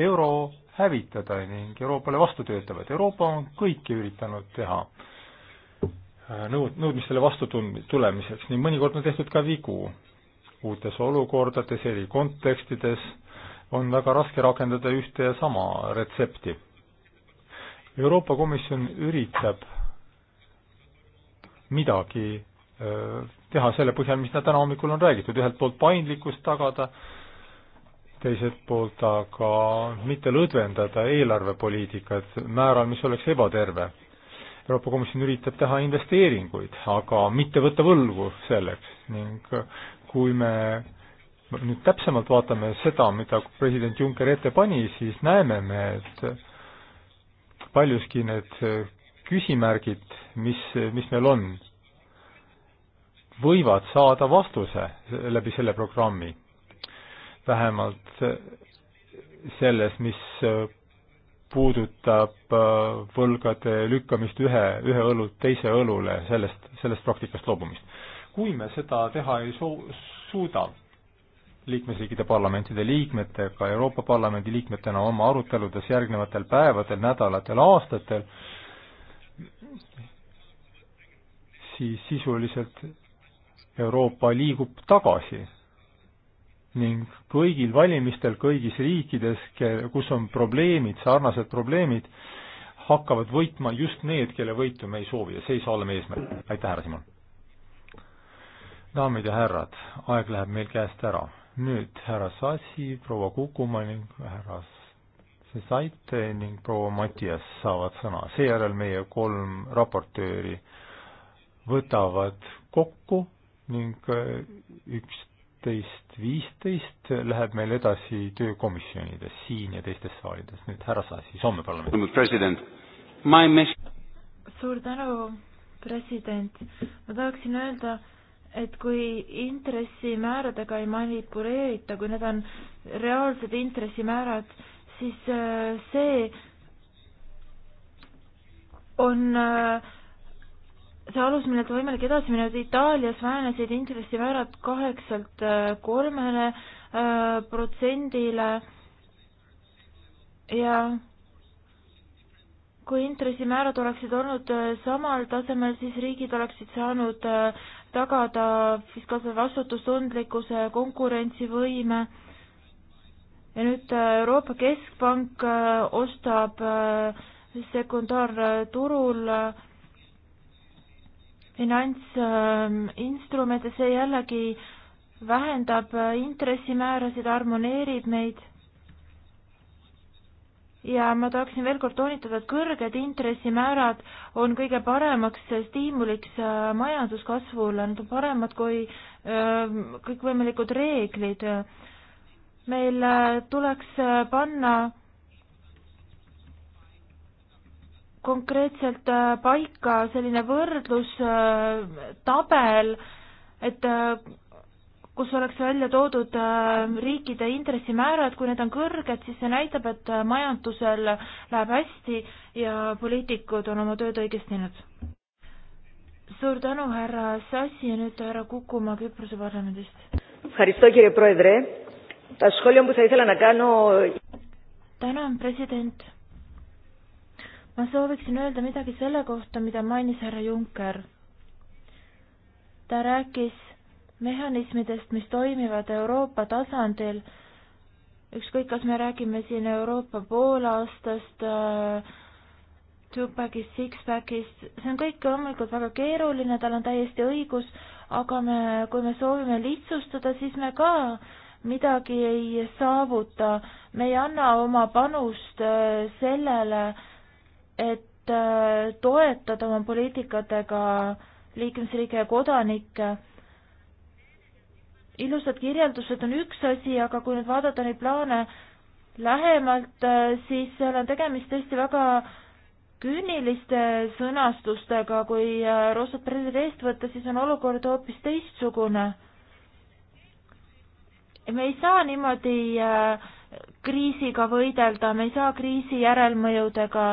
euro hävitada ning Euroopale vastu töötavad. Euroopa on kõike üritanud teha nõud-, nõudmistele vastu tund-, tulemiseks ning mõnikord on tehtud ka vigu uutes olukordades, eri kontekstides on väga raske rakendada ühte ja sama retsepti. Euroopa Komisjon üritab midagi teha selle põhjal, mis täna hommikul on räägitud, ühelt poolt paindlikkust tagada, teiselt poolt aga mitte lõdvendada eelarvepoliitikat määral, mis oleks ebaterve. Euroopa Komisjon üritab teha investeeringuid, aga mitte võtta võlgu selleks ning kui me nüüd täpsemalt vaatame seda, mida president Juncker ette pani, siis näeme me, et paljuski need küsimärgid, mis, mis meil on, võivad saada vastuse läbi selle programmi. vähemalt selles, mis puudutab äh, võlgade lükkamist ühe, ühe õlult teise õlule, sellest, sellest praktikast loobumist. kui me seda teha ei soo-, suuda, liikmesriikide parlamentide liikmetega, Euroopa Parlamendi liikmetena oma aruteludes järgnevatel päevadel, nädalatel, aastatel, siis sisuliselt Euroopa liigub tagasi ning kõigil valimistel kõigis riikides, kus on probleemid, sarnased probleemid, hakkavad võitma just need, kelle võitu me ei soovi ja see ei saa olema eesmärk. aitäh, härra Simon! daamid ja härrad, aeg läheb meil käest ära nüüd härra Sassi, proua Kukumaa ning härra Saite ning proua Matias saavad sõna. seejärel meie kolm raportööri võtavad kokku ning äh, üksteist viisteist läheb meil edasi töökomisjonides siin ja teistes saalides. nüüd härra Sassi, Soome parlament. suur tänu, president. ma tahaksin öelda, et kui intressimääradega ei manipuleerita, kui need on reaalsed intressimäärad, siis äh, see on äh, see alus, millelt on võimalik edasi minna, et Itaalias vähenesid intressimäärad kaheksalt äh, kolmele protsendile ja kui intressimäärad oleksid olnud samal tasemel, siis riigid oleksid saanud tagada fiskaalse vastutustundlikkuse, konkurentsivõime ja nüüd äh, Euroopa Keskpank äh, ostab äh, sekundaarturul finantsinstrumente, ähm, see jällegi vähendab intressimäärasid, harmoneerib neid ja ma tahaksin veel kord toonitada, et kõrged intressimäärad on kõige paremaks stiimuliks äh, majanduskasvule, need on paremad kui äh, kõikvõimalikud reeglid. meil äh, tuleks panna konkreetselt paika selline võrdlustabel, et kus oleks välja toodud äh, riikide intressimäärad, kui need on kõrged, siis see näitab, et äh, majandusel läheb hästi ja poliitikud on oma tööd õigesti teinud. suur tänu, härra Sassi ja nüüd härra Kukumaa Küprose parlamendist. tänan, president. ma sooviksin öelda midagi selle kohta, mida mainis härra Juncker. ta rääkis mehhanismidest, mis toimivad Euroopa tasandil, ükskõik, kas me räägime siin Euroopa poolaastast äh,, two-pack'ist, six-pack'ist, see on kõik loomulikult väga keeruline, tal on täiesti õigus, aga me, kui me soovime lihtsustada, siis me ka midagi ei saavuta. me ei anna oma panust äh, sellele, et äh, toetada oma poliitikatega liikmesriike ja kodanikke ilusad kirjeldused on üks asi, aga kui nüüd vaadata neid plaane lähemalt, äh, siis seal on tegemist tõesti väga küüniliste sõnastustega, kui äh, roosad prillid eest võtta, siis on olukord hoopis teistsugune. me ei saa niimoodi äh, kriisiga võidelda, me ei saa kriisi järelmõjudega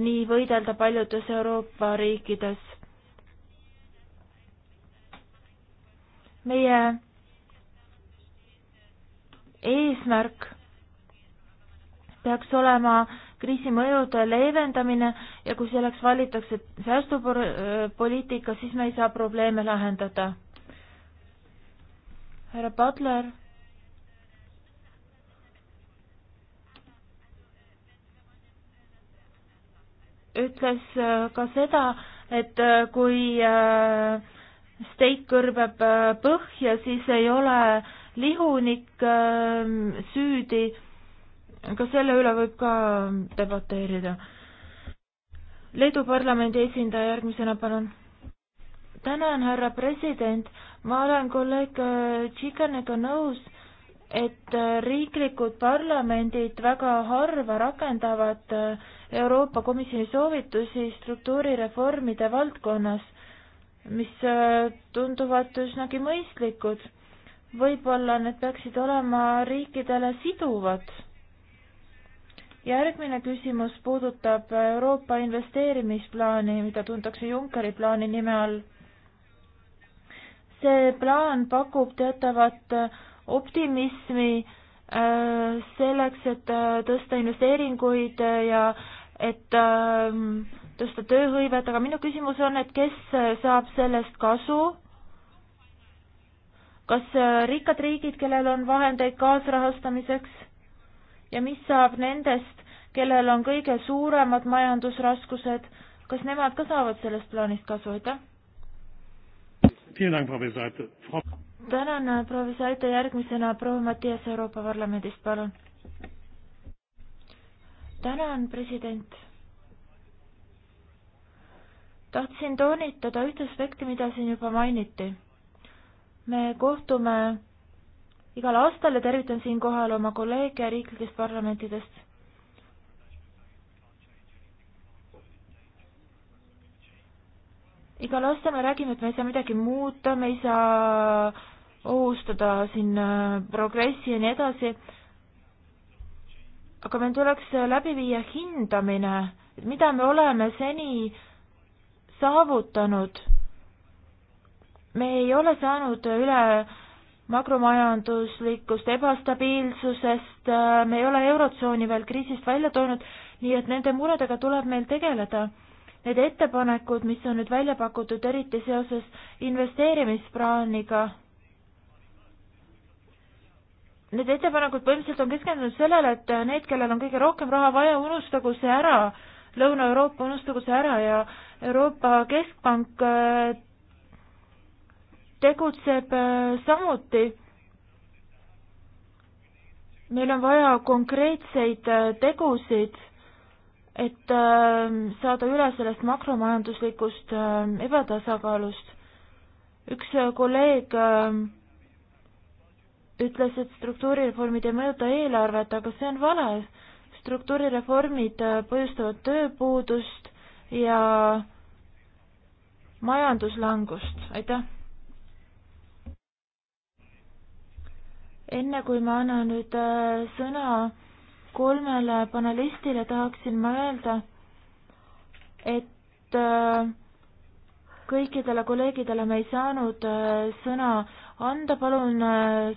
nii võidelda paljudes Euroopa riikides. meie eesmärk peaks olema kriisi mõjude leevendamine ja kui selleks valitakse säästupoliitika, siis me ei saa probleeme lahendada. härra Padler. ütles äh, ka seda, et äh, kui äh, steik kõrbeb põhja, siis ei ole lihunik ähm, süüdi, ka selle üle võib ka debateerida. Leedu parlamendi esindaja järgmisena, palun. tänan, härra president, ma olen kolleeg äh, Tšikanega nõus, et äh, riiklikud parlamendid väga harva rakendavad äh, Euroopa Komisjoni soovitusi struktuurireformide valdkonnas, mis tunduvad üsnagi mõistlikud võib-olla need peaksid olema riikidele siduvad. järgmine küsimus puudutab Euroopa investeerimisplaani, mida tuntakse Junckeri plaani nime all. see plaan pakub teatavat optimismi äh, selleks, et äh, tõsta investeeringuid ja et ähm, tõsta tööhõivet, aga minu küsimus on, et kes saab sellest kasu kas äh, rikkad riigid, kellel on vahendeid kaasrahastamiseks ja mis saab nendest, kellel on kõige suuremad majandusraskused, kas nemad ka saavad sellest plaanist kasu, aitäh? tänan, proua äh, Visaita, järgmisena proua Mattias Euroopa Parlamendist, palun. tänan, president. tahtsin toonitada ühte aspekti, mida siin juba mainiti me kohtume igal aastal ja tervitan siinkohal oma kolleege riiklikest parlamentidest. igal aastal me räägime, et me ei saa midagi muuta, me ei saa ohustada siin äh, progressi ja nii edasi. aga meil tuleks äh, läbi viia hindamine, et mida me oleme seni saavutanud me ei ole saanud üle makromajanduslikust ebastabiilsusest, me ei ole Eurotsooni veel kriisist välja toonud, nii et nende muredega tuleb meil tegeleda. Need ettepanekud, mis on nüüd välja pakutud, eriti seoses investeerimisplaaniga, need ettepanekud põhimõtteliselt on keskendunud sellele, et need, kellel on kõige rohkem raha vaja, unustagu see ära Lõuna-Euroopa unustagu see ära ja Euroopa Keskpank tegutseb äh, samuti. meil on vaja konkreetseid äh, tegusid, et ähm, saada üle sellest makromajanduslikust ähm, ebatasakaalust. üks äh, kolleeg ähm, ütles, et struktuurireformid ei mõjuta eelarvet, aga see on vale. struktuurireformid põhjustavad tööpuudust ja majanduslangust, aitäh enne kui ma annan nüüd äh, sõna kolmele panelistile, tahaksin ma öelda, et äh, kõikidele kolleegidele me ei saanud äh, sõna anda, palun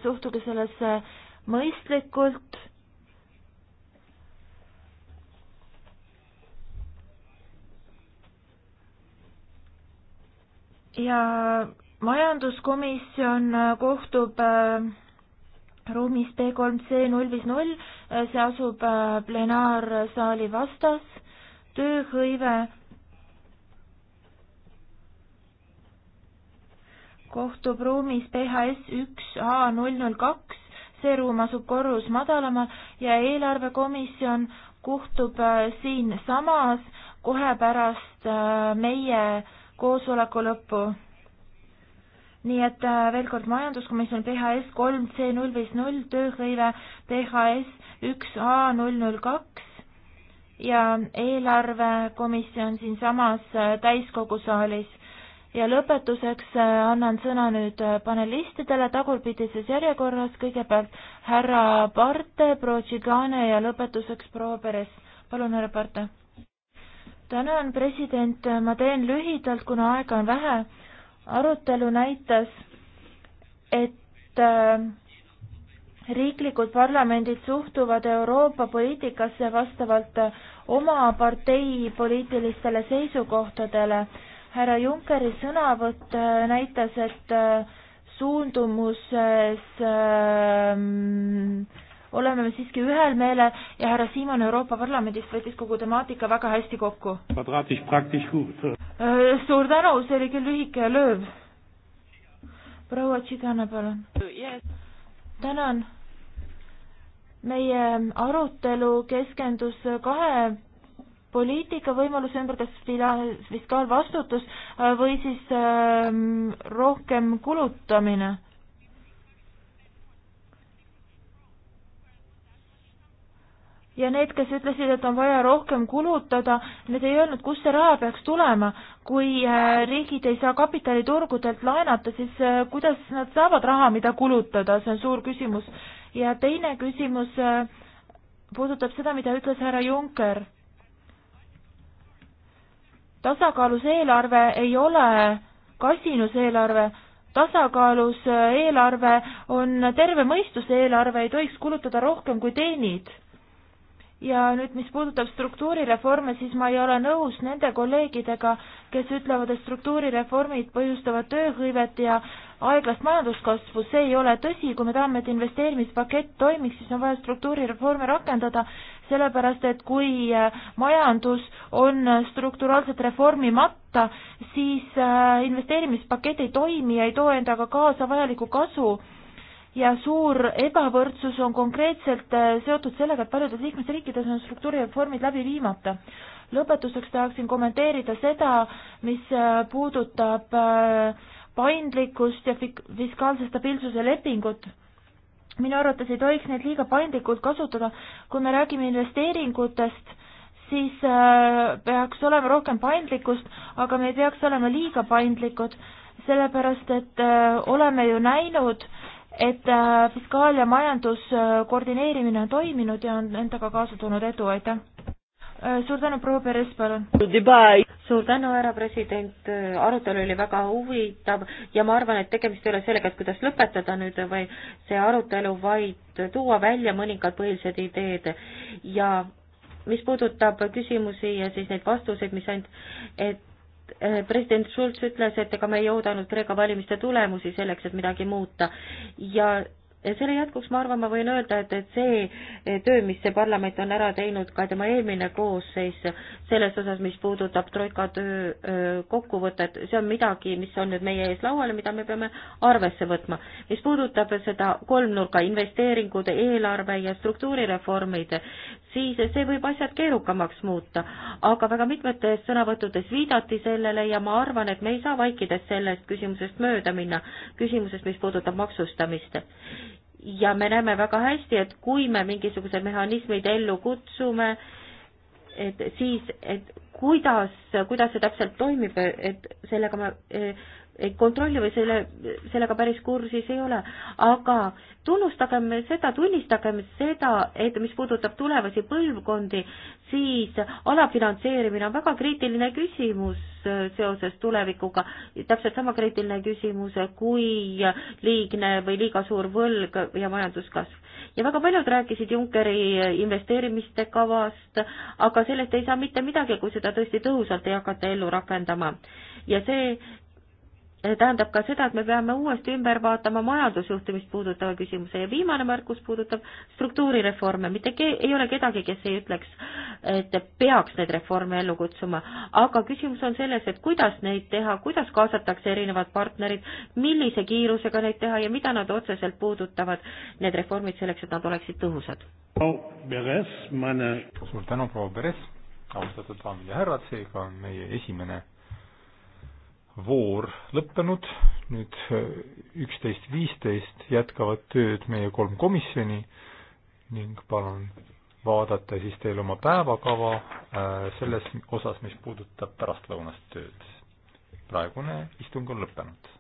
suhtuge sellesse mõistlikult. ja majanduskomisjon kohtub ruumis B3C null viis null, see asub äh, plenaarsaali vastas, tööhõive kohtub ruumis PHS üks A null null kaks, see ruum asub korrus madalamal ja eelarvekomisjon kohtub äh, siinsamas kohe pärast äh, meie koosoleku lõppu nii et äh, veel kord majanduskomisjon PHS kolm C null viis null, tööhõive PHS üks A null null kaks ja eelarvekomisjon siinsamas äh, täiskogu saalis. ja lõpetuseks äh, annan sõna nüüd panelistidele tagurpidises järjekorras, kõigepealt härra Parte, proua Tšigane ja lõpetuseks proua Peres. palun, härra Parte. tänan, president, ma teen lühidalt, kuna aega on vähe arutelu näitas, et äh, riiklikud parlamendid suhtuvad Euroopa poliitikasse vastavalt äh, oma partei poliitilistele seisukohtadele. härra Junckeri sõnavõtt äh, näitas, et suundumuses äh, oleme me siiski ühel meelel ja härra Siimann Euroopa Parlamendist võttis kogu temaatika väga hästi kokku. Äh, suur tänu, see oli küll lühike ja lööv. proua Tšigana, palun yes.. tänan. meie arutelu keskendus kahe poliitika võimaluse ümber, kas fiskaalvastutus äh, või siis ähm, rohkem kulutamine ja need, kes ütlesid, et on vaja rohkem kulutada, need ei öelnud, kust see raha peaks tulema. kui äh, riigid ei saa kapitaliturgudelt laenata, siis äh, kuidas nad saavad raha, mida kulutada, see on suur küsimus. ja teine küsimus äh, puudutab seda, mida ütles härra Juncker. tasakaalus eelarve ei ole kasinus eelarve tasakaalus eelarve on terve mõistuse eelarve, ei tohiks kulutada rohkem, kui teenid ja nüüd, mis puudutab struktuurireforme, siis ma ei ole nõus nende kolleegidega, kes ütlevad, et struktuurireformid põhjustavad tööhõivet ja aeglast majanduskasvu, see ei ole tõsi, kui me tahame, et investeerimispakett toimiks, siis on vaja struktuurireforme rakendada, sellepärast et kui äh, majandus on äh, strukturaalselt reformimata, siis äh, investeerimispakett ei toimi ja ei too endaga kaasa vajalikku kasu ja suur ebavõrdsus on konkreetselt äh, seotud sellega, et paljudes liikmesriikides on struktuurireformid läbi viimata. lõpetuseks tahaksin kommenteerida seda, mis äh, puudutab äh, paindlikkust ja fiskaalse stabiilsuse lepingut minu arvates ei tohiks neid liiga paindlikult kasutada, kui me räägime investeeringutest, siis peaks olema rohkem paindlikkust, aga me ei peaks olema liiga paindlikud, sellepärast et oleme ju näinud, et äh, fiskaal- ja majanduskoordineerimine on toiminud ja on endaga kaasa toonud edu, aitäh! Äh, suur tänu, proua Peres, palun! suur tänu, härra president, äh, arutelu oli väga huvitav ja ma arvan, et tegemist ei ole sellega, et kuidas lõpetada nüüd või see arutelu, vaid tuua välja mõningad põhilised ideed ja mis puudutab küsimusi ja siis neid vastuseid, mis ainult, et Eh, president Schulz ütles, et ega me ei oodanud Kreeka valimiste tulemusi selleks, et midagi muuta ja selle jätkuks ma arvan, ma võin öelda, et, et see eh, töö, mis see parlament on ära teinud, ka tema eelmine koosseis selles osas, mis puudutab Troika töö eh, kokkuvõtet, see on midagi, mis on nüüd meie ees laual ja mida me peame arvesse võtma. mis puudutab seda kolmnurka investeeringud, eelarve ja struktuurireformid, siis see võib asjad keerukamaks muuta. aga väga mitmetes sõnavõttudes viidati sellele ja ma arvan, et me ei saa vaikides sellest küsimusest mööda minna, küsimusest, mis puudutab maksustamist. ja me näeme väga hästi, et kui me mingisugused mehhanismid ellu kutsume, et siis, et kuidas, kuidas see täpselt toimib, et sellega me kontrolli või selle, sellega päris kursis ei ole, aga tunnustagem seda, tunnistagem seda, et mis puudutab tulevasi põlvkondi, siis alafinantseerimine on väga kriitiline küsimus äh, seoses tulevikuga, täpselt sama kriitiline küsimus kui liigne või liiga suur võlg ja majanduskasv. ja väga paljud rääkisid Junckeri äh, investeerimiste kavast, aga sellest ei saa mitte midagi, kui seda tõesti tõhusalt ei hakata ellu rakendama. ja see Eh, tähendab ka seda, et me peame uuesti ümber vaatama majandusjuhtimist puudutava küsimuse ja viimane märkus puudutab struktuurireforme, mitte ke-, ei ole kedagi, kes ei ütleks, et peaks neid reforme ellu kutsuma, aga küsimus on selles, et kuidas neid teha, kuidas kaasatakse erinevad partnerid, millise kiirusega neid teha ja mida nad otseselt puudutavad, need reformid, selleks et nad oleksid tõhusad. suur tänu, proua Peres, austatud daamid ja härrad, seega on meie esimene voor lõppenud, nüüd äh, üksteist viisteist jätkavad tööd meie kolm komisjoni ning palun vaadata siis teil oma päevakava äh, selles osas, mis puudutab pärastlõunast tööd. praegune istung on lõppenud